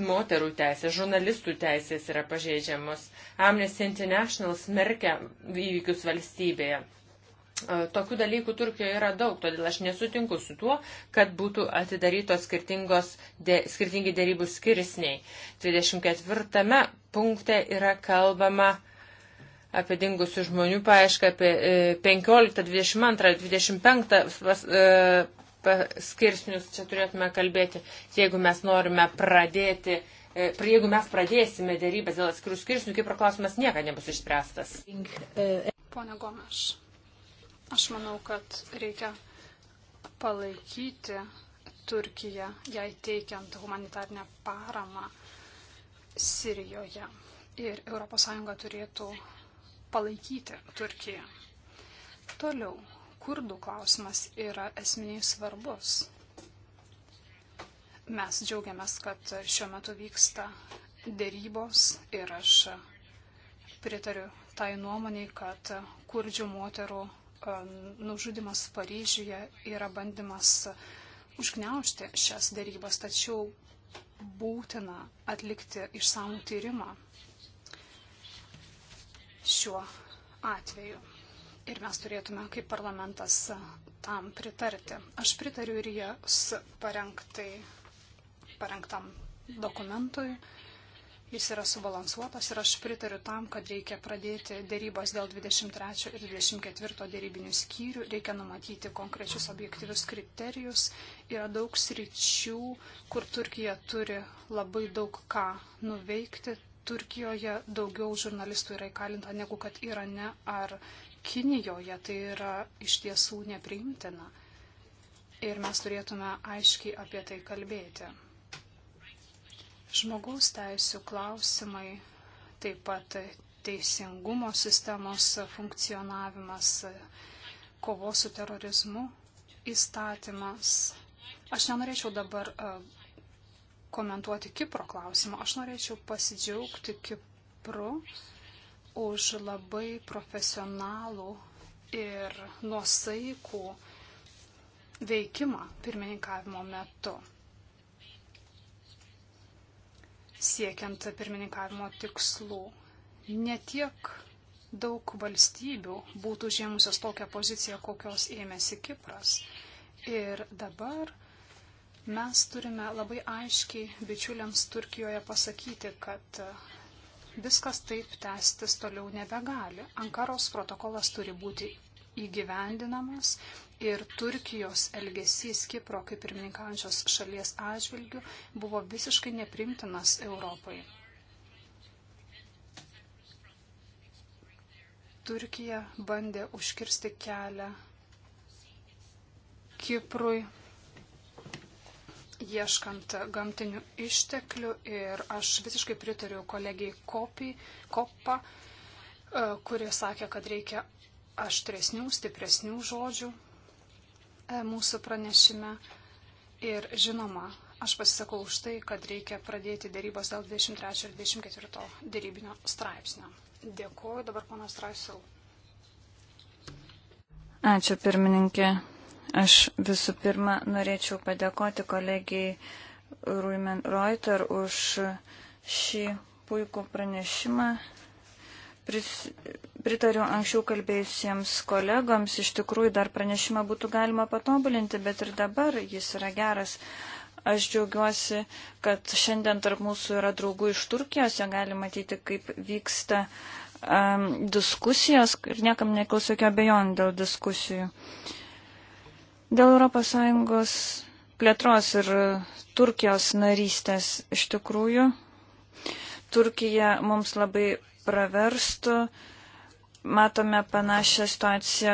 moterų teisės, žurnalistų teisės yra pažeidžiamos. Amnesty International smerkia įvykius valstybėje. E, tokių dalykų Turkijoje yra daug, todėl aš nesutinku su tuo, kad būtų atidarytos de, skirtingi dėrybų skirsniai. 24 punkte yra kalbama apie dingusių žmonių paaišką, apie 15, 22, 25 skirsnius čia turėtume kalbėti, jeigu mes norime pradėti, e, jeigu mes pradėsime dėrybas dėl atskirų skirsnių, kaip klausimas niekada nebus išspręstas. Pone Gomeš, aš manau, kad reikia palaikyti Turkiją, jai teikiant humanitarnę paramą Sirijoje. Ir ES turėtų palaikyti Turkiją. Toliau kurdų klausimas yra esminiai svarbus. Mes džiaugiamės, kad šiuo metu vyksta dėrybos ir aš pritariu tai nuomoniai, kad kurdžių moterų e, nužudimas Paryžiuje yra bandymas užgneušti šias dėrybas, tačiau būtina atlikti išsamų tyrimą šiuo atveju ir mes turėtume kaip parlamentas tam pritarti. Aš pritariu ir jas parengtai, parengtam dokumentui. Jis yra subalansuotas ir aš pritariu tam, kad reikia pradėti dėrybas dėl 23 ir 24 dėrybinių skyrių, reikia numatyti konkrečius objektyvius kriterijus. Yra daug sričių, kur Turkija turi labai daug ką nuveikti. Turkijoje daugiau žurnalistų yra įkalinta negu kad Irane ar Irane Kinijoje tai yra iš tiesų nepriimtina. Ir mes turėtume aiškiai apie tai kalbėti. Žmogaus teisų klausimai, taip pat teisingumo sistemos funkcionavimas, kovos su terorizmu įstatymas. Aš nenorėčiau dabar e, komentuoti Kipro klausimą. Aš norėčiau pasidžiaugti Kipru. Uh, už labai profesionalų ir nuosaikų veikimą pirmininkavimo metu. Siekiant pirmininkavimo tikslų, ne tiek daug valstybių būtų žėmusios tokią poziciją, kokios ėmėsi Kipras. Ir dabar mes turime labai aiškiai bičiuliams Turkijoje pasakyti, kad Viskas taip tęstis toliau nebegali. Ankaros protokolas turi būti įgyvendinamas ir Turkijos elgesys Kipro kaip pirmininkaujančios šalies atžvilgių buvo visiškai neprimtinas Europai. Turkija bandė užkirsti kelią Kiprui ieškant gamtinių išteklių ir aš visiškai pritariu kolegijai Kopi, Koppa, e, kuri sakė, kad reikia aštresnių, stipresnių žodžių e, mūsų pranešime. Ir žinoma, aš pasisakau už tai, kad reikia pradėti dėrybos dėl 23 ir 24 dėrybinio straipsnio. Dėkuoju dabar, panas Raisel. Ačiū, pirmininkė. Aš visų pirma norėčiau padėkoti kolegijai Ruimen Reuter už šį puikų pranešimą. Pris, pritariu anksčiau kalbėjusiems kolegoms, iš tikrųjų dar pranešimą būtų galima patobulinti, bet ir dabar jis yra geras. Aš džiaugiuosi, kad šiandien tarp mūsų yra draugų iš Turkijos, jie gali matyti, kaip vyksta um, diskusijos ir niekam nekils jokio abejonių dėl diskusijų. Uh, Dėl ES plėtros ir Turkijos narystės iš tikrųjų Turkija mums labai praverstų. Matome panašią situaciją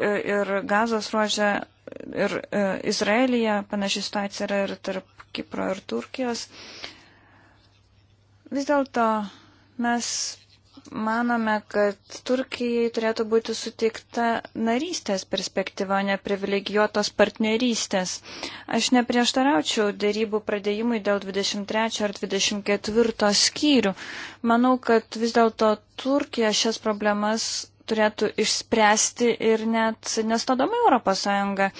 ir gazos ruožę, ir e, Izraelija, panaši situacija yra ir tarp Kipro ir Turkijos. Vis dėlto mes manome, kad Turkijai turėtų būti suteikta narystės perspektyva, ne privilegijuotos partnerystės. Aš neprieštaraučiau dėrybų pradėjimui dėl 23 ar 24 skyrių. Manau, kad vis dėlto Turkija šias problemas turėtų išspręsti ir net nestodama Europos Sąjunga.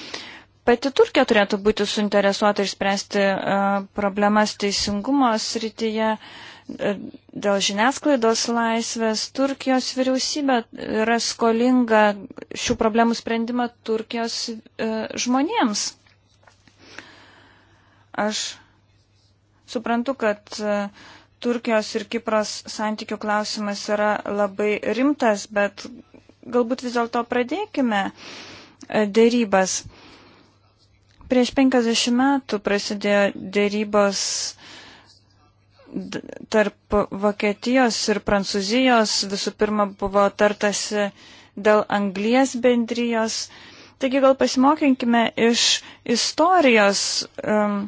Pati Turkija turėtų būti suinteresuota išspręsti uh, problemas teisingumo srityje. Uh, dėl žiniasklaidos laisvės. Turkijos vyriausybė yra skolinga šių problemų sprendimą Turkijos e, žmonėms. Aš suprantu, kad e, Turkijos ir Kipros santykių klausimas yra labai rimtas, bet galbūt vis dėlto pradėkime e, dėrybas. Prieš 50 metų prasidėjo dėrybos tarp Vokietijos ir Prancūzijos visų pirma buvo tartasi dėl anglies bendrijos. Taigi gal pasimokinkime iš istorijos. Um,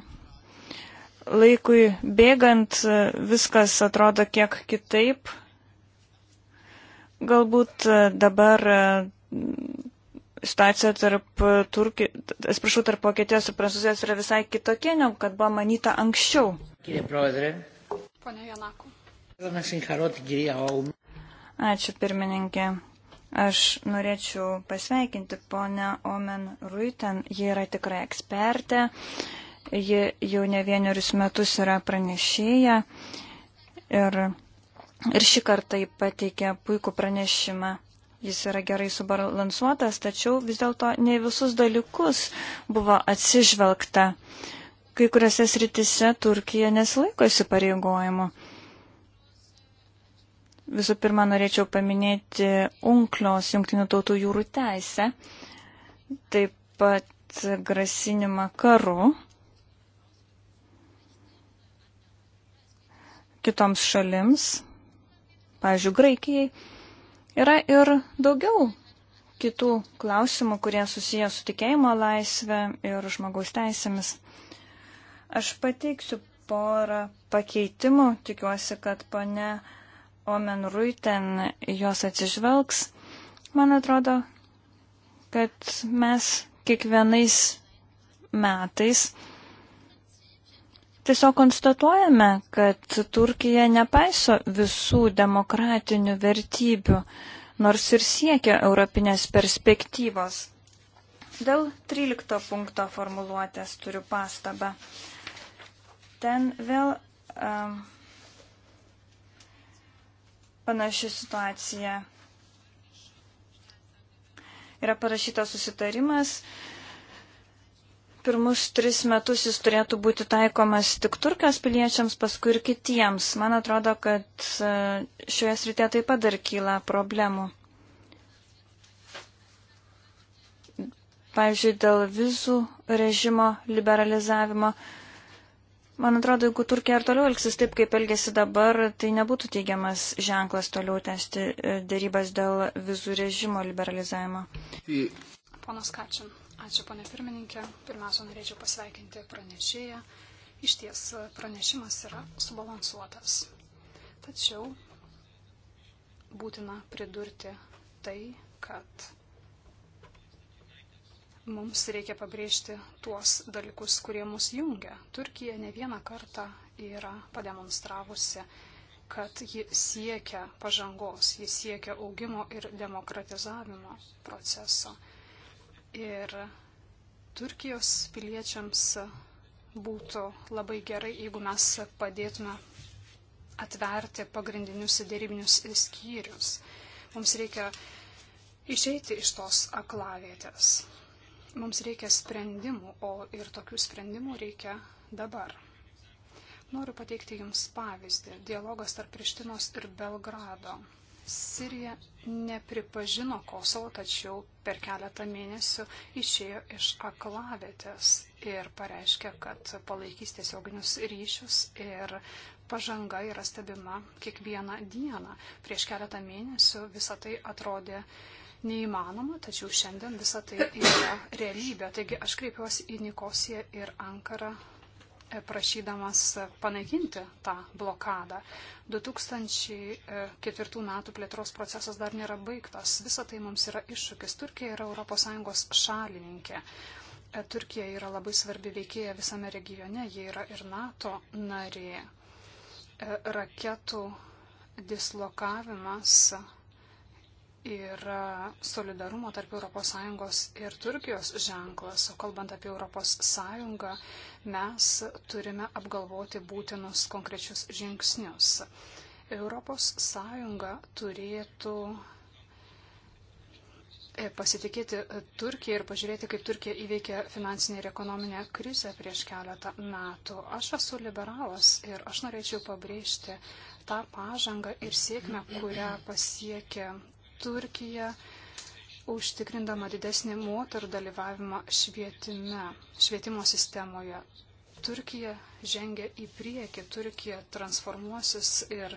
laikui bėgant e, viskas atrodo kiek kitaip. Galbūt e, dabar e, situacija tarp, Turki, atsiprašau, tarp Vokietijos ir Prancūzijos yra visai kitokia, negu kad buvo manyta anksčiau. Kyrie, Pone Janaku. Ačiū pirmininkė. Aš norėčiau pasveikinti ponę Omen Ruiten. Ji yra tikrai ekspertė. Ji jau ne vienerius metus yra pranešėja. Ir, ir šį kartą ji pateikė puikų pranešimą jis yra gerai subalansuotas, tačiau vis dėlto ne visus dalykus buvo atsižvelgta. Kai kuriuose sritise Turkija nesilaiko įsipareigojimo. Visų pirma, norėčiau paminėti UNKLOS Junktinių tautų jūrų teisę, taip pat grasinimą karu kitoms šalims, pavyzdžiui, Graikijai. Yra ir daugiau kitų klausimų, kurie susiję su tikėjimo laisvė ir žmogaus teisėmis. Aš pateiksiu porą pakeitimų, tikiuosi, kad pane Omen Ruiten juos atsižvelgs. Man atrodo, kad mes kiekvienais metais tiesiog konstatuojame, kad Turkija nepaiso visų demokratinių vertybių, nors ir siekia europinės perspektyvos. Dėl 13 punkto formuluotės turiu pastabą. Ten vėl um, panaši situacija. Yra parašytas susitarimas. Pirmus tris metus jis turėtų būti taikomas tik turkijos piliečiams, paskui ir kitiems. Man atrodo, kad uh, šioje srityje taip pat dar kyla problemų. Pavyzdžiui, dėl vizų režimo liberalizavimo. Uh, Man atrodo, jeigu Turkija ir toliau elgsis taip, kaip elgesi dabar, tai nebūtų teigiamas ženklas toliau tęsti e, dėrybas dėl vizų režimo liberalizavimo. Ponas Kačin, ačiū ponė pirmininkė. Pirmiausia, norėčiau pasveikinti pranešėją. Iš ties pranešimas yra subalansuotas. Tačiau būtina pridurti tai, kad mums reikia pabrėžti tuos dalykus, kurie mus jungia. Turkija ne vieną kartą yra pademonstravusi, kad ji siekia pažangos, ji siekia augimo ir demokratizavimo proceso. Ir Turkijos piliečiams būtų labai gerai, jeigu mes padėtume atverti pagrindinius dėrybinius skyrius. Mums reikia išeiti iš tos aklavietės Mums reikia sprendimų, o ir tokių sprendimų reikia dabar. Noriu pateikti Jums pavyzdį. Dialogas tarp Prištinos ir Belgrado. Sirija nepripažino Kosovo, tačiau per keletą mėnesių išėjo iš aklavėtės ir pareiškė, kad palaikys tiesioginius ryšius ir pažanga yra stebima kiekvieną dieną. Prieš keletą mėnesių visą tai atrodė uh, neįmanoma, tačiau šiandien visa tai yra realybė. Taigi aš kreipiuosi į Nikosiją ir Ankarą e, prašydamas panaikinti tą blokadą. 2004 metų plėtros procesas dar nėra baigtas. Visa tai mums yra iššūkis. Turkija yra ES šalininkė. E, Turkija yra labai svarbi veikėja visame regione, jie yra ir NATO narė. E, Raketų dislokavimas yra solidarumo tarp ES ir Turkijos ženklas, o kalbant apie ES, mes turime apgalvoti būtinus konkrečius žingsnius. ES turėtų e, pasitikėti Turkiją ir pažiūrėti, kaip Turkija įveikė finansinę ir ekonominę krizę prieš keletą metų. Aš esu liberalas ir aš norėčiau pabrėžti tą pažangą ir sėkmę, kurią pasiekė Turkija užtikrindama didesnį moterų dalyvavimą švietime, švietimo sistemoje. Turkija žengia į priekį, Turkija transformuosis ir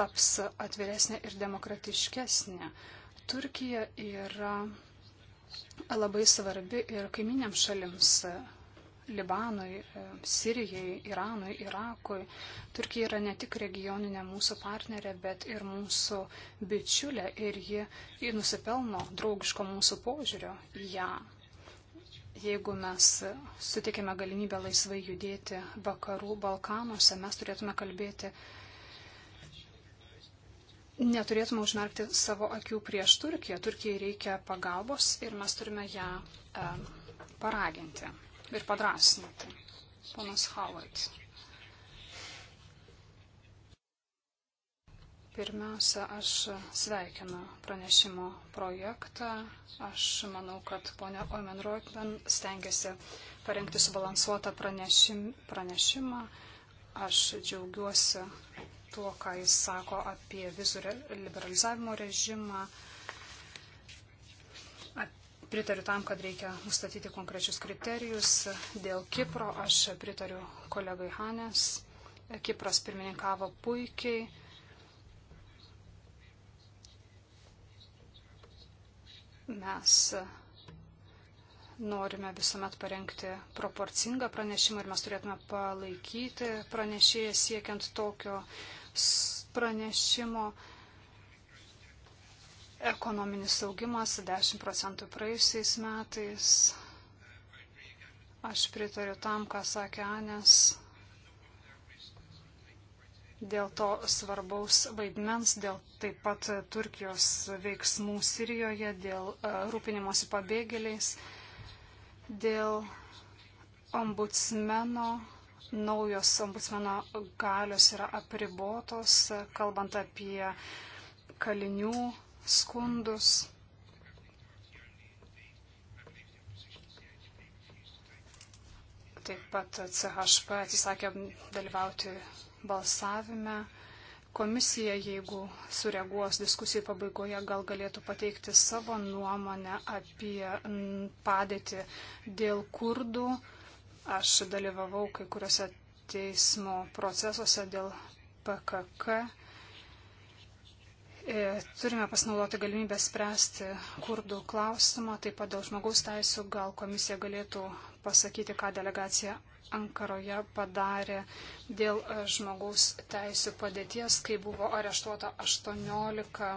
taps atviresnė ir demokratiškesnė. Turkija yra labai svarbi ir kaiminiams šalims Libanui, e, Sirijai, Iranui, Irakui. Turkija yra ne tik regioninė mūsų partnerė, bet ir mūsų bičiulė ir ji, ji nusipelno draugiško mūsų požiūrio į ją. Jeigu mes sutikime galimybę laisvai judėti vakarų Balkanuose, mes turėtume kalbėti neturėtume užmerkti savo akių prieš Turkiją. Turkijai reikia pagalbos ir mes turime ją e, paraginti ir padrasinti. Ponas Howard. Pirmiausia, aš sveikinu pranešimo projektą. Aš manau, kad ponia Omen Roitman stengiasi parengti subalansuotą pranešim, pranešimą. Aš džiaugiuosi tuo, ką jis sako apie vizų liberalizavimo režimą, Pritariu tam, kad reikia nustatyti konkrečius kriterijus. Dėl Kipro aš pritariu kolegai Hanes. Kipras pirmininkavo puikiai. Mes norime visuomet parengti proporcingą pranešimą ir mes turėtume palaikyti pranešėją siekiant tokio pranešimo. Ekonominis augimas 10 procentų praėjusiais metais. Aš pritariu tam, ką sakė Anės. Dėl to svarbaus vaidmens, dėl taip pat Turkijos veiksmų Sirijoje, dėl e, rūpinimosi pabėgėliais, dėl ombudsmeno naujos ombudsmeno galios yra apribotos, kalbant apie kalinių skundus. Taip pat CHP atsisakė dalyvauti balsavime. Komisija, jeigu sureaguos diskusijų pabaigoje, gal galėtų pateikti savo nuomonę apie padėtį dėl kurdų. Aš dalyvavau kai kuriuose teismo procesuose dėl PKK E, turime pasinaudoti galimybę spręsti kurdų klausimą, taip pat dėl žmogaus teisų gal komisija galėtų pasakyti, ką delegacija Ankaroje padarė dėl e, žmogaus teisų padėties, kai buvo areštuota 18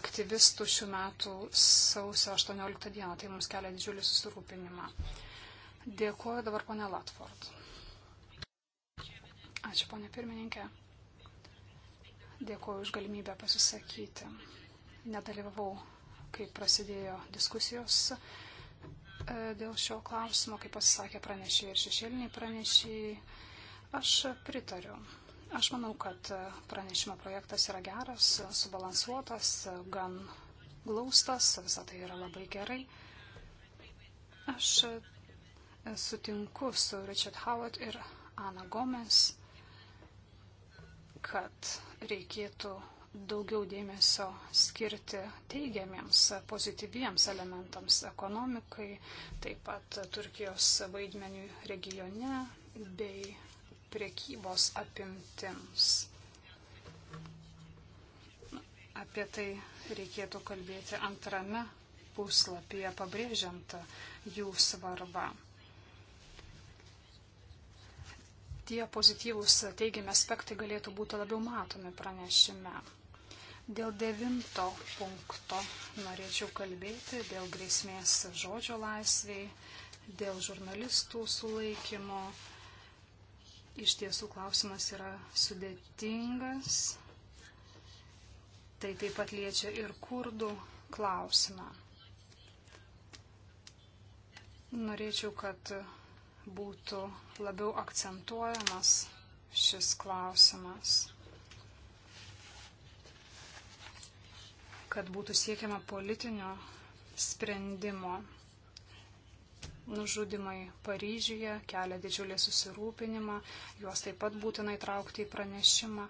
aktyvistų šių metų sausio 18 dieną. Tai mums kelia didžiulį susirūpinimą. Dėkuoju dabar ponė Latford. Ačiū ponė pirmininkė. Dėkuoju už galimybę pasisakyti. Nedalyvavau, kai prasidėjo diskusijos e, dėl šio klausimo, kaip pasisakė pranešiai ir šešėliniai pranešiai. Aš pritariu. Aš manau, kad pranešimo projektas yra geras, subalansuotas, gan glaustas, visą tai yra labai gerai. Aš sutinku su Richard Howard ir Ana Gomes, kad reikėtų daugiau dėmesio skirti teigiamiems, pozityviems elementams ekonomikai, taip pat Turkijos vaidmenių regione bei priekybos apimtims. Apie tai reikėtų kalbėti antrame puslapyje pabrėžiant jų svarbą. tie pozityvūs teigiami aspektai galėtų būti labiau matomi pranešime. Dėl devinto punkto norėčiau kalbėti, dėl grėsmės žodžio laisviai, dėl žurnalistų sulaikymo. Iš tiesų klausimas yra sudėtingas. Tai taip pat liečia ir kurdų klausimą. Norėčiau, kad būtų labiau akcentuojamas šis klausimas, kad būtų siekiama politinio sprendimo. Nužudimai Paryžiuje kelia didžiulį susirūpinimą, juos taip pat būtina įtraukti į pranešimą.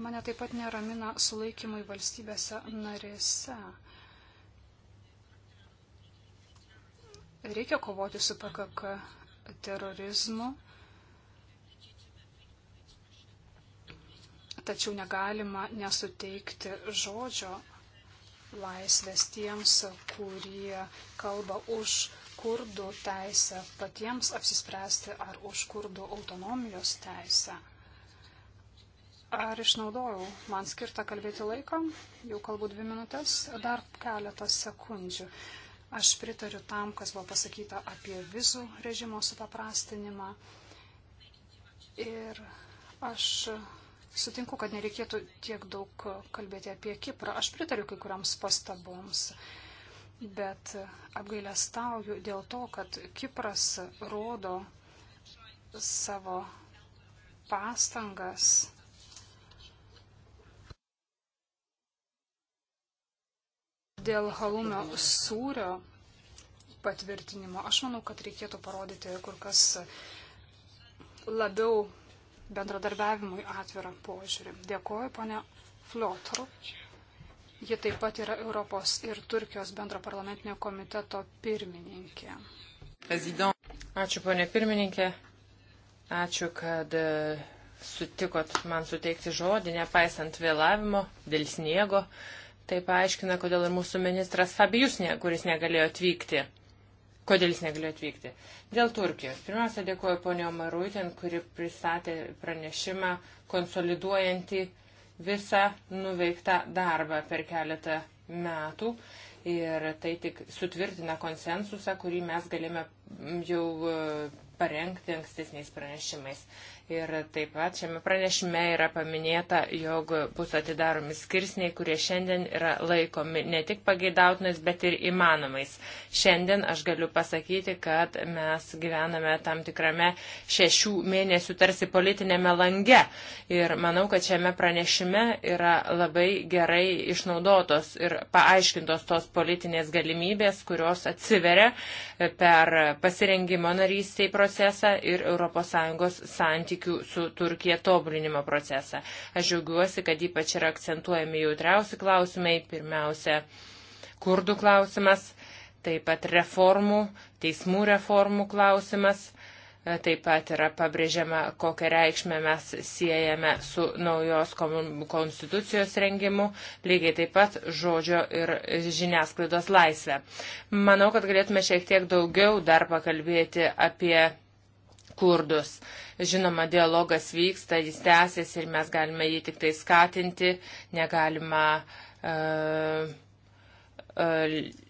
Mane taip pat neramina sulaikymai valstybėse narėse. Reikia kovoti su PKK terorizmu. Tačiau negalima nesuteikti žodžio laisvės tiems, kurie kalba už kurdų teisę patiems apsispręsti ar už kurdų autonomijos teisę. Ar išnaudojau man skirtą kalbėti laiką? Jau kalbu dvi minutės, dar keletą sekundžių. Aš pritariu tam, kas buvo pasakyta apie vizų režimo supaprastinimą. Ir aš sutinku, kad nereikėtų tiek daug kalbėti apie Kiprą. Aš pritariu kai kuriams pastaboms, bet apgailę stauju dėl to, kad Kipras rodo savo pastangas Dėl halumio sūrio patvirtinimo aš manau, kad reikėtų parodyti kur kas labiau bendradarbiavimui atvirą požiūrį. Dėkoju, ponia Fliotru. Ji taip pat yra Europos ir Turkijos bendro parlamentinio komiteto pirmininkė. President. Ačiū, ponė pirmininkė. Ačiū, kad e, sutikot man suteikti žodį, nepaisant vėlavimo dėl sniego. Uh, Tai paaiškina, kodėl ir mūsų ministras Fabijus, ne, kuris negalėjo atvykti. Kodėl jis negalėjo atvykti? Dėl Turkijos. Pirmiausia, dėkuoju ponio Maruitin, kuri pristatė pranešimą konsoliduojantį visą nuveiktą darbą per keletą metų. Ir tai tik sutvirtina konsensusą, kurį mes galime jau e, parengti ankstesniais pranešimais. Ir taip pat šiame pranešime yra paminėta, jog bus atidaromi skirsniai, kurie šiandien yra laikomi ne tik pageidautinais, bet ir įmanomais. Šiandien aš galiu pasakyti, kad mes gyvename tam tikrame šešių mėnesių tarsi politinėme lange. Ir manau, kad šiame pranešime yra labai gerai išnaudotos ir paaiškintos tos politinės galimybės, kurios atsiveria per pasirengimo narystiai procesą ir ES santykių su Turkija tobulinimo procesą. Aš džiaugiuosi, kad ypač yra akcentuojami jautriausi klausimai, pirmiausia, kurdų klausimas, taip pat reformų, teismų reformų klausimas Taip pat yra pabrėžiama, kokią reikšmę mes siejame su naujos konstitucijos rengimu, lygiai taip pat žodžio ir žiniasklaidos laisvę. Manau, kad galėtume šiek tiek daugiau dar pakalbėti apie kurdus. Žinoma, dialogas vyksta, jis tęsiasi ir mes galime jį tik tai skatinti, negalima. Uh, uh,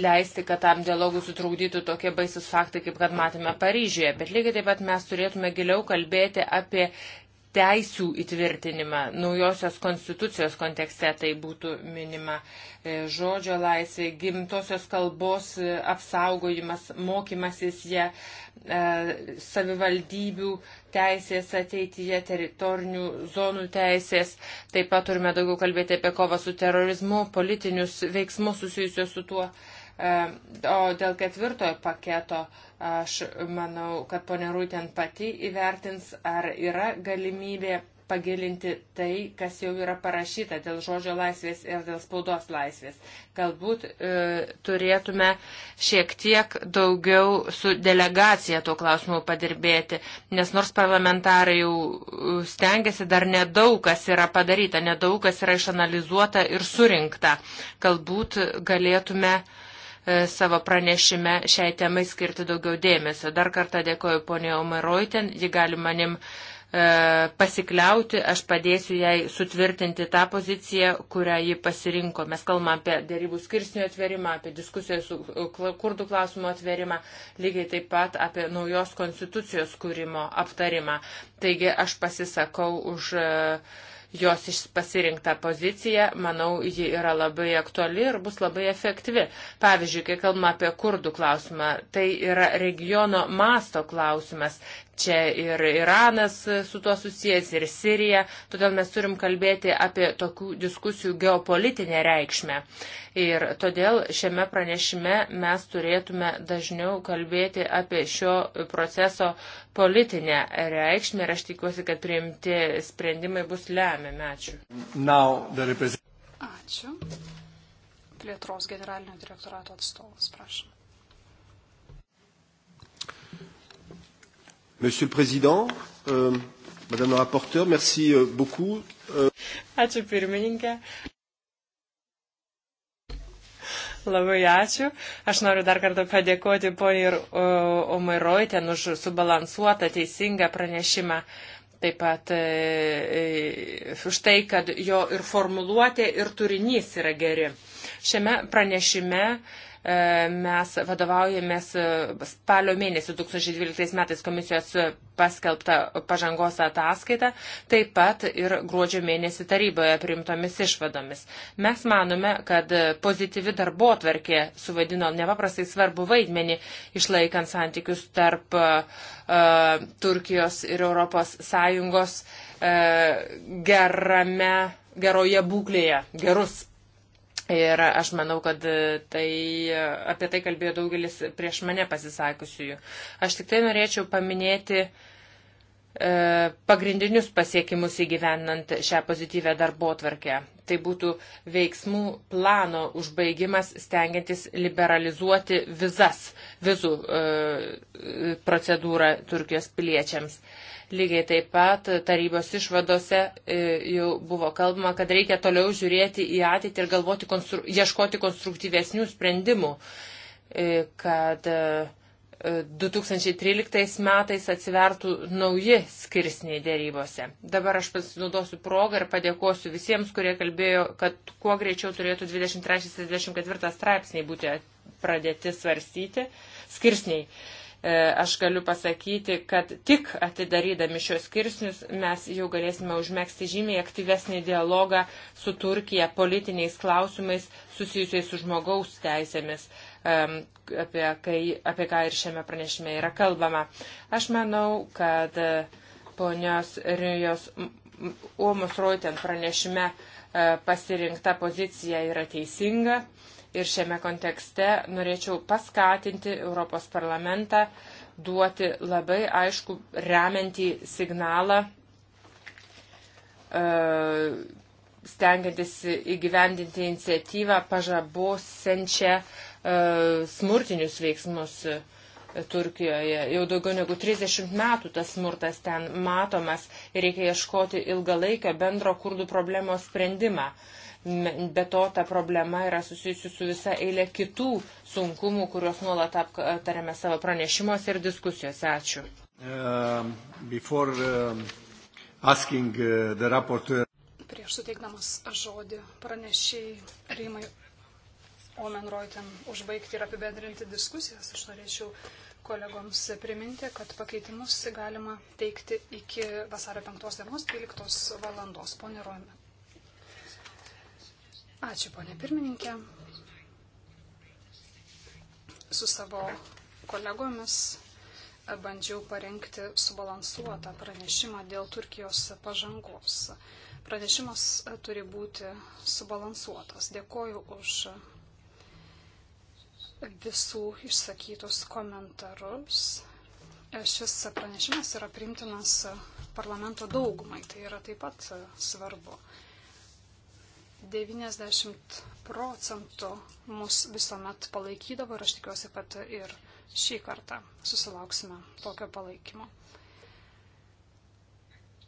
leisti, kad tam dialogui sutrukdytų tokie baisus faktai, kaip kad matėme Paryžiuje. Bet lygiai taip pat mes turėtume giliau kalbėti apie teisių įtvirtinimą. Naujosios konstitucijos kontekste tai būtų minima e, žodžio laisvė, gimtosios kalbos e, apsaugojimas, mokymasis ją, e, savivaldybių teisės ateityje, teritorinių zonų teisės. Taip pat turime daugiau kalbėti apie kovą su terorizmu, politinius veiksmus susijusios su tuo. Uh, E, o dėl ketvirtojo paketo aš manau, kad ponė Rūtien pati įvertins, ar yra galimybė pagilinti tai, kas jau yra parašyta dėl žodžio laisvės ir dėl spaudos laisvės. Galbūt e, turėtume šiek tiek daugiau su delegacija tuo klausimu padirbėti, nes nors parlamentarai jau e, stengiasi, dar nedaug kas yra padaryta, nedaug kas yra išanalizuota ir surinkta. Galbūt galėtume e, E, savo pranešime šiai temai skirti daugiau dėmesio. Dar kartą dėkoju ponė Omeroiten, ji gali manim e, pasikliauti, aš padėsiu jai sutvirtinti tą poziciją, kurią ji pasirinko. Mes kalbame apie dėrybų skirsnių atverimą, apie diskusijų su e, kurdų klausimų atverimą, lygiai taip pat apie naujos konstitucijos kūrimo aptarimą. Taigi aš pasisakau už uh, jos pasirinktą poziciją, manau, ji yra labai aktuali ir bus labai efektyvi. Pavyzdžiui, kai kalbame apie kurdų klausimą, tai yra regiono masto klausimas. Čia ir Iranas su tuo susijęs, ir Sirija. Todėl mes turim kalbėti apie tokių diskusijų geopolitinę reikšmę. Ir todėl šiame pranešime mes turėtume dažniau kalbėti apie šio proceso politinę reikšmę. Ir aš tikiuosi, kad priimti sprendimai bus lemiami. Ačiū. Now, Ačiū. Plėtros generalinio direktorato atstovas, prašom. Monsieur le Président, euh, Madame la rapporteure, merci euh, beaucoup. Euh... Ačiū pirmininkė. Labai ačiū. Aš noriu dar kartą padėkoti poniai ir Omairoitėn už subalansuotą, teisingą pranešimą. Taip pat e, e, už tai, kad jo ir formuluotė, ir turinys yra geri. Šiame pranešime e, E, mes vadovaujamės e, spalio mėnesį 2012 metais komisijos paskelbta pažangos ataskaita, taip pat ir gruodžio mėnesį taryboje priimtomis išvadomis. Mes manome, kad pozityvi darbo atverkė suvadino nepaprastai svarbu vaidmenį išlaikant santykius tarp uh, Turkijos ir Europos Sąjungos uh, gerame, geroje būklėje, gerus Ir aš manau, kad tai, apie tai kalbėjo daugelis prieš mane pasisakusiųjų. Aš tik tai norėčiau paminėti e, pagrindinius pasiekimus įgyvenant šią pozityvę darbo tvarkę. Tai būtų veiksmų plano užbaigimas stengiantis liberalizuoti vizas, vizų e, procedūrą Turkijos piliečiams. E, Lygiai taip pat tarybos išvadose e, jau buvo kalbama, kad reikia toliau žiūrėti į ateitį ir galvoti, konstru, ieškoti konstruktyvesnių sprendimų, e, kad 2013 e, metais atsivertų nauji skirsniai dėrybose. Dabar aš pasinaudosiu progą ir padėkosiu visiems, kurie kalbėjo, kad kuo greičiau turėtų 23-24 straipsniai būti pradėti svarstyti skirsniai. Uh, E, aš galiu pasakyti, kad tik atidarydami šios skirsnius mes jau galėsime užmėgsti žymiai aktyvesnį dialogą su Turkija politiniais klausimais susijusiais su žmogaus teisėmis apie, kai, apie ką ir šiame pranešime yra kalbama. Aš manau, kad e, ponios Rijos Uomus Roitent pranešime e, pasirinkta pozicija yra teisinga. Ir šiame kontekste norėčiau paskatinti Europos parlamentą duoti labai aišku remiantį signalą, e, stengiantis įgyvendinti iniciatyvą pažabosenčią e, smurtinius veiksmus Turkijoje. Jau daugiau negu 30 metų tas smurtas ten matomas ir reikia ieškoti ilgalaikio bendro kurdų problemos sprendimą. Be to, ta problema yra susijusi su visa eilė kitų sunkumų, kuriuos nuolat aptarėme savo pranešimuose ir diskusijose. Ačiū. Uh, before, uh, asking, uh, Prieš suteikdamas žodį pranešiai Rymai Omenroitin užbaigti ir apibendrinti diskusijas, aš norėčiau kolegoms priminti, kad pakeitimus galima teikti iki vasario 5 dienos 12 valandos. Pone Roimet. Ačiū, ponė pirmininkė. Su savo kolegomis bandžiau parengti subalansuotą pranešimą dėl Turkijos pažangos. Pranešimas turi būti subalansuotas. Dėkoju už visų išsakytus komentarus. Šis pranešimas yra primtinas parlamento daugumai, tai yra taip pat svarbu. 90 procentų mus visuomet palaikydavo ir aš tikiuosi, kad ir šį kartą susilauksime tokio palaikymo.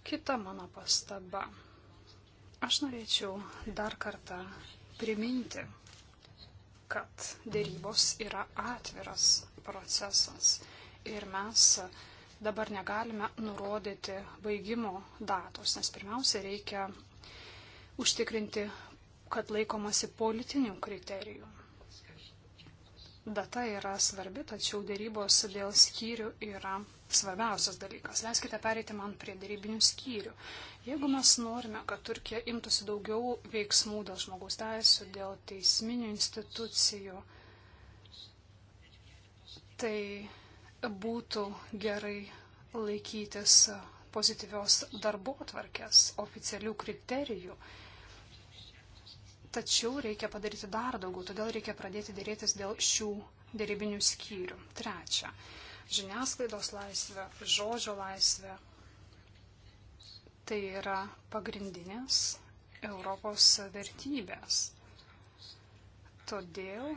Kita mano pastaba. Aš norėčiau dar kartą priminti, kad dėrybos yra atviras procesas ir mes dabar negalime nurodyti baigimo datos, nes pirmiausia reikia užtikrinti, kad laikomasi politinių kriterijų. Data yra svarbi, tačiau dėrybos dėl skyrių yra svarbiausias dalykas. Leiskite pereiti man prie dėrybinių skyrių. Jeigu mes norime, kad Turkija imtųsi daugiau veiksmų dėl žmogaus teisų, dėl teisminių institucijų, tai būtų gerai laikytis pozityvios darbo tvarkės, oficialių kriterijų Tačiau reikia padaryti dar daugiau, todėl reikia pradėti dėrėtis dėl šių dėrybinių skyrių. Trečia. Žiniasklaidos laisvė, žodžio laisvė. Tai yra pagrindinės Europos vertybės. Todėl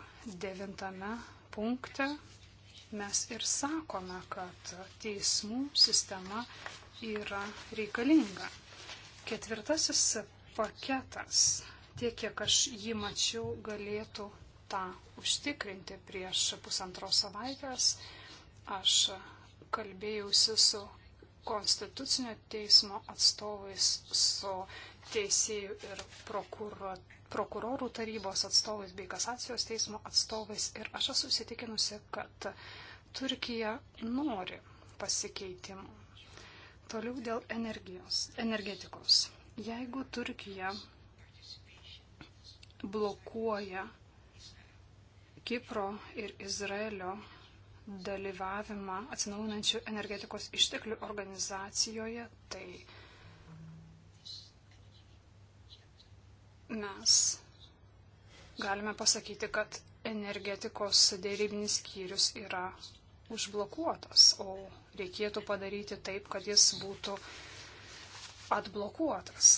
devintame punkte mes ir sakome, kad teismų sistema yra reikalinga. Ketvirtasis paketas tiek, kiek aš jį mačiau, galėtų tą užtikrinti. Prieš pusantros savaitės aš kalbėjausi su konstitucinio teismo atstovais, su teisėjų ir prokuro, prokurorų tarybos atstovais bei kasacijos teismo atstovais ir aš esu įsitikinusi, kad Turkija nori pasikeitimų. Toliau dėl energijos, energetikos. Jeigu Turkija blokuoja Kipro ir Izraelio dalyvavimą atsinaujinančių energetikos išteklių organizacijoje, tai mes galime pasakyti, kad energetikos dėrybinis skyrius yra užblokuotas, o reikėtų padaryti taip, kad jis būtų atblokuotas.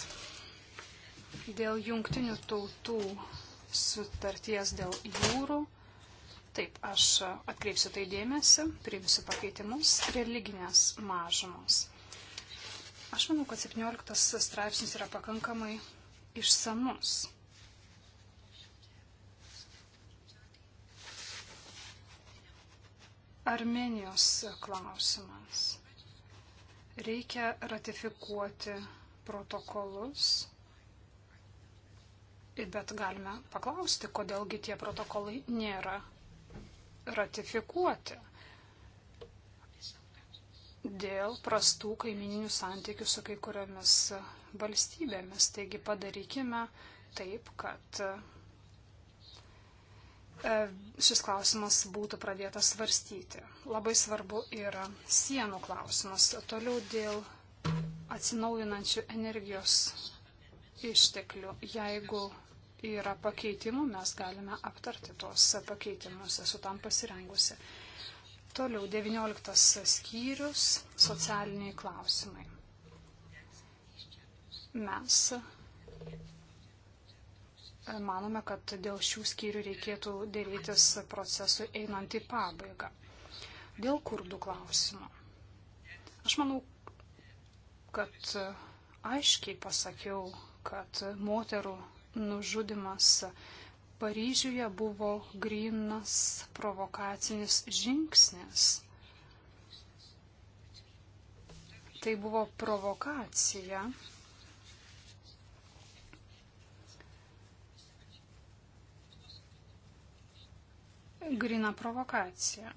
Dėl jungtinių tautų sutarties dėl jūrų. Taip, aš atkreipsiu tai dėmesį, priimsiu pakeitimus religinės mažumos. Aš manau, kad 17 straipsnis yra pakankamai išsamus. Armenijos klausimas. Reikia ratifikuoti protokolus Bet galime paklausti, kodėlgi tie protokolai nėra ratifikuoti dėl prastų kaimininių santykių su kai kuriomis valstybėmis. Taigi padarykime taip, kad e, šis klausimas būtų pradėtas svarstyti. Labai svarbu yra sienų klausimas. Toliau dėl atsinaujinančių energijos išteklių. Jeigu yra pakeitimų, mes galime aptarti tuos pakeitimus, esu tam pasirengusi. Toliau 19 skyrius - socialiniai klausimai. Mes e, manome, kad dėl šių skyrių reikėtų dėrėtis procesui einant į pabaigą. Dėl kurdų klausimo. Aš manau, kad e, aiškiai pasakiau, kad moterų nužudimas Paryžiuje buvo grinas provokacinis žingsnis. Tai buvo provokacija. Grina provokacija.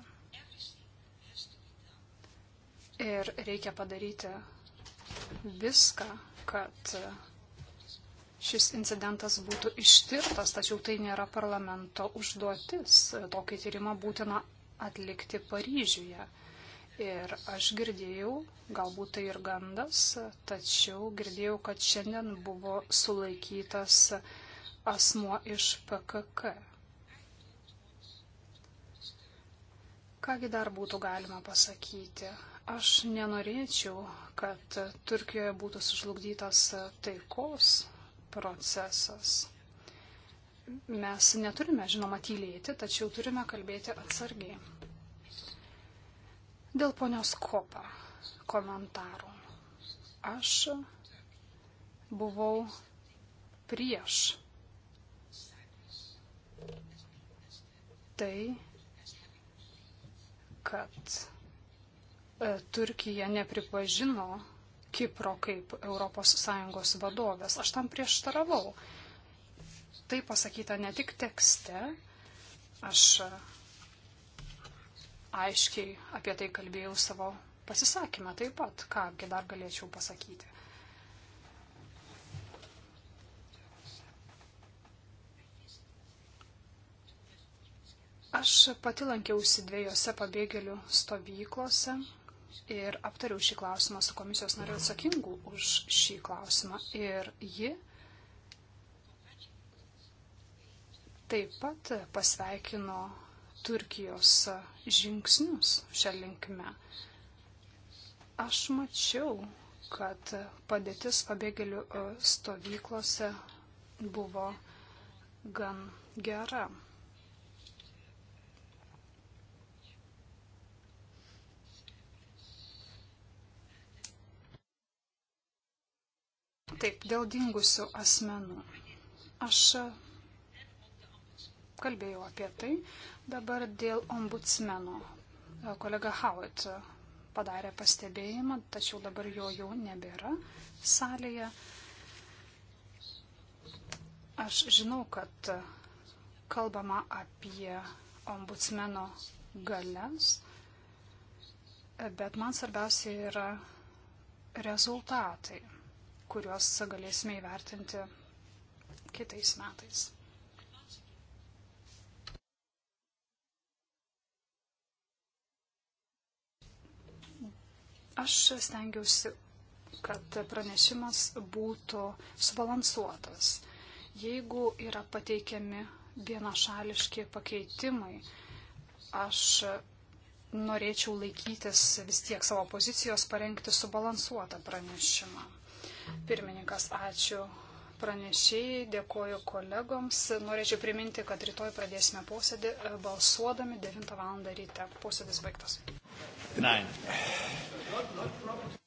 Ir reikia padaryti viską, kad šis incidentas būtų ištirtas, tačiau tai nėra parlamento užduotis. Tokį tyrimą būtina atlikti Paryžiuje. Ir aš girdėjau, galbūt tai ir gandas, tačiau girdėjau, kad šiandien buvo sulaikytas asmuo iš PKK. Kągi dar būtų galima pasakyti? Aš nenorėčiau, kad Turkijoje būtų sužlugdytas taikos procesas. Mes neturime, žinoma, tylėti, tačiau turime kalbėti atsargiai. Dėl ponios Kopa komentarų. Aš buvau prieš tai, kad e, Turkija nepripažino Kipro kaip ES vadovės. Aš tam prieštaravau. Tai pasakyta ne tik tekste, aš aiškiai apie tai kalbėjau savo pasisakymą taip pat, kągi dar galėčiau pasakyti. Aš pati lankiausi dviejose pabėgėlių stovyklose ir aptariau šį klausimą su komisijos nariu atsakingu už šį klausimą. Ir ji taip pat pasveikino Turkijos žingsnius šią linkme. Aš mačiau, kad padėtis pabėgėlių e, stovyklose buvo gan gera. Taip, dėl dingusių asmenų. Aš kalbėjau apie tai. Dabar dėl ombudsmeno. Kolega Howitt padarė pastebėjimą, tačiau dabar jo jau nebėra salėje. Aš žinau, kad kalbama apie ombudsmeno galias, bet man svarbiausia yra rezultatai kuriuos galėsime įvertinti kitais metais. Aš stengiausi, kad pranešimas būtų subalansuotas. Jeigu yra pateikiami vienašališki pakeitimai, aš norėčiau laikytis vis tiek savo pozicijos parengti subalansuotą pranešimą. Pirmininkas, ačiū pranešėjai, dėkoju kolegoms. Norėčiau priminti, kad rytoj pradėsime posėdį e, balsuodami 9 val. ryte. Posėdis baigtas. Nine.